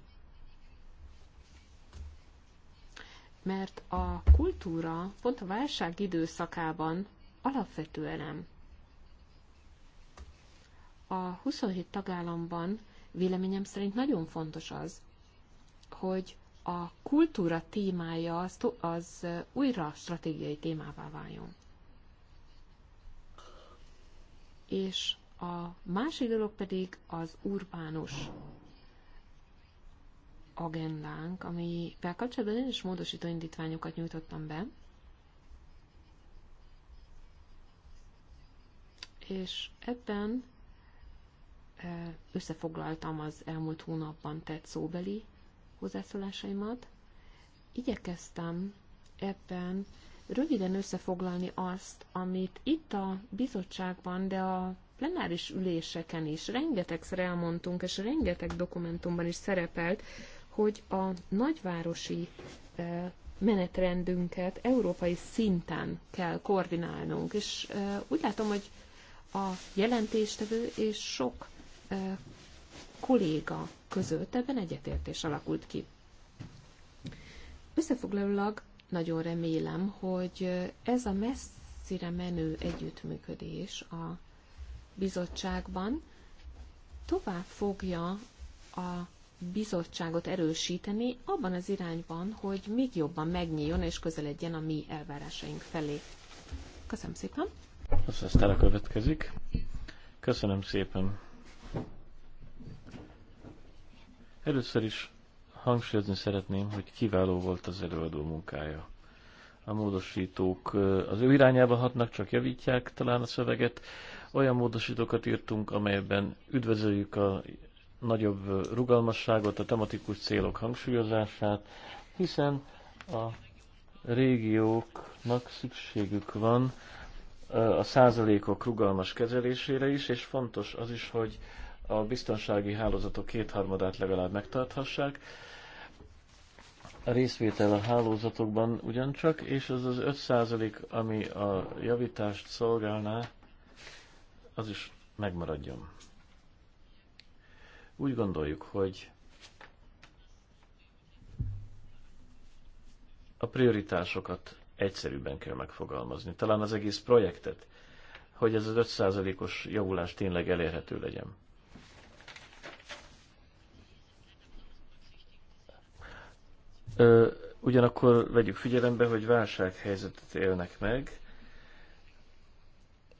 Mert a kultúra pont a válság időszakában alapvető elem. A 27 tagállamban véleményem szerint nagyon fontos az, hogy a kultúra témája az, az újra stratégiai témává váljon. És a másik dolog pedig az urbánus agendánk, amivel kapcsolatban én is módosító indítványokat nyújtottam be, és ebben összefoglaltam az elmúlt hónapban tett szóbeli hozzászólásaimat. Igyekeztem ebben röviden összefoglalni azt, amit itt a bizottságban, de a plenáris üléseken is rengetegszer elmondtunk, és rengeteg dokumentumban is szerepelt, hogy a nagyvárosi menetrendünket európai szinten kell koordinálnunk. És úgy látom, hogy a jelentéstevő és sok kolléga között ebben egyetértés alakult ki. Összefoglalólag nagyon remélem, hogy ez a messzire menő együttműködés a bizottságban tovább fogja a bizottságot erősíteni abban az irányban, hogy még jobban megnyíljon és közeledjen a mi elvárásaink felé. Köszönöm szépen! Azt aztán a következik. Köszönöm szépen! Először is hangsúlyozni szeretném, hogy kiváló volt az előadó munkája. A módosítók az ő irányába hatnak, csak javítják talán a szöveget. Olyan módosítókat írtunk, amelyben üdvözöljük a nagyobb rugalmasságot, a tematikus célok hangsúlyozását, hiszen a régióknak szükségük van a százalékok rugalmas kezelésére is, és fontos az is, hogy a biztonsági hálózatok kétharmadát legalább megtarthassák. A részvétel a hálózatokban ugyancsak, és az az 5 százalék, ami a javítást szolgálná, az is megmaradjon. Úgy gondoljuk, hogy a prioritásokat egyszerűbben kell megfogalmazni, talán az egész projektet, hogy ez az 5%-os javulás tényleg elérhető legyen. Ö, ugyanakkor vegyük figyelembe, hogy válsághelyzetet élnek meg,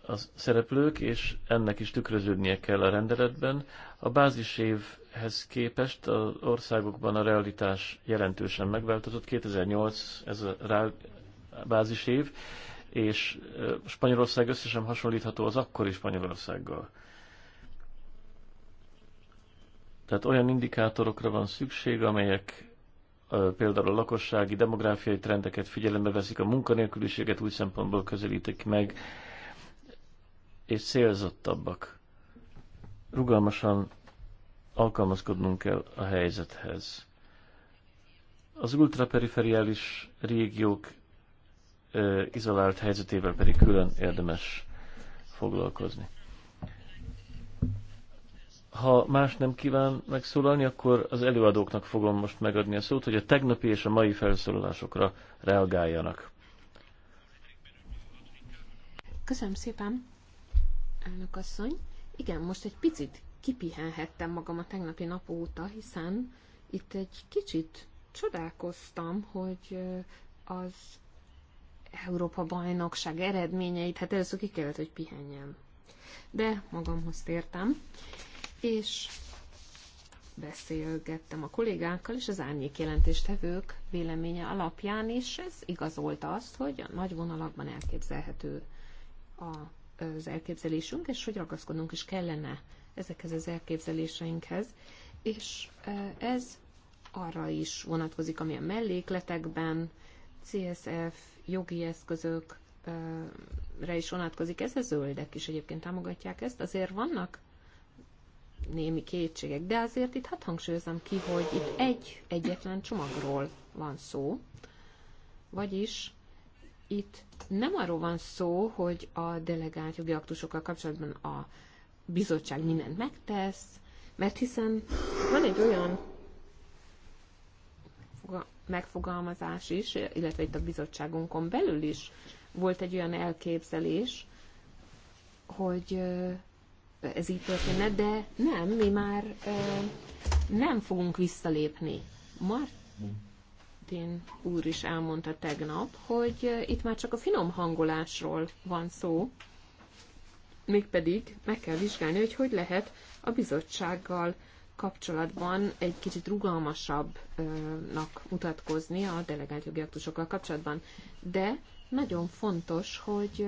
a szereplők, és ennek is tükröződnie kell a rendeletben. A bázis évhez képest az országokban a realitás jelentősen megváltozott. 2008 ez a rá, bázis év, és Spanyolország összesen hasonlítható az akkori Spanyolországgal. Tehát olyan indikátorokra van szükség, amelyek például a lakossági, demográfiai trendeket figyelembe veszik, a munkanélküliséget új szempontból közelítik meg, és célzottabbak. Rugalmasan alkalmazkodnunk kell a helyzethez. Az ultraperiferiális régiók ö, izolált helyzetével pedig külön érdemes foglalkozni. Ha más nem kíván megszólalni, akkor az előadóknak fogom most megadni a szót, hogy a tegnapi és a mai felszólalásokra reagáljanak. Köszönöm szépen! elnök asszony. Igen, most egy picit kipihenhettem magam a tegnapi nap óta, hiszen itt egy kicsit csodálkoztam, hogy az Európa bajnokság eredményeit, hát először ki kellett, hogy pihenjem. De magamhoz tértem, és beszélgettem a kollégákkal, és az árnyék jelentéstevők véleménye alapján is ez igazolta azt, hogy a nagy vonalakban elképzelhető a az elképzelésünk, és hogy ragaszkodnunk is kellene ezekhez az elképzeléseinkhez. És ez arra is vonatkozik, ami a mellékletekben, CSF, jogi eszközök, re is vonatkozik. Ez a zöldek is egyébként támogatják ezt. Azért vannak némi kétségek, de azért itt hát hangsúlyozom ki, hogy itt egy egyetlen csomagról van szó, vagyis itt nem arról van szó, hogy a delegált jogi aktusokkal kapcsolatban a bizottság mindent megtesz, mert hiszen van egy olyan megfogalmazás is, illetve itt a bizottságunkon belül is volt egy olyan elképzelés, hogy ez így történne, de nem, mi már nem fogunk visszalépni. Mar- Martin úr is elmondta tegnap, hogy eh, itt már csak a finom hangolásról van szó, mégpedig meg kell vizsgálni, hogy hogy lehet a bizottsággal kapcsolatban egy kicsit rugalmasabbnak mutatkozni a delegált jogi aktusokkal kapcsolatban. De nagyon fontos, hogy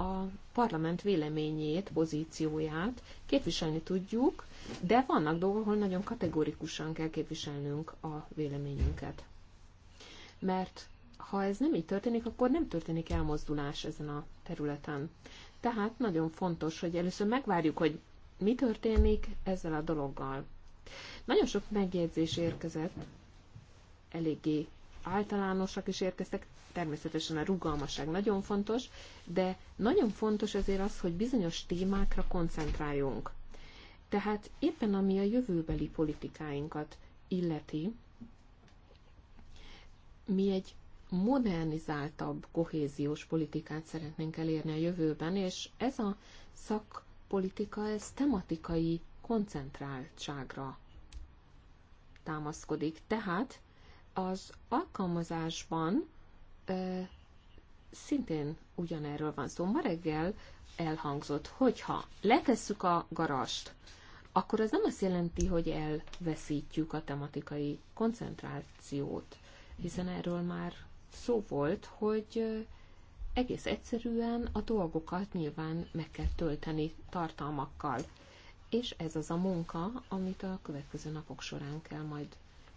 eh, a parlament véleményét, pozícióját képviselni tudjuk, de vannak dolgok, ahol nagyon kategórikusan kell képviselnünk a véleményünket mert ha ez nem így történik, akkor nem történik elmozdulás ezen a területen. Tehát nagyon fontos, hogy először megvárjuk, hogy mi történik ezzel a dologgal. Nagyon sok megjegyzés érkezett, eléggé általánosak is érkeztek, természetesen a rugalmasság nagyon fontos, de nagyon fontos azért az, hogy bizonyos témákra koncentráljunk. Tehát éppen ami a jövőbeli politikáinkat illeti, mi egy modernizáltabb kohéziós politikát szeretnénk elérni a jövőben, és ez a szakpolitika, ez tematikai koncentráltságra támaszkodik. Tehát az alkalmazásban ö, szintén ugyanerről van szó. Ma reggel elhangzott, hogyha letesszük a garast, akkor ez nem azt jelenti, hogy elveszítjük a tematikai koncentrációt hiszen erről már szó volt, hogy egész egyszerűen a dolgokat nyilván meg kell tölteni tartalmakkal. És ez az a munka, amit a következő napok során kell majd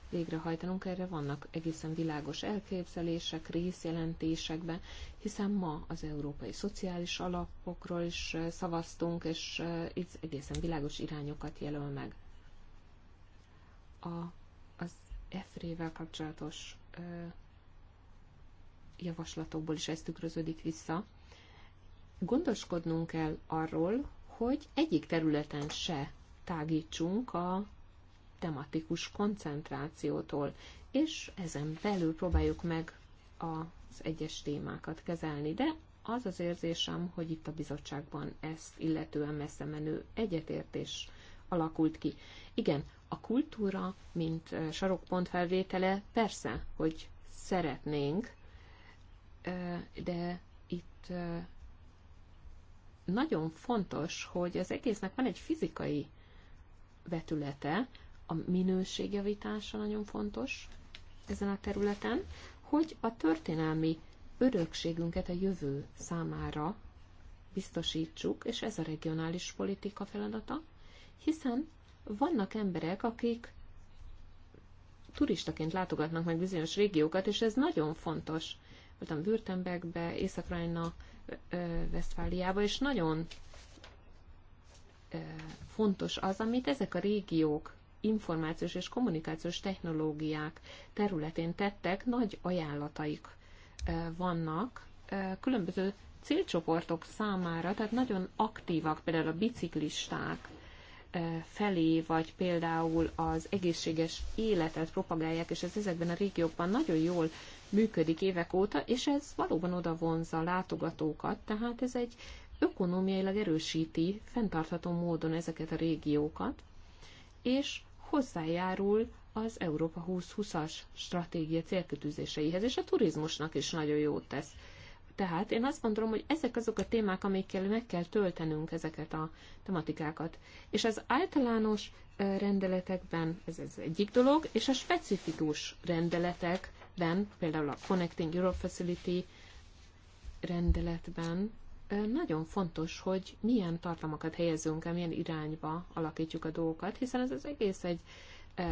végrehajtanunk. Erre vannak egészen világos elképzelések, részjelentésekben, hiszen ma az európai szociális alapokról is szavaztunk, és itt egészen világos irányokat jelöl meg. A, az efre vel kapcsolatos javaslatokból is ez tükröződik vissza, gondoskodnunk kell arról, hogy egyik területen se tágítsunk a tematikus koncentrációtól, és ezen belül próbáljuk meg az egyes témákat kezelni. De az az érzésem, hogy itt a bizottságban ezt illetően messze menő egyetértés alakult ki. Igen, a kultúra, mint sarokpont felvétele, persze, hogy szeretnénk, de itt nagyon fontos, hogy az egésznek van egy fizikai vetülete, a minőségjavítása nagyon fontos ezen a területen, hogy a történelmi örökségünket a jövő számára biztosítsuk, és ez a regionális politika feladata, hiszen vannak emberek, akik turistaként látogatnak meg bizonyos régiókat, és ez nagyon fontos. Voltam Württembergbe, észak Vesztfáliába, és nagyon fontos az, amit ezek a régiók információs és kommunikációs technológiák területén tettek, nagy ajánlataik vannak különböző célcsoportok számára, tehát nagyon aktívak, például a biciklisták, felé, vagy például az egészséges életet propagálják, és ez ezekben a régiókban nagyon jól működik évek óta, és ez valóban oda vonza a látogatókat, tehát ez egy ökonomiailag erősíti fenntartható módon ezeket a régiókat, és hozzájárul az Európa 2020-as stratégia célkötűzéseihez, és a turizmusnak is nagyon jót tesz. Tehát én azt gondolom, hogy ezek azok a témák, amikkel meg kell töltenünk ezeket a tematikákat. És az általános rendeletekben ez az egyik dolog, és a specifikus rendeletekben, például a Connecting Europe Facility rendeletben nagyon fontos, hogy milyen tartalmakat helyezünk el, milyen irányba alakítjuk a dolgokat, hiszen ez az egész egy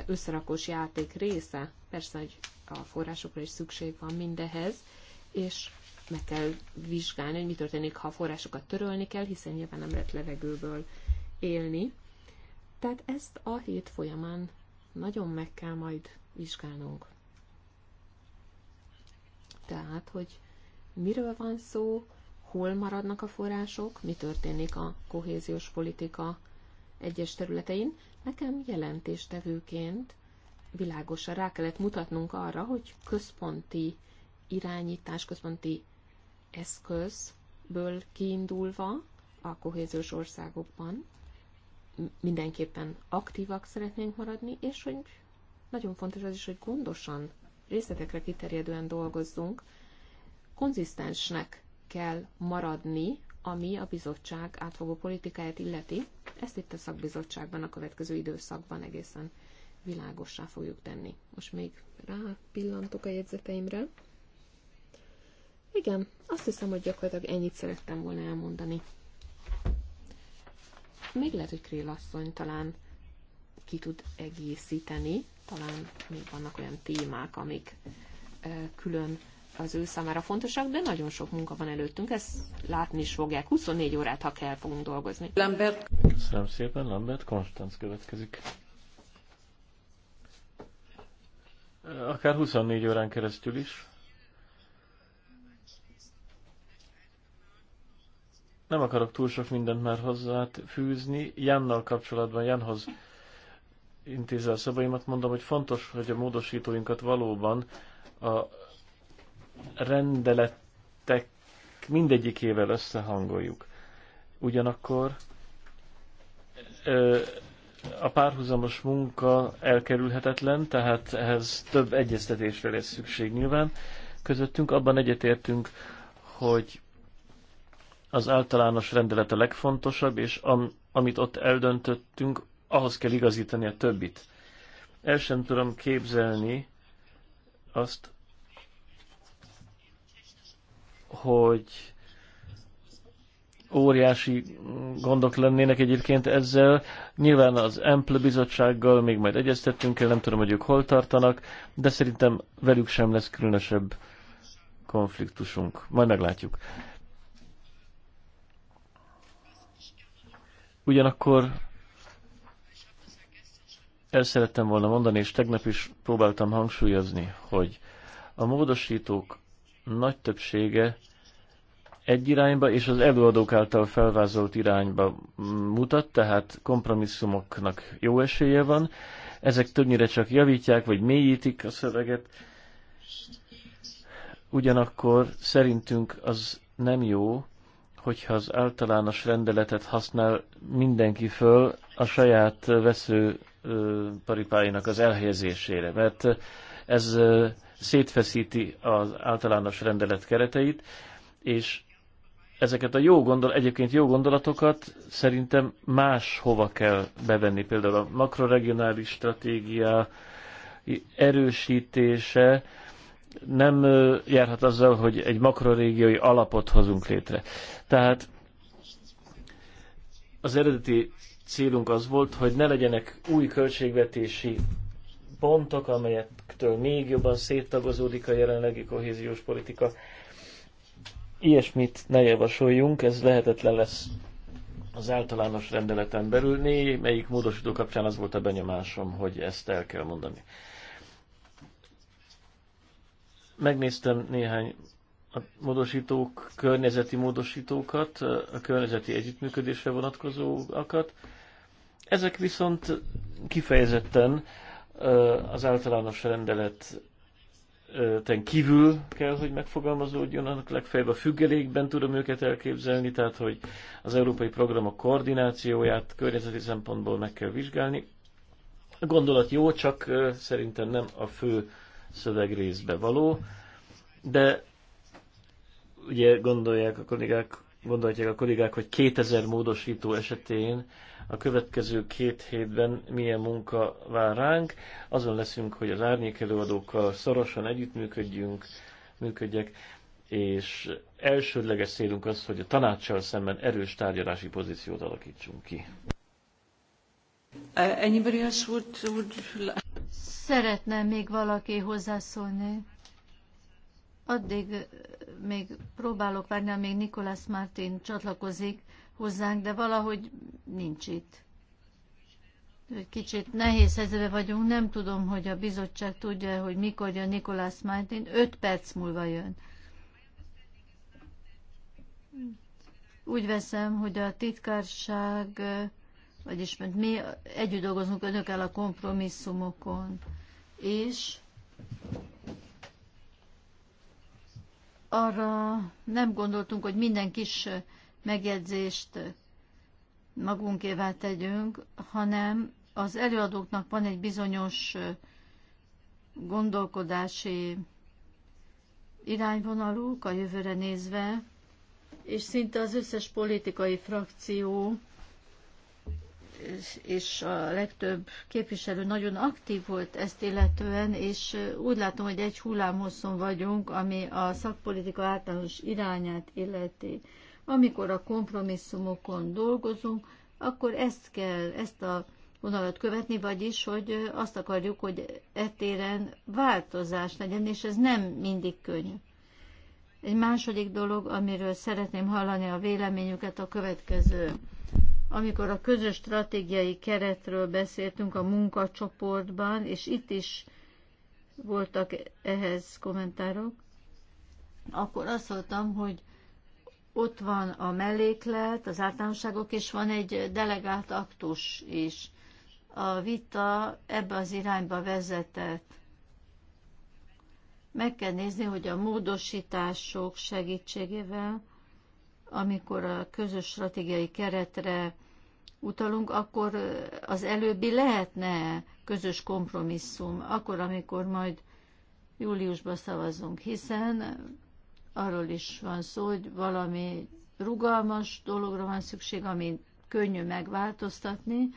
összerakós játék része. Persze, hogy a forrásokra is szükség van mindehez, és meg kell vizsgálni, hogy mi történik, ha a forrásokat törölni kell, hiszen nyilván nem lehet levegőből élni. Tehát ezt a hét folyamán nagyon meg kell majd vizsgálnunk. Tehát, hogy miről van szó, hol maradnak a források, mi történik a kohéziós politika egyes területein, nekem jelentéstevőként világosan rá kellett mutatnunk arra, hogy központi irányítás, központi eszközből kiindulva a kohéziós országokban mindenképpen aktívak szeretnénk maradni, és hogy nagyon fontos az is, hogy gondosan, részletekre kiterjedően dolgozzunk, konzisztensnek kell maradni, ami a bizottság átfogó politikáját illeti. Ezt itt a szakbizottságban a következő időszakban egészen világossá fogjuk tenni. Most még rápillantok a jegyzeteimre. Igen, azt hiszem, hogy gyakorlatilag ennyit szerettem volna elmondani. Még lehet, hogy Krélasszony talán ki tud egészíteni, talán még vannak olyan témák, amik külön az ő számára fontosak, de nagyon sok munka van előttünk, ezt látni is fogják. 24 órát, ha kell, fogunk dolgozni. Lambert. Köszönöm szépen, Lambert. Konstanz következik. Akár 24 órán keresztül is. Nem akarok túl sok mindent már hozzá, fűzni. Jannal kapcsolatban, Janhoz intézel szabaimat, mondom, hogy fontos, hogy a módosítóinkat valóban a rendeletek mindegyikével összehangoljuk. Ugyanakkor a párhuzamos munka elkerülhetetlen, tehát ehhez több egyeztetésre lesz szükség nyilván. Közöttünk abban egyetértünk, hogy az általános rendelet a legfontosabb, és am, amit ott eldöntöttünk, ahhoz kell igazítani a többit. El sem tudom képzelni azt, hogy óriási gondok lennének egyébként ezzel. Nyilván az Ample bizottsággal még majd egyeztettünk el, nem tudom, hogy ők hol tartanak, de szerintem velük sem lesz különösebb konfliktusunk. Majd meglátjuk. Ugyanakkor el szerettem volna mondani, és tegnap is próbáltam hangsúlyozni, hogy a módosítók nagy többsége egy irányba és az előadók által felvázolt irányba mutat, tehát kompromisszumoknak jó esélye van. Ezek többnyire csak javítják vagy mélyítik a szöveget. Ugyanakkor szerintünk az nem jó, hogyha az általános rendeletet használ mindenki föl a saját vesző paripáinak az elhelyezésére, mert ez szétfeszíti az általános rendelet kereteit, és ezeket a jó gondol, egyébként jó gondolatokat szerintem hova kell bevenni, például a makroregionális stratégia erősítése, nem járhat azzal, hogy egy makrorégiai alapot hozunk létre. Tehát az eredeti célunk az volt, hogy ne legyenek új költségvetési pontok, amelyektől még jobban széttagozódik a jelenlegi kohéziós politika. Ilyesmit ne javasoljunk, ez lehetetlen lesz az általános rendeleten belül. Melyik módosító kapcsán az volt a benyomásom, hogy ezt el kell mondani. Megnéztem néhány a módosítók, környezeti módosítókat, a környezeti együttműködésre vonatkozóakat. Ezek viszont kifejezetten az általános ten kívül kell, hogy megfogalmazódjonak, legfeljebb a függelékben tudom őket elképzelni, tehát hogy az európai programok koordinációját környezeti szempontból meg kell vizsgálni. A gondolat jó, csak szerintem nem a fő szövegrészbe való, de ugye gondolják a kollégák, gondolják a kollégák, hogy 2000 módosító esetén a következő két hétben milyen munka vár ránk. Azon leszünk, hogy az árnyék előadókkal szorosan együttműködjünk, működjek, és elsődleges célunk az, hogy a tanácssal szemben erős tárgyalási pozíciót alakítsunk ki. Uh, anybody else would, would... Szeretne még valaki hozzászólni? Addig még próbálok várni, amíg Nikolász Mártin csatlakozik hozzánk, de valahogy nincs itt. Kicsit nehéz helyzetben vagyunk, nem tudom, hogy a bizottság tudja, hogy mikor jön Nikolász Mártin, Öt perc múlva jön. Úgy veszem, hogy a titkárság vagyis mert mi együtt dolgozunk önökkel a kompromisszumokon, és arra nem gondoltunk, hogy minden kis megjegyzést magunkével tegyünk, hanem az előadóknak van egy bizonyos gondolkodási irányvonaluk a jövőre nézve, és szinte az összes politikai frakció és a legtöbb képviselő nagyon aktív volt ezt illetően, és úgy látom, hogy egy hullámhosszon vagyunk, ami a szakpolitika általános irányát illeti. Amikor a kompromisszumokon dolgozunk, akkor ezt kell, ezt a vonalat követni, vagyis, hogy azt akarjuk, hogy etéren változás legyen, és ez nem mindig könnyű. Egy második dolog, amiről szeretném hallani a véleményüket, a következő amikor a közös stratégiai keretről beszéltünk a munkacsoportban, és itt is voltak ehhez kommentárok, akkor azt mondtam, hogy ott van a melléklet, az általánosságok, és van egy delegált aktus is. A vita ebbe az irányba vezetett. Meg kell nézni, hogy a módosítások segítségével amikor a közös stratégiai keretre utalunk, akkor az előbbi lehetne közös kompromisszum, akkor, amikor majd júliusban szavazunk, hiszen arról is van szó, hogy valami rugalmas dologra van szükség, ami könnyű megváltoztatni,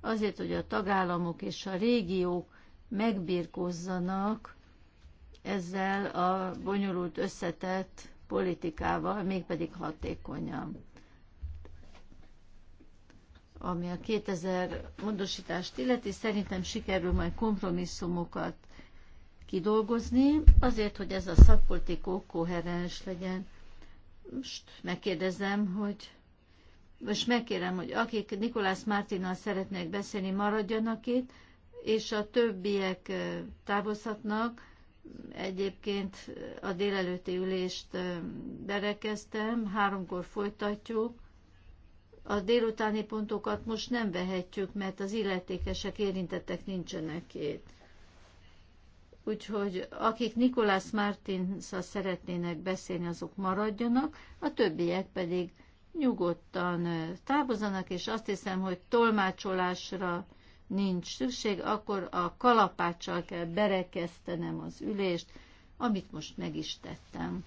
azért, hogy a tagállamok és a régiók megbírkozzanak ezzel a bonyolult összetett politikával, mégpedig hatékonyan. Ami a 2000 módosítást illeti, szerintem sikerül majd kompromisszumokat kidolgozni, azért, hogy ez a szakpolitikó koherens legyen. Most megkérdezem, hogy most megkérem, hogy akik Nikolász Mártinnal szeretnek beszélni, maradjanak itt, és a többiek eh, távozhatnak, Egyébként a délelőtti ülést berekeztem, háromkor folytatjuk. A délutáni pontokat most nem vehetjük, mert az illetékesek, érintettek nincsenek itt. Úgyhogy akik Nikolász Mártinszal szeretnének beszélni, azok maradjanak, a többiek pedig nyugodtan távozanak, és azt hiszem, hogy tolmácsolásra nincs szükség, akkor a kalapáccsal kell berekesztenem az ülést, amit most meg is tettem.